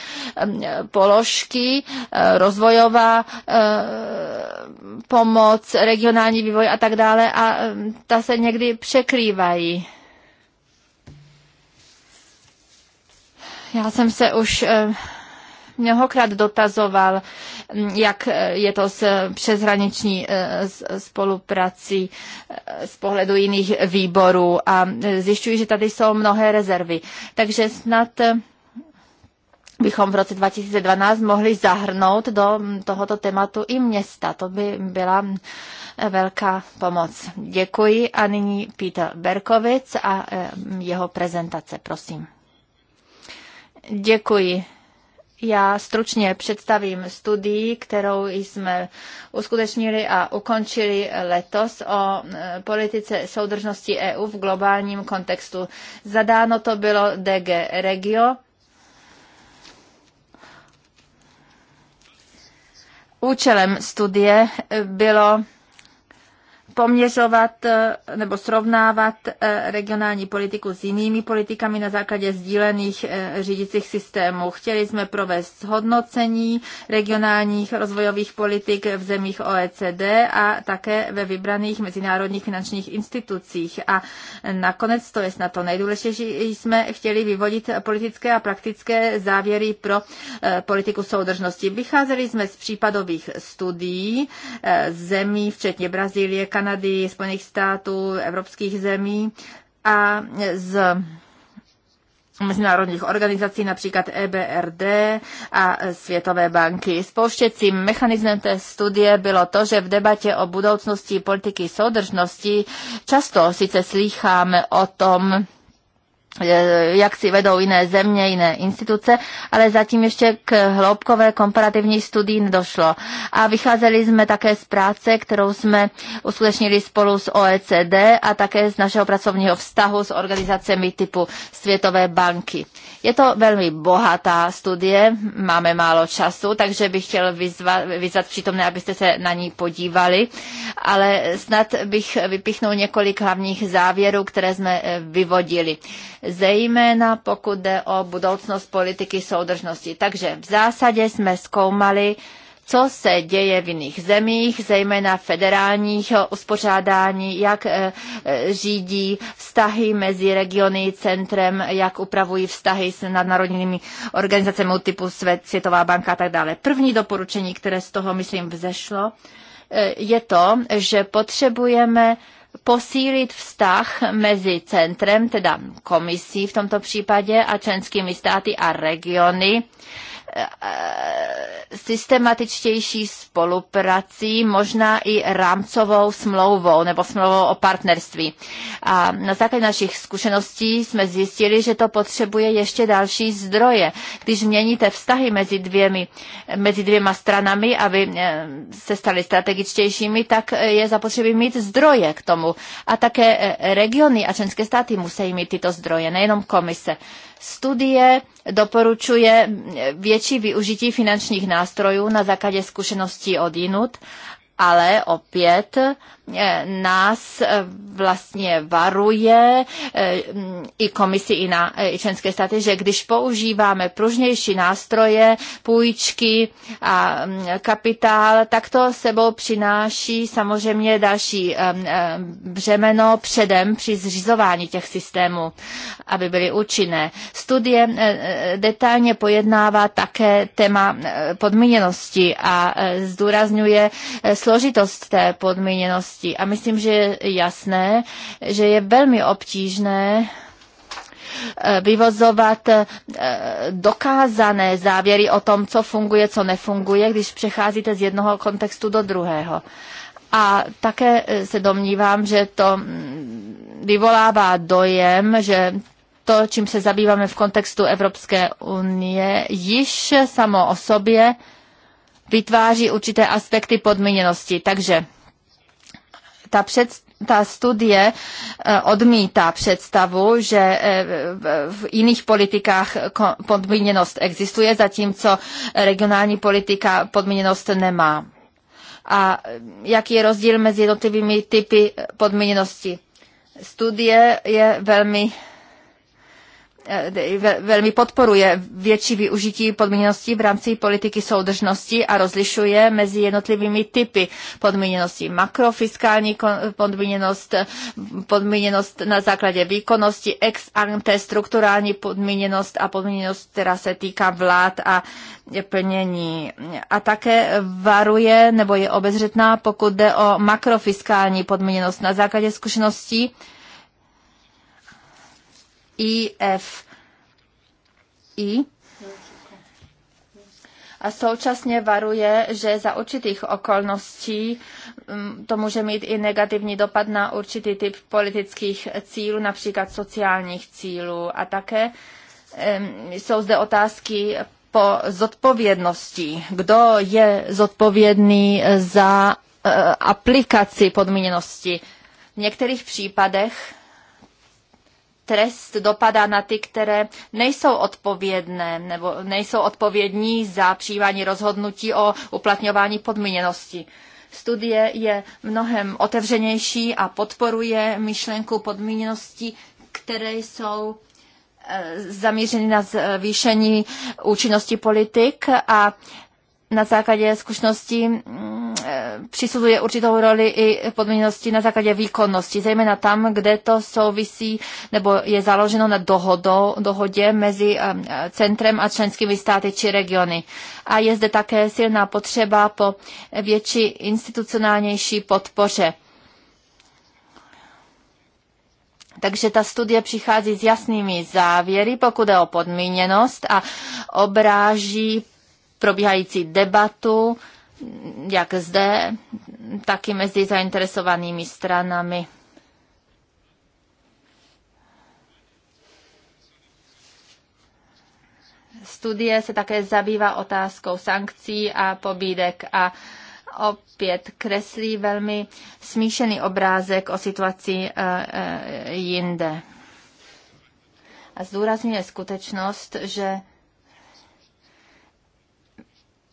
položky, eh, rozvojová eh, pomoc, regionální vývoj a tak dále a ta se někdy překrývají. Já jsem se už eh, mnohokrát dotazoval, mm, jak eh, je to s přeshraniční eh, spoluprací z pohledu jiných výborů a zjišťuji, že tady jsou mnohé rezervy. Takže snad bychom v roce 2012 mohli zahrnout do mm, tohoto tématu i města. To by byla mm, velká pomoc. Děkuji a nyní Peter Berkovic a jeho prezentace, prosím. Děkuji. Já stručně představím studii, kterou jsme uskutečnili a ukončili letos o e, politice soudržnosti EU v globálním kontextu. Zadáno to bylo DG Regio. Účelem studie bylo poměřovat eh, nebo srovnávat eh, regionální politiku s jinými politikami na základě sdílených eh, řídicích systémů. Chtěli jsme provést hodnocení regionálních rozvojových politik v zemích OECD a také ve vybraných mezinárodních finančních institucích. A nakonec, to je snad to nejdůležitější, jsme chtěli vyvodit politické a praktické závěry pro politiku soudržnosti. Vycházeli jsme z případových studií zemí, včetně Brazílie, Kanady, Spojených států, evropských zemí a z mezinárodních organizací, například EBRD a Světové banky. Spouštěcím mechanismem té studie bylo to, že v debatě o budoucnosti politiky soudržnosti často sice slýcháme o tom, E, jak si vedou jiné země, jiné instituce, ale zatím ještě k hloubkové komparativní studii nedošlo. A vycházeli jsme také z práce, kterou jsme uskutečnili spolu s OECD a také z našeho pracovního vztahu s organizacemi typu Světové banky. Je to velmi bohatá studie, máme málo času, takže bych chtěl vyzvat, vyzvat přítomné, abyste se na ní podívali, ale snad bych vypichnul několik hlavních závěrů, které jsme eh, vyvodili. Zejména pokud jde o budoucnost politiky soudržnosti. Takže v zásadě jsme zkoumali, co se děje v jiných zemích, zejména federálních uspořádání, jak eh, eh, řídí vztahy mezi regiony, centrem, jak upravují vztahy s nadnárodními organizacemi typu Svět, Světová banka a tak dále. První doporučení, které z toho, myslím, vzešlo, eh, je to, že potřebujeme posílit vztah mezi centrem, teda komisí v tomto případě, a členskými státy a regiony, Eh, systematičtější spoluprací, možná i rámcovou smlouvou nebo smlouvou o partnerství. A na základě našich zkušeností jsme zjistili, že to potřebuje ještě další zdroje. Když měníte vztahy mezi, dvěmi, mezi dvěma stranami, aby eh, se staly strategičtějšími, tak eh, je zapotřebí mít zdroje k tomu. A také regiony a členské státy musí mít tyto zdroje, nejenom komise. Studie doporučuje větší využití finančních nástrojů na základě zkušeností od jinut ale opět eh, nás eh, vlastně varuje eh, i komisi, i, na, i členské státy, že když používáme pružnější nástroje, půjčky a mm, kapitál, tak to sebou přináší samozřejmě další mm, břemeno předem při zřizování těch systémů, aby byly účinné. Studie detailně pojednává také téma podmíněnosti a zdůrazňuje složitost té podmíněnosti. A myslím, že je jasné, že je velmi obtížné eh, vyvozovat eh, dokázané závěry o tom, co funguje, co nefunguje, když přecházíte z jednoho kontextu do druhého. A také eh, se domnívám, že to mm, vyvolává dojem, že to, čím se zabýváme v kontextu Evropské unie, již samo o sobě vytváří určité aspekty podmíněnosti. Takže ta před, ta studie eh, odmítá představu, že eh, v jiných politikách podmíněnost existuje, zatímco regionální politika podmíněnost nemá. A jaký je rozdíl mezi jednotlivými typy podmíněnosti? Studie je velmi Eh, velmi podporuje větší využití podmíněností v rámci politiky soudržnosti a rozlišuje mezi jednotlivými typy podmíněností. Makrofiskální podmíněnost, podmíněnost na základě výkonnosti, ex ante strukturální podmíněnost a podmíněnost, která se týká vlád a plnění. A také varuje nebo je obezřetná, pokud jde o makrofiskální podmíněnost na základě zkušeností, IFI a současně varuje, že za určitých okolností mm, to může mít i negativní dopad na určitý typ politických cílů, například sociálních cílů. A také jsou zde otázky po zodpovědnosti. Kdo je zodpovědný za eh, aplikaci podmíněnosti? V některých případech trest dopadá na ty, které nejsou odpovědné nebo nejsou odpovědní za přijímání rozhodnutí o uplatňování podmíněnosti. Studie je mnohem otevřenější a podporuje myšlenku podmíněnosti, které jsou e, zaměřeny na zvýšení účinnosti politik a na základě zkušeností mm, eh, přisuzuje určitou roli i podmíněnosti na základě výkonnosti, zejména tam, kde to souvisí nebo je založeno na dohodou, dohodě mezi eh, centrem a členskými státy či regiony. A je zde také silná potřeba po větší institucionálnější podpoře. Takže ta studie přichází s jasnými závěry, pokud je o podmíněnost a obráží probíhající debatu, jak zde, tak i mezi zainteresovanými stranami. Studie se také zabývá otázkou sankcí a pobídek a opět kreslí velmi smíšený obrázek o situaci eh, eh, jinde. A zdůrazňuje skutečnost, že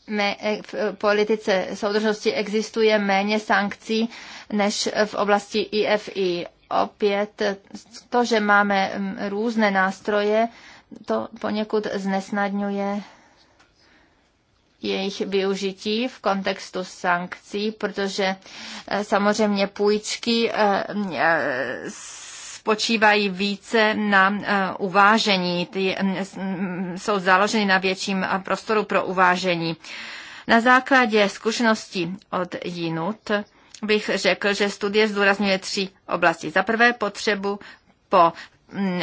Eh, v eh, politice soudržnosti existuje méně sankcí než v oblasti IFI. Opět eh, to, že máme mm, různé nástroje, to poněkud znesnadňuje jejich využití v kontextu sankcí, protože samozřejmě půjčky spočívají více na eh, uvážení, ty mm, mm, jsou založeny na větším eh, prostoru pro uvážení. Na základě zkušeností od jinut bych řekl, že studie zdůrazňuje tři oblasti. Za prvé potřebu po mm,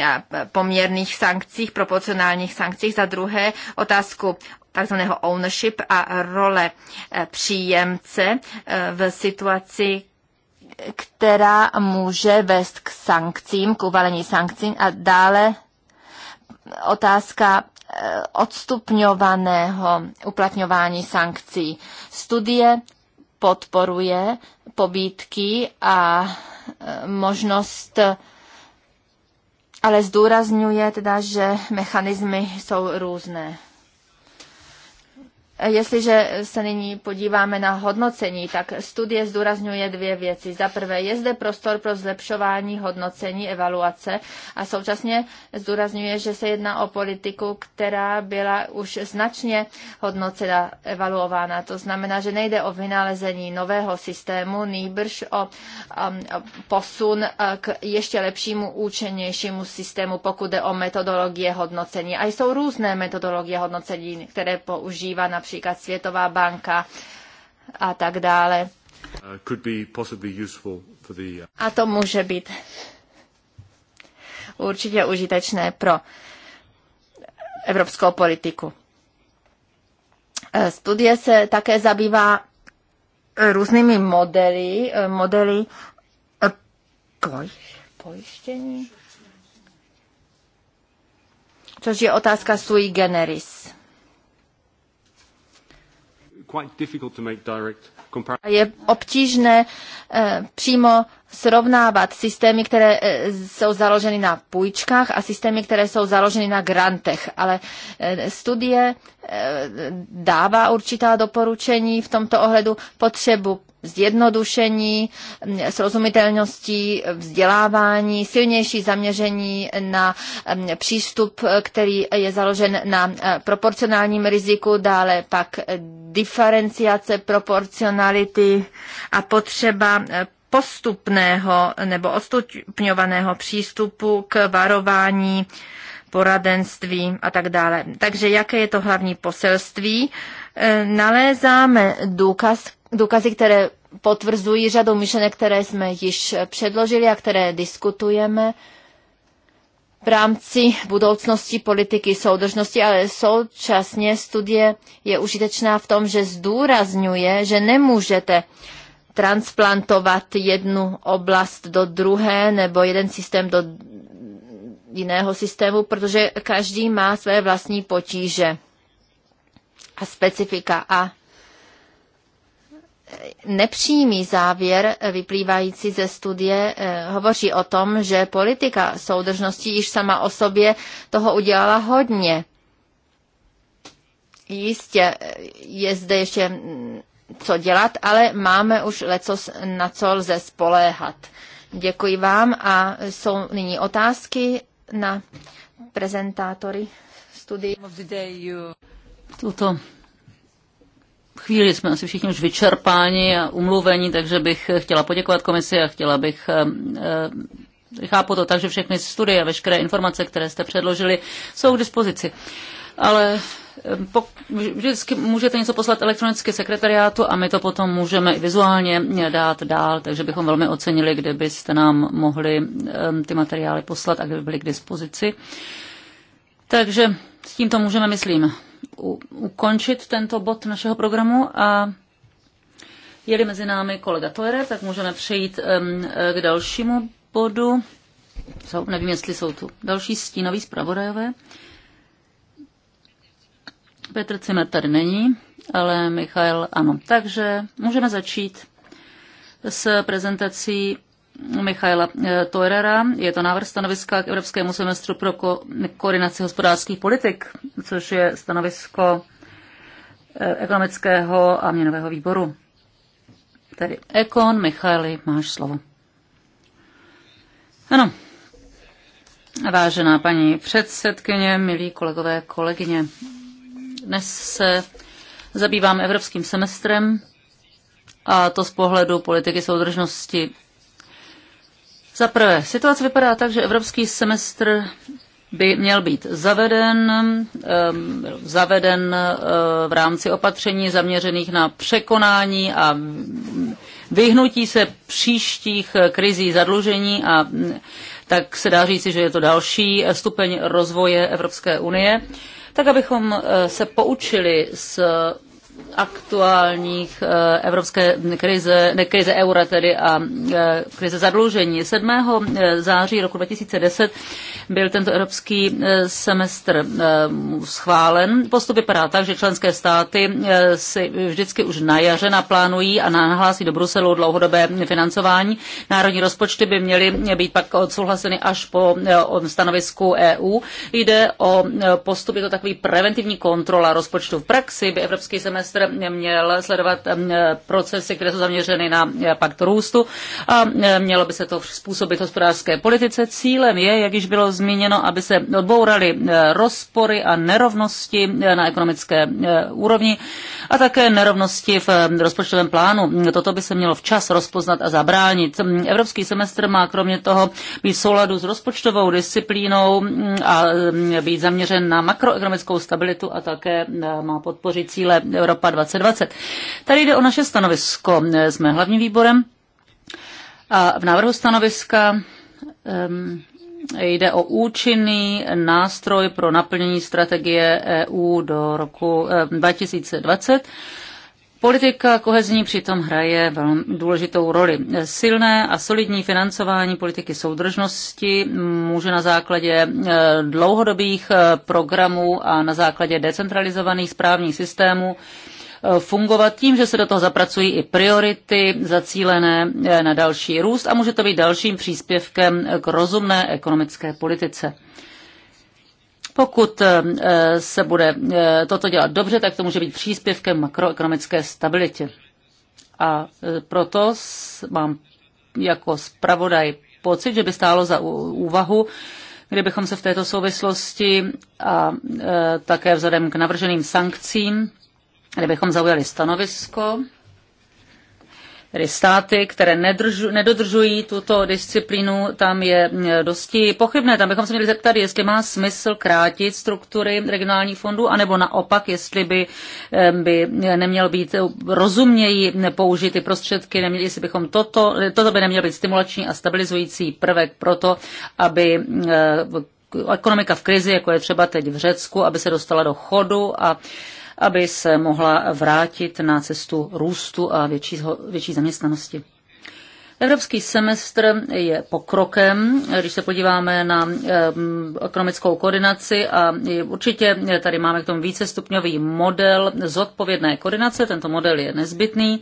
poměrných sankcích, proporcionálních sankcích, za druhé otázku takzvaného ownership a role eh, příjemce v situaci, která může vést k sankcím, k uvalení sankcí a dále otázka eh, odstupňovaného uplatňování sankcí. Studie podporuje pobídky a eh, možnost ale zdůrazňuje teda, že mechanismy jsou různé. Jestliže se nyní podíváme na hodnocení, tak studie zdůrazňuje dvě věci. Za prvé, je zde prostor pro zlepšování hodnocení, evaluace a současně zdůrazňuje, že se jedná o politiku, která byla už značně hodnocena, evaluována. To znamená, že nejde o vynalezení nového systému, nýbrž o, um, posun uh, k ještě lepšímu, účinnějšímu systému, pokud jde o metodologie hodnocení. A jsou různé metodologie hodnocení, které používá na například Světová banka a tak dále. Uh, uh, a to může být určitě užitečné pro evropskou politiku. Eh, studie se také zabývá různými modely, eh, modely eh, pojištění, což je otázka sui generis. Je obtížné eh, přímo srovnávat systémy, které eh, jsou založeny na půjčkách a systémy, které jsou založeny na grantech, ale eh, studie dává určitá doporučení v tomto ohledu potřebu zjednodušení, srozumitelností vzdělávání, silnější zaměření na přístup, který je založen na proporcionálním riziku, dále pak diferenciace proporcionality a potřeba postupného nebo odstupňovaného přístupu k varování, poradenství a tak dále. Takže jaké je to hlavní poselství? E, nalézáme důkaz, důkazy, které potvrzují řadu myšlenek, které jsme již předložili a které diskutujeme v rámci budoucnosti politiky soudržnosti, ale současně studie je užitečná v tom, že zdůrazňuje, že nemůžete transplantovat jednu oblast do druhé nebo jeden systém do jiného systému, protože každý má své vlastní potíže a specifika a nepřímý závěr vyplývající ze studie eh, hovoří o tom, že politika soudržnosti již sama o sobě toho udělala hodně. Jistě eh, je zde ještě mm, co dělat, ale máme už leco, na co lze spoléhat. Děkuji vám a jsou nyní otázky na prezentátory studií. Tuto chvíli jsme asi všichni už vyčerpáni a umluveni, takže bych chtěla poděkovat komisi a chtěla bych chápu to tak, že všechny studie a veškeré informace, které jste předložili, jsou k dispozici. Ale pok, vždycky můžete něco poslat elektronicky sekretariátu a my to potom můžeme i vizuálně dát dál, takže bychom velmi ocenili, kdybyste nám mohli ty materiály poslat a kdyby byly k dispozici. Takže s tímto můžeme, myslím, ukončit tento bod našeho programu a je-li mezi námi kolega Toire, tak můžeme přejít k dalšímu bodu. Co? nevím, jestli jsou tu další stínoví zpravodajové. Petr Cimer tady není, ale Michal ano. Takže můžeme začít s prezentací Michaela eh, Toerera Je to návrh stanoviska k Evropskému semestru pro ko- koordinaci hospodářských politik, což je stanovisko eh, ekonomického a měnového výboru. Tedy Ekon, Michaeli, máš slovo. Ano. Vážená paní předsedkyně, milí kolegové, kolegyně, dnes se zabývám evropským semestrem a to z pohledu politiky soudržnosti za prvé, situace vypadá tak, že evropský semestr by měl být zaveden, zaveden eh, v rámci opatření zaměřených na překonání a vyhnutí se příštích eh, krizí zadlužení a mm, tak se dá říci, že je to další eh, stupeň rozvoje Evropské unie, tak abychom se poučili z aktuálních eh, evropské krize, ne krize eura tedy a eh, krize zadlužení. 7. Eh, září roku 2010 byl tento evropský semestr schválen. Postup vypadá tak, že členské státy si vždycky už na jaře naplánují a nahlásí do Bruselu dlouhodobé financování. Národní rozpočty by měly být pak odsouhlaseny až po stanovisku EU. Jde o postup, je to takový preventivní kontrola rozpočtu. V praxi by evropský semestr semestr měl sledovat eh, procesy, které jsou zaměřeny na eh, pakt růstu a eh, mělo by se to způsobit hospodářské politice. Cílem je, jak již bylo zmíněno, aby se odbouraly rozpory a nerovnosti na ekonomické úrovni a také nerovnosti v rozpočtovém plánu. Toto by se mělo včas rozpoznat a zabránit. Evropský semestr má kromě toho být v souladu s rozpočtovou disciplínou mm, a mm, být zaměřen na makroekonomickou stabilitu a také má podpořit cíle Evropy Evropa 2020. Tady jde o naše stanovisko. Jsme hlavním výborem a v návrhu stanoviska um, jde o účinný nástroj pro naplnění strategie EU do roku 2020 ehm, Politika kohezní přitom hraje velmi důležitou roli. Silné a solidní financování politiky soudržnosti může na základě eh, dlouhodobých eh, programů a na základě decentralizovaných správních systémů eh, fungovat tím, že se do toho zapracují i priority zacílené na další růst a může to být dalším příspěvkem k rozumné ekonomické politice. Pokud eh, eh, se bude eh, toto dělat dobře, tak to může být příspěvkem makroekonomické stabilitě. A proto mám jako zpravodaj pocit, že by stálo za úvahu, kdybychom se v této souvislosti a také vzhledem k navrženým sankcím, kdybychom zaujali stanovisko tedy státy, které nedržu, nedodržují tuto disciplínu, tam je mm, dosti pochybné. Tam bychom se měli zeptat, jestli má smysl krátit struktury regionálních fondů, anebo naopak, jestli by, by nemělo být rozuměji použity prostředky, neměli, jestli bychom toto, toto by nemělo být stimulační a stabilizující prvek proto, aby eh, ekonomika v krizi, jako je třeba teď v Řecku, aby se dostala do chodu a aby se mohla vrátit na cestu růstu a větší, větší zaměstnanosti. Evropský semestr je pokrokem, když se podíváme na eh, ekonomickou koordinaci a určitě eh, tady máme k tomu vícestupňový model zodpovědné koordinace. Tento model je nezbytný.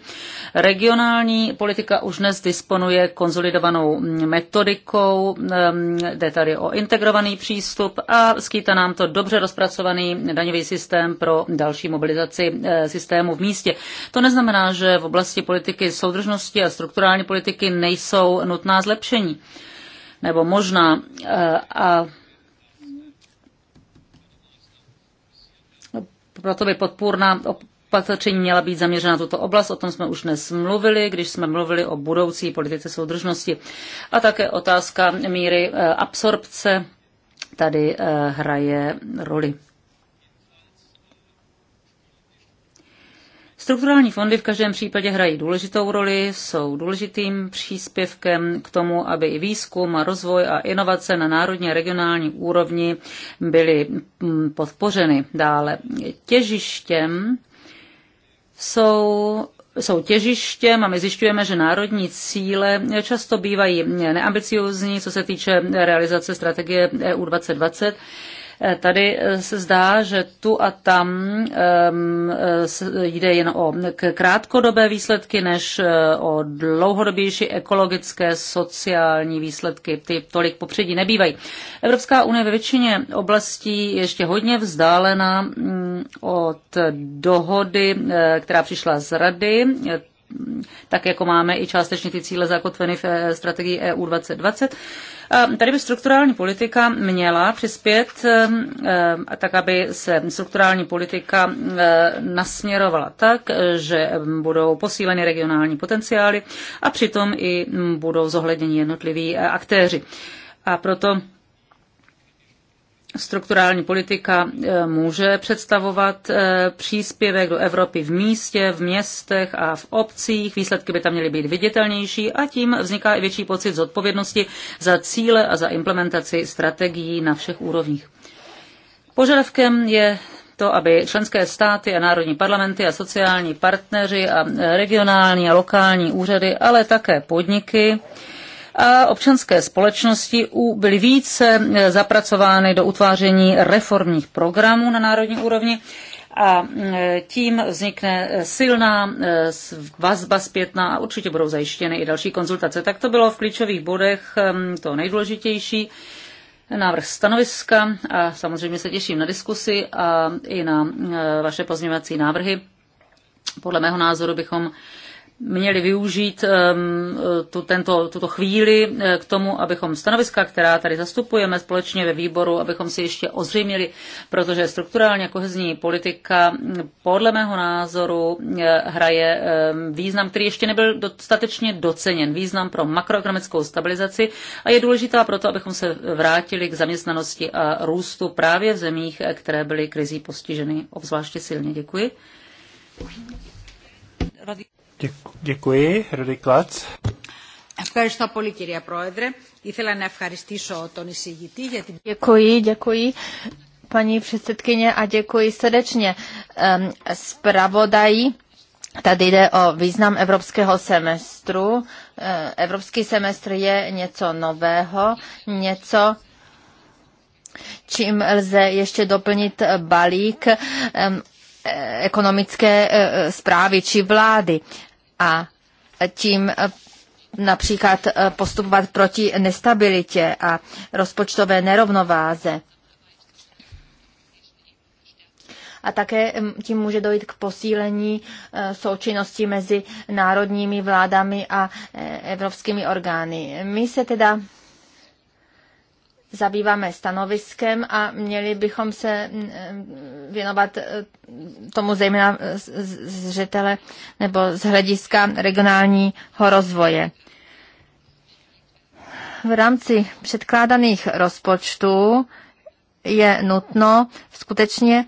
Regionální politika už dnes disponuje konzolidovanou metodikou, eh, jde tady o integrovaný přístup a skýta nám to dobře rozpracovaný daňový systém pro další mobilizaci systému v místě. To neznamená, že v oblasti politiky soudržnosti a strukturální politiky politiky nejsou nutná zlepšení. Nebo možná. Eh, a proto by podpůrná opatření měla být zaměřena tuto oblast, o tom jsme už dnes mluvili, když jsme mluvili o budoucí politice soudržnosti. A také otázka míry eh, absorpce tady eh, hraje roli. Strukturální fondy v každém případě hrají důležitou roli, jsou důležitým příspěvkem k tomu, aby i výzkum a rozvoj a inovace na národní a regionální úrovni byly mm, podpořeny dále. Těžištěm jsou jsou těžištěm a my zjišťujeme, že národní cíle často bývají neambiciozní, co se týče realizace strategie EU 2020. Tady eh, se zdá, že tu a tam ehm, eh, jde jen o krátkodobé výsledky, než eh, o dlouhodobější ekologické, sociální výsledky. Ty tolik popředí nebývají. Evropská unie ve většině oblastí je ještě hodně vzdálená mm, od dohody, která přišla z Rady. Mm, tak jako máme i částečně ty cíle zakotveny v eh, strategii EU 2020. Tady by strukturální politika měla přispět, ehm, eh, tak aby se strukturální politika eh, nasměrovala tak, že ehm, budou posíleny regionální potenciály a přitom i mm, budou zohledněni jednotliví aktéři. A proto strukturální politika eh, může představovat eh, příspěvek do Evropy v místě, v městech a v obcích. Výsledky by tam měly být viditelnější a tím vzniká i větší pocit zodpovědnosti za cíle a za implementaci strategií na všech úrovních. Požadavkem je to, aby členské státy a národní parlamenty a sociální partneři a regionální a lokální úřady, ale také podniky a občanské společnosti byly více e, zapracovány do utváření reformních programů na národní úrovni a e, tím vznikne e, silná vazba zpětná a určitě budou zajištěny i další konzultace. Tak to bylo v klíčových bodech to nejdůležitější návrh stanoviska a samozřejmě se těším na diskusi a i na vaše pozměňovací návrhy. Podle mého názoru bychom měli využít tu, tento, tuto chvíli eh, k tomu, abychom stanoviska, která tady zastupujeme společně ve výboru, abychom si ještě ozřejmili, protože strukturálně kohezní politika podle mého názoru eh, hraje význam, který ještě nebyl dostatečně doceněn, význam pro makroekonomickou stabilizaci a je důležitá proto, abychom se vrátili k zaměstnanosti a růstu právě v zemích, eh, které byly krizí postiženy obzvláště silně. Děkuji. Děkuji, Rudy Klac. Ευχαριστώ πολύ κυρία Πρόεδρε. Ήθελα να ευχαριστήσω τον εισηγητή για την... Děkuji, děkuji paní předsedkyně a děkuji srdečně um, zpravodají. Tady jde o význam evropského semestru. E, evropský semestr je něco nového, něco, čím lze ještě doplnit balík Eh, ekonomické eh, eh, zprávy či vlády a tím například postupovat proti nestabilitě a rozpočtové nerovnováze. A také mm, tím může dojít k posílení součinnosti mezi národními vládami a evropskými orgány. My se teda zabýváme stanoviskem a měli bychom se mm, eh, věnovat eh, tomu zejména z řetele nebo z hlediska regionálního rozvoje. V rámci předkládaných rozpočtů je nutno skutečně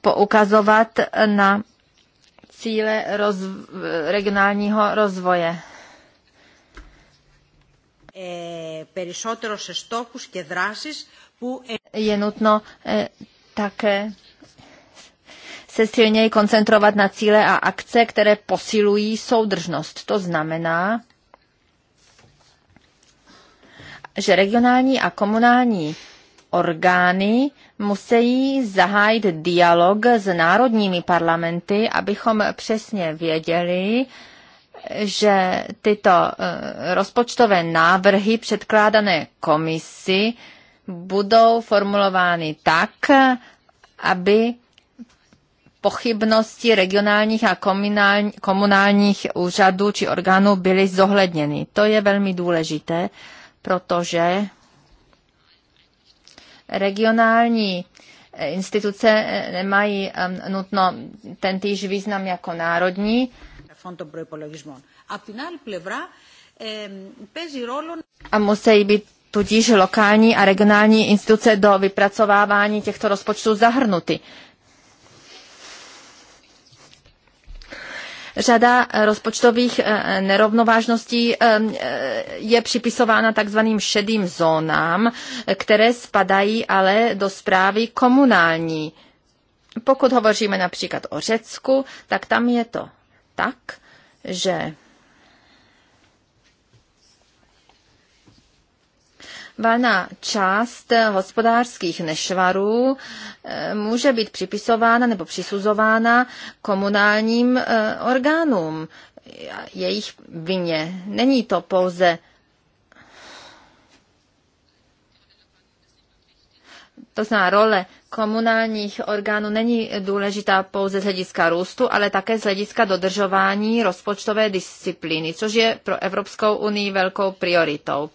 poukazovat na cíle rozv- regionálního rozvoje. Je nutno také se silněji koncentrovat na cíle a akce, které posilují soudržnost. To znamená, že regionální a komunální orgány musí zahájit dialog s národními parlamenty, abychom přesně věděli, že tyto eh, rozpočtové návrhy předkládané komisi budou formulovány tak, aby pochybnosti regionálních a komunálních úřadů či orgánů byly zohledněny. To je velmi důležité, protože regionální eh, instituce eh, nemají nutno tentýž význam jako národní, αυτών των προϋπολογισμών. Απ' την άλλη πλευρά ε, παίζει ρόλο... A musí být tudíž lokální a regionální instituce do vypracovávání těchto rozpočtů zahrnuty. Řada rozpočtových e, nerovnovážností e, e, je připisována takzvaným šedým zónám, které spadají ale do zprávy komunální. Pokud hovoříme například o Řecku, tak tam je to tak, že valná část hospodářských nešvarů eh, může být připisována nebo přisuzována komunálním eh, orgánům jejich vině. Není to pouze To znamená, role komunálních orgánů není důležitá pouze z hlediska růstu, ale také z hlediska dodržování rozpočtové disciplíny, což je pro Evropskou unii velkou prioritou.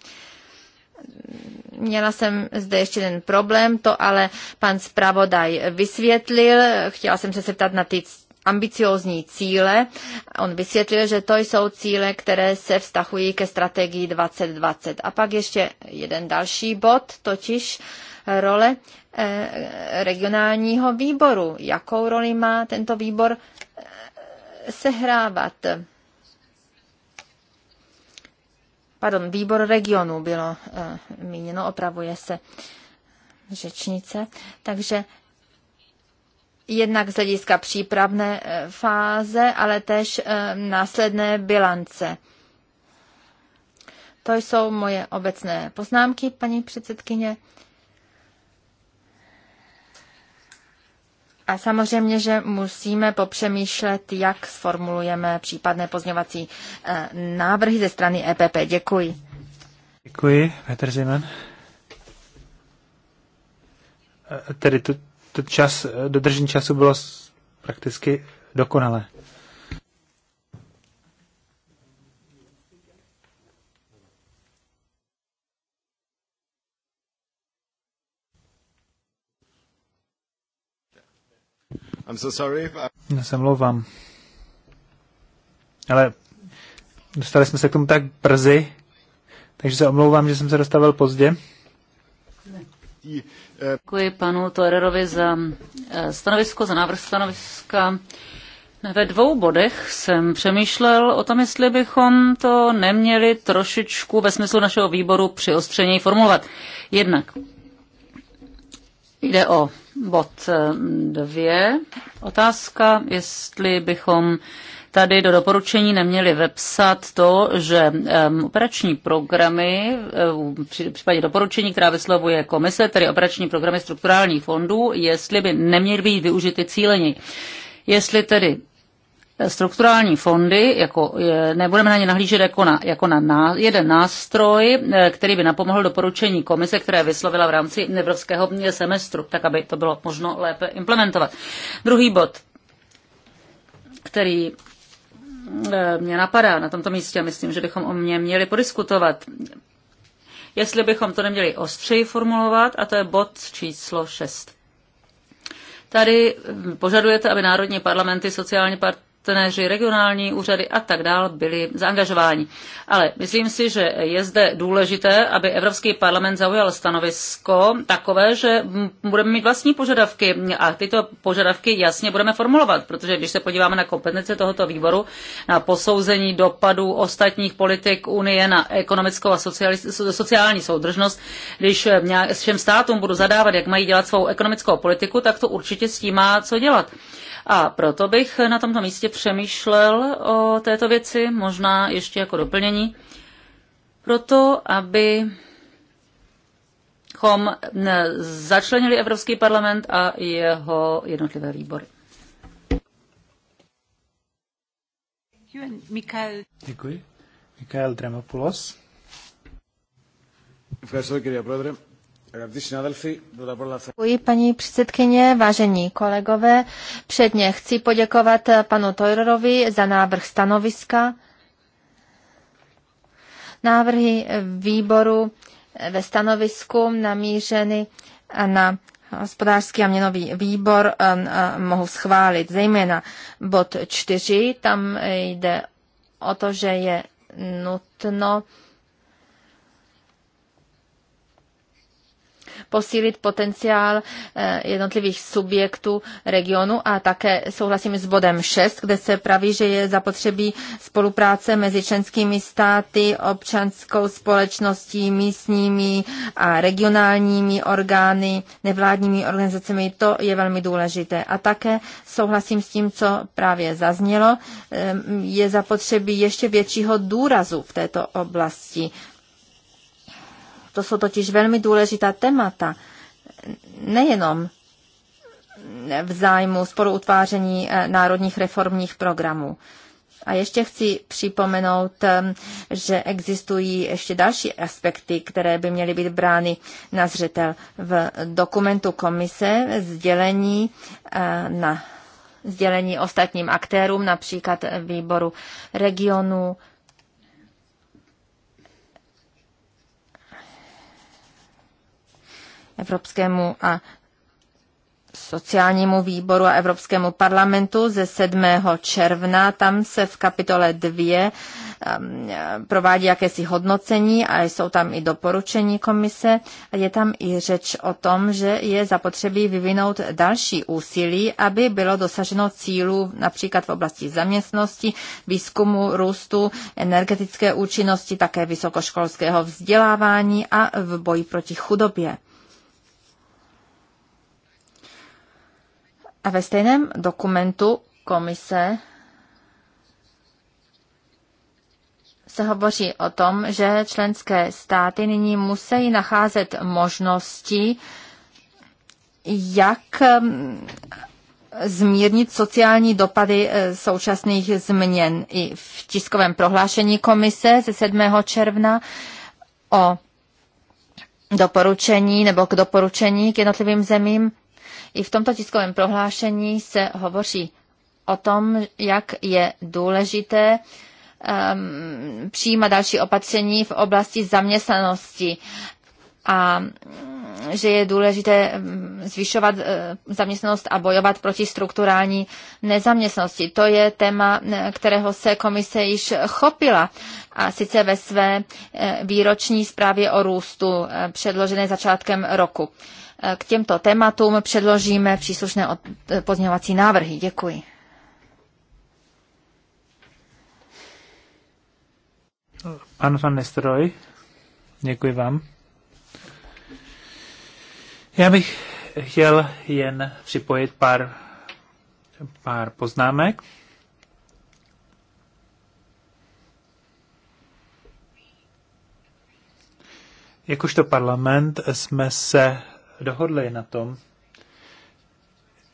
Měla jsem zde ještě jeden problém, to ale pan zpravodaj vysvětlil. Chtěla jsem se zeptat na ty ambiciózní cíle. On vysvětlil, že to jsou cíle, které se vztahují ke strategii 2020. A pak ještě jeden další bod, totiž role eh, regionálního výboru. Jakou roli má tento výbor eh, sehrávat? Pardon, výbor regionu bylo eh, míněno, opravuje se řečnice. Takže jednak z hlediska přípravné fáze, ale tež následné bilance. To jsou moje obecné poznámky, paní předsedkyně. A samozřejmě, že musíme popřemýšlet, jak sformulujeme případné pozňovací eh, návrhy ze strany EPP. Děkuji. Děkuji, Petr Zeman. Eh, tedy to, to čas, eh, dodržení času bylo prakticky dokonalé. I'm so sorry. I... Já se mluvám. Ale dostali jsme se k tomu tak brzy, takže se omlouvám, že jsem se dostavil pozdě. Děkuji panu Torerovi za eh, stanovisko, za návrh stanoviska. Ve dvou bodech jsem přemýšlel o tom, jestli bychom to neměli trošičku ve smyslu našeho výboru přiostřeněji formulovat. Jednak jde o Bod eh, dvě. Otázka, jestli bychom tady do doporučení neměli vepsat to, že um, operační programy, um, v případě doporučení, která vyslovuje komise, tedy operační programy strukturálních fondů, jestli by neměly být využity cíleně. Jestli tedy strukturální fondy, jako, nebudeme na ně nahlížet jako na, jako na, ná, jeden nástroj, eh, který by napomohl doporučení komise, které vyslovila v rámci evropského semestru, tak aby to bylo možno lépe implementovat. Druhý bod, který eh, mě napadá na tomto místě, myslím, že bychom o mě měli podiskutovat, jestli bychom to neměli ostřeji formulovat, a to je bod číslo 6. Tady hm, požadujete, aby národní parlamenty, sociální partneři, regionální úřady a tak dál byli zaangažováni. Ale myslím si, že je zde důležité, aby Evropský parlament zaujal stanovisko takové, že budeme mít vlastní požadavky a tyto požadavky jasně budeme formulovat, protože když se podíváme na kompetence tohoto výboru, na posouzení dopadů ostatních politik Unie na ekonomickou a sociální, sociální soudržnost, když všem státům budu zadávat, jak mají dělat svou ekonomickou politiku, tak to určitě s tím má co dělat. A proto bych na tomto místě přemýšlel o této věci, možná ještě jako doplnění, proto aby kom eh, začlenili Evropský parlament a jeho jednotlivé výbory. Děkuji. Mikael Dremopoulos. Děkuji, κύριε Děkuji, paní předsedkyně, vážení kolegové. Předně chci poděkovat panu Tojrovi za návrh stanoviska. Návrhy výboru ve stanovisku namířeny na hospodářský a měnový výbor eh, eh, mohu schválit, zejména bod čtyři. tam jde o to, že je nutno posílit potenciál eh, jednotlivých subjektů regionu a také souhlasím s bodem 6, kde se praví, že je zapotřebí spolupráce mezi členskými státy, občanskou společností, místními a regionálními orgány, nevládními organizacemi. To je velmi důležité. A také souhlasím s tím, co právě zaznělo. Ehm, je zapotřebí ještě většího důrazu v této oblasti. To jsou totiž velmi důležitá témata. Nejenom v zájmu utváření eh, národních reformních programů. A ještě chci připomenout, eh, že existují ještě další aspekty, které by měly být brány na zřetel v dokumentu komise, sdělení eh, na sdělení ostatním aktérům, například výboru regionu, Evropskému a sociálnímu výboru a Evropskému parlamentu ze 7. června. Tam se v kapitole 2 um, provádí jakési hodnocení a jsou tam i doporučení komise. A je tam i řeč o tom, že je zapotřebí vyvinout další úsilí, aby bylo dosaženo cílů například v oblasti zaměstnosti, výzkumu, růstu, energetické účinnosti, také vysokoškolského vzdělávání a v boji proti chudobě. A ve stejném dokumentu komise se hovoří o tom, že členské státy nyní musí nacházet možnosti, jak mm, zmírnit sociální dopady e, současných změn. I v tiskovém prohlášení komise ze 7. června o doporučení nebo k doporučení k jednotlivým zemím i v tomto tiskovém prohlášení se hovoří o tom, jak je důležité um, přijímat další opatření v oblasti zaměstnanosti a mm, že je důležité mm, zvyšovat e, zaměstnanost a bojovat proti strukturální nezaměstnosti. To je téma, e, kterého se komise již chopila a sice ve své e, výroční zprávě o růstu předložené začátkem roku. K těmto tématům předložíme příslušné pozměňovací návrhy. Děkuji. Pan van Nestroj, děkuji vám. Já bych chtěl jen připojit pár, pár poznámek. Jakožto parlament jsme se dohodli na tom,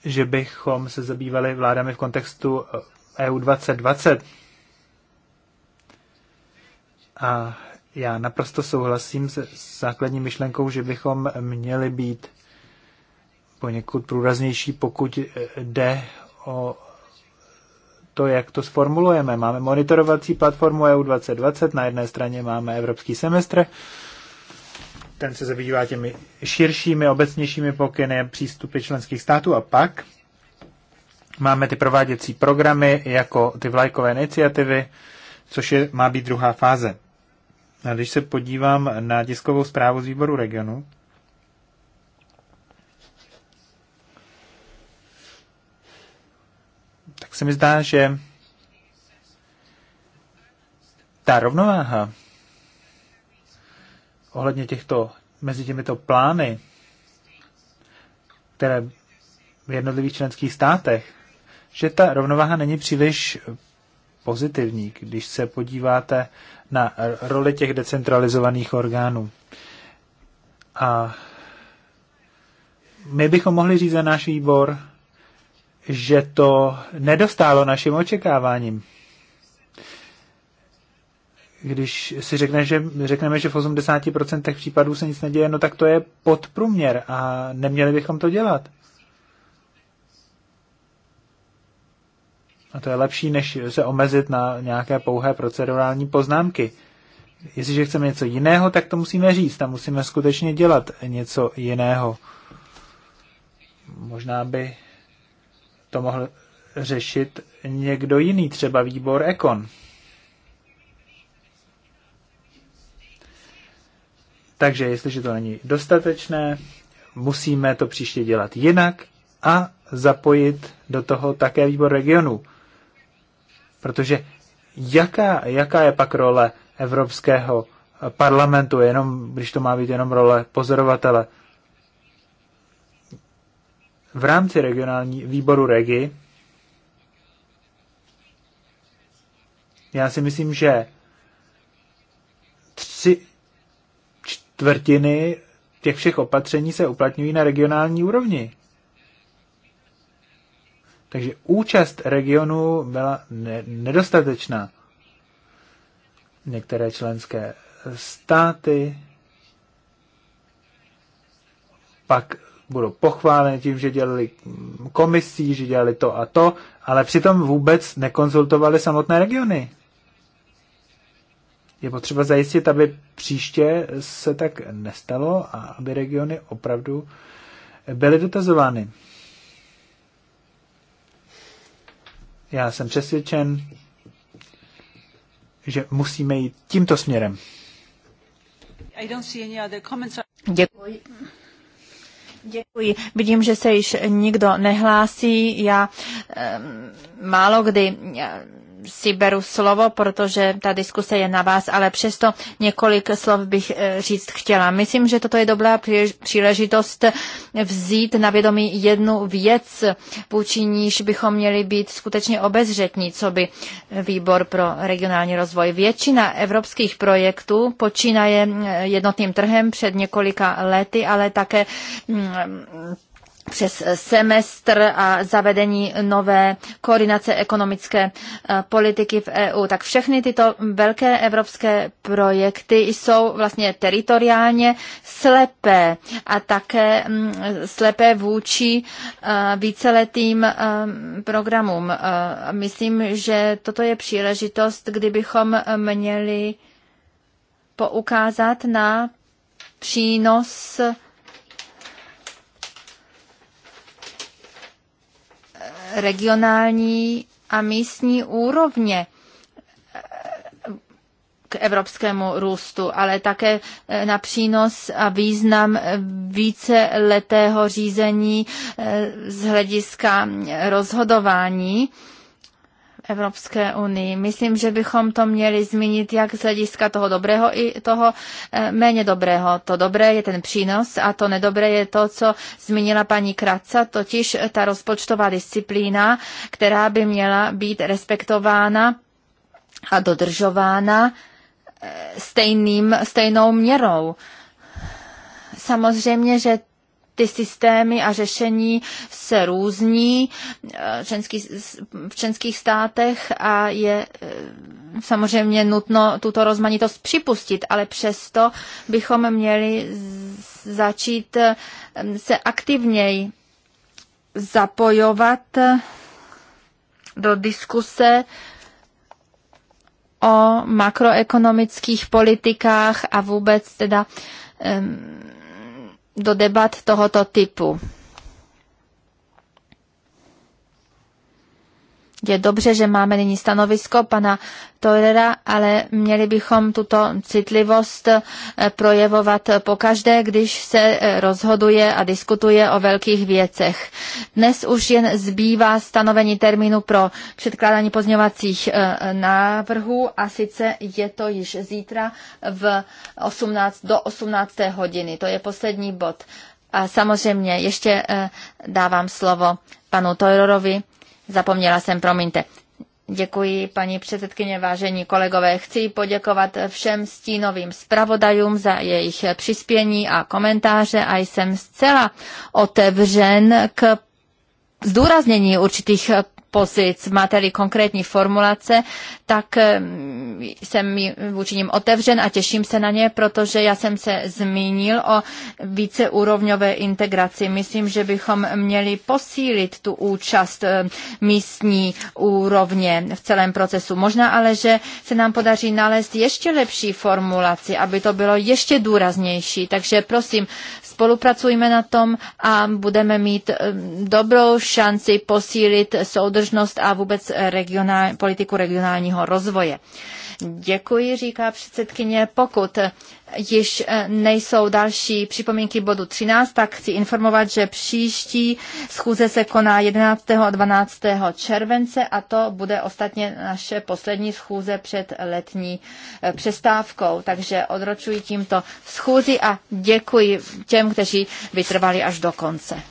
že bychom se zabývali vládami v kontextu EU eh, e 2020. A já naprosto souhlasím s základní myšlenkou, že bychom měli být poněkud průraznější, pokud eh, jde o to, jak to sformulujeme. Máme monitorovací platformu EU 2020, na jedné straně máme evropský semestr, ten se zabývá těmi širšími, obecnějšími pokyny, přístupy členských států a pak máme ty prováděcí programy jako ty vlajkové iniciativy, což je, má být druhá fáze. A když se podívám na tiskovou zprávu z výboru regionu, tak se mi zdá, že ta rovnováha ohledně těchto, mezi těmito plány, které v jednotlivých členských státech, že ta rovnováha není příliš pozitivní, když se podíváte na roli těch decentralizovaných orgánů. A my bychom mohli říct za náš výbor, že to nedostálo našim očekáváním když si řekne, že, řekneme, že v 80% případů se nic neděje, no tak to je podprůměr a neměli bychom to dělat. A to je lepší, než se omezit na nějaké pouhé procedurální poznámky. Jestliže chceme něco jiného, tak to musíme říct a musíme skutečně dělat něco jiného. Možná by to mohl řešit někdo jiný, třeba výbor Ekon. Takže jestliže to není dostatečné, musíme to příště dělat jinak a zapojit do toho také výbor regionů. Protože jaká, jaká je pak role Evropského parlamentu, jenom, když to má být jenom role pozorovatele? V rámci regionální výboru REGI já si myslím, že tři, čtvrtiny těch všech opatření se uplatňují na regionální úrovni. Takže účast regionu byla ne- nedostatečná. Některé členské státy pak budou pochváleny tím, že dělali komisí, že dělali to a to, ale přitom vůbec nekonzultovali samotné regiony je potřeba zajistit, aby příště se tak nestalo a aby regiony opravdu byly dotazovány. Já jsem přesvědčen, že musíme jít tímto směrem. Děkuji. Děkuji. Vidím, že se již nikdo nehlásí. Já e, málo kdy si beru slovo, protože ta diskuse je na vás, ale přesto několik slov bych eh, říct chtěla. Myslím, že toto je dobrá příležitost vzít na vědomí jednu věc, vůči níž bychom měli být skutečně obezřetní, co by výbor pro regionální rozvoj. Většina evropských projektů počínaje eh, jednotným trhem před několika lety, ale také mm, přes semestr a zavedení nové koordinace ekonomické eh, politiky v EU. Tak všechny tyto velké evropské projekty jsou vlastně teritoriálně slepé a také mm, slepé vůči eh, víceletým eh, programům. Myslím, že toto je příležitost, kdybychom měli poukázat na přínos regionální a místní úrovně k evropskému růstu, ale také eh, na přínos a význam více letého řízení eh, z hlediska rozhodování Evropské unii. Myslím, že bychom to měli zmínit jak z hlediska toho dobrého i toho eh, méně dobrého. To dobré je ten přínos a to nedobré je to, co zmínila paní Kratca, totiž ta rozpočtová disciplína, která by měla být respektována a dodržována eh, stejným, stejnou měrou. Samozřejmě, že ty systémy a řešení se různí v eh, českých v členských státech a je eh, samozřejmě nutno tuto rozmanitost připustit, ale přesto bychom měli začít eh, se aktivněji zapojovat do diskuse o makroekonomických politikách a vůbec teda um, do debat tohoto typu. Je dobře, že máme nyní stanovisko pana Torera, ale měli bychom tuto citlivost eh, projevovat pokaždé, když se eh, rozhoduje a diskutuje o velkých věcech. Dnes už jen zbývá stanovení termínu pro předkládání pozňovacích eh, návrhů a sice je to již zítra v 18, do 18. hodiny. To je poslední bod. A samozřejmě ještě dávám slovo panu Torerovi Zapomněla jsem, promiňte. Děkuji, paní předsedkyně, vážení kolegové. Chci poděkovat všem stínovým zpravodajům za jejich přispění a komentáře a jsem zcela otevřen k zdůraznění určitých pozic, máte tedy konkrétní formulace, tak eh, jsem vůči ním otevřen a těším se na ně, protože já jsem se zmínil o víceúrovňové integraci. Myslím, že bychom měli posílit tu účast eh, místní úrovně v celém procesu. Možná ale, že se nám podaří nalézt ještě lepší formulaci, aby to bylo ještě důraznější. Takže prosím, spolupracujme na tom a budeme mít eh, dobrou šanci posílit soud soudržnost a vůbec regionál, politiku regionálního rozvoje. Děkuji, říká předsedkyně. Pokud již eh, nejsou další připomínky bodu 13, tak chci informovat, že příští schůze se koná 11. a 12. července a to bude ostatně naše poslední schůze před letní eh, přestávkou. Takže odročuji tímto schůzi a děkuji těm, kteří vytrvali až do konce.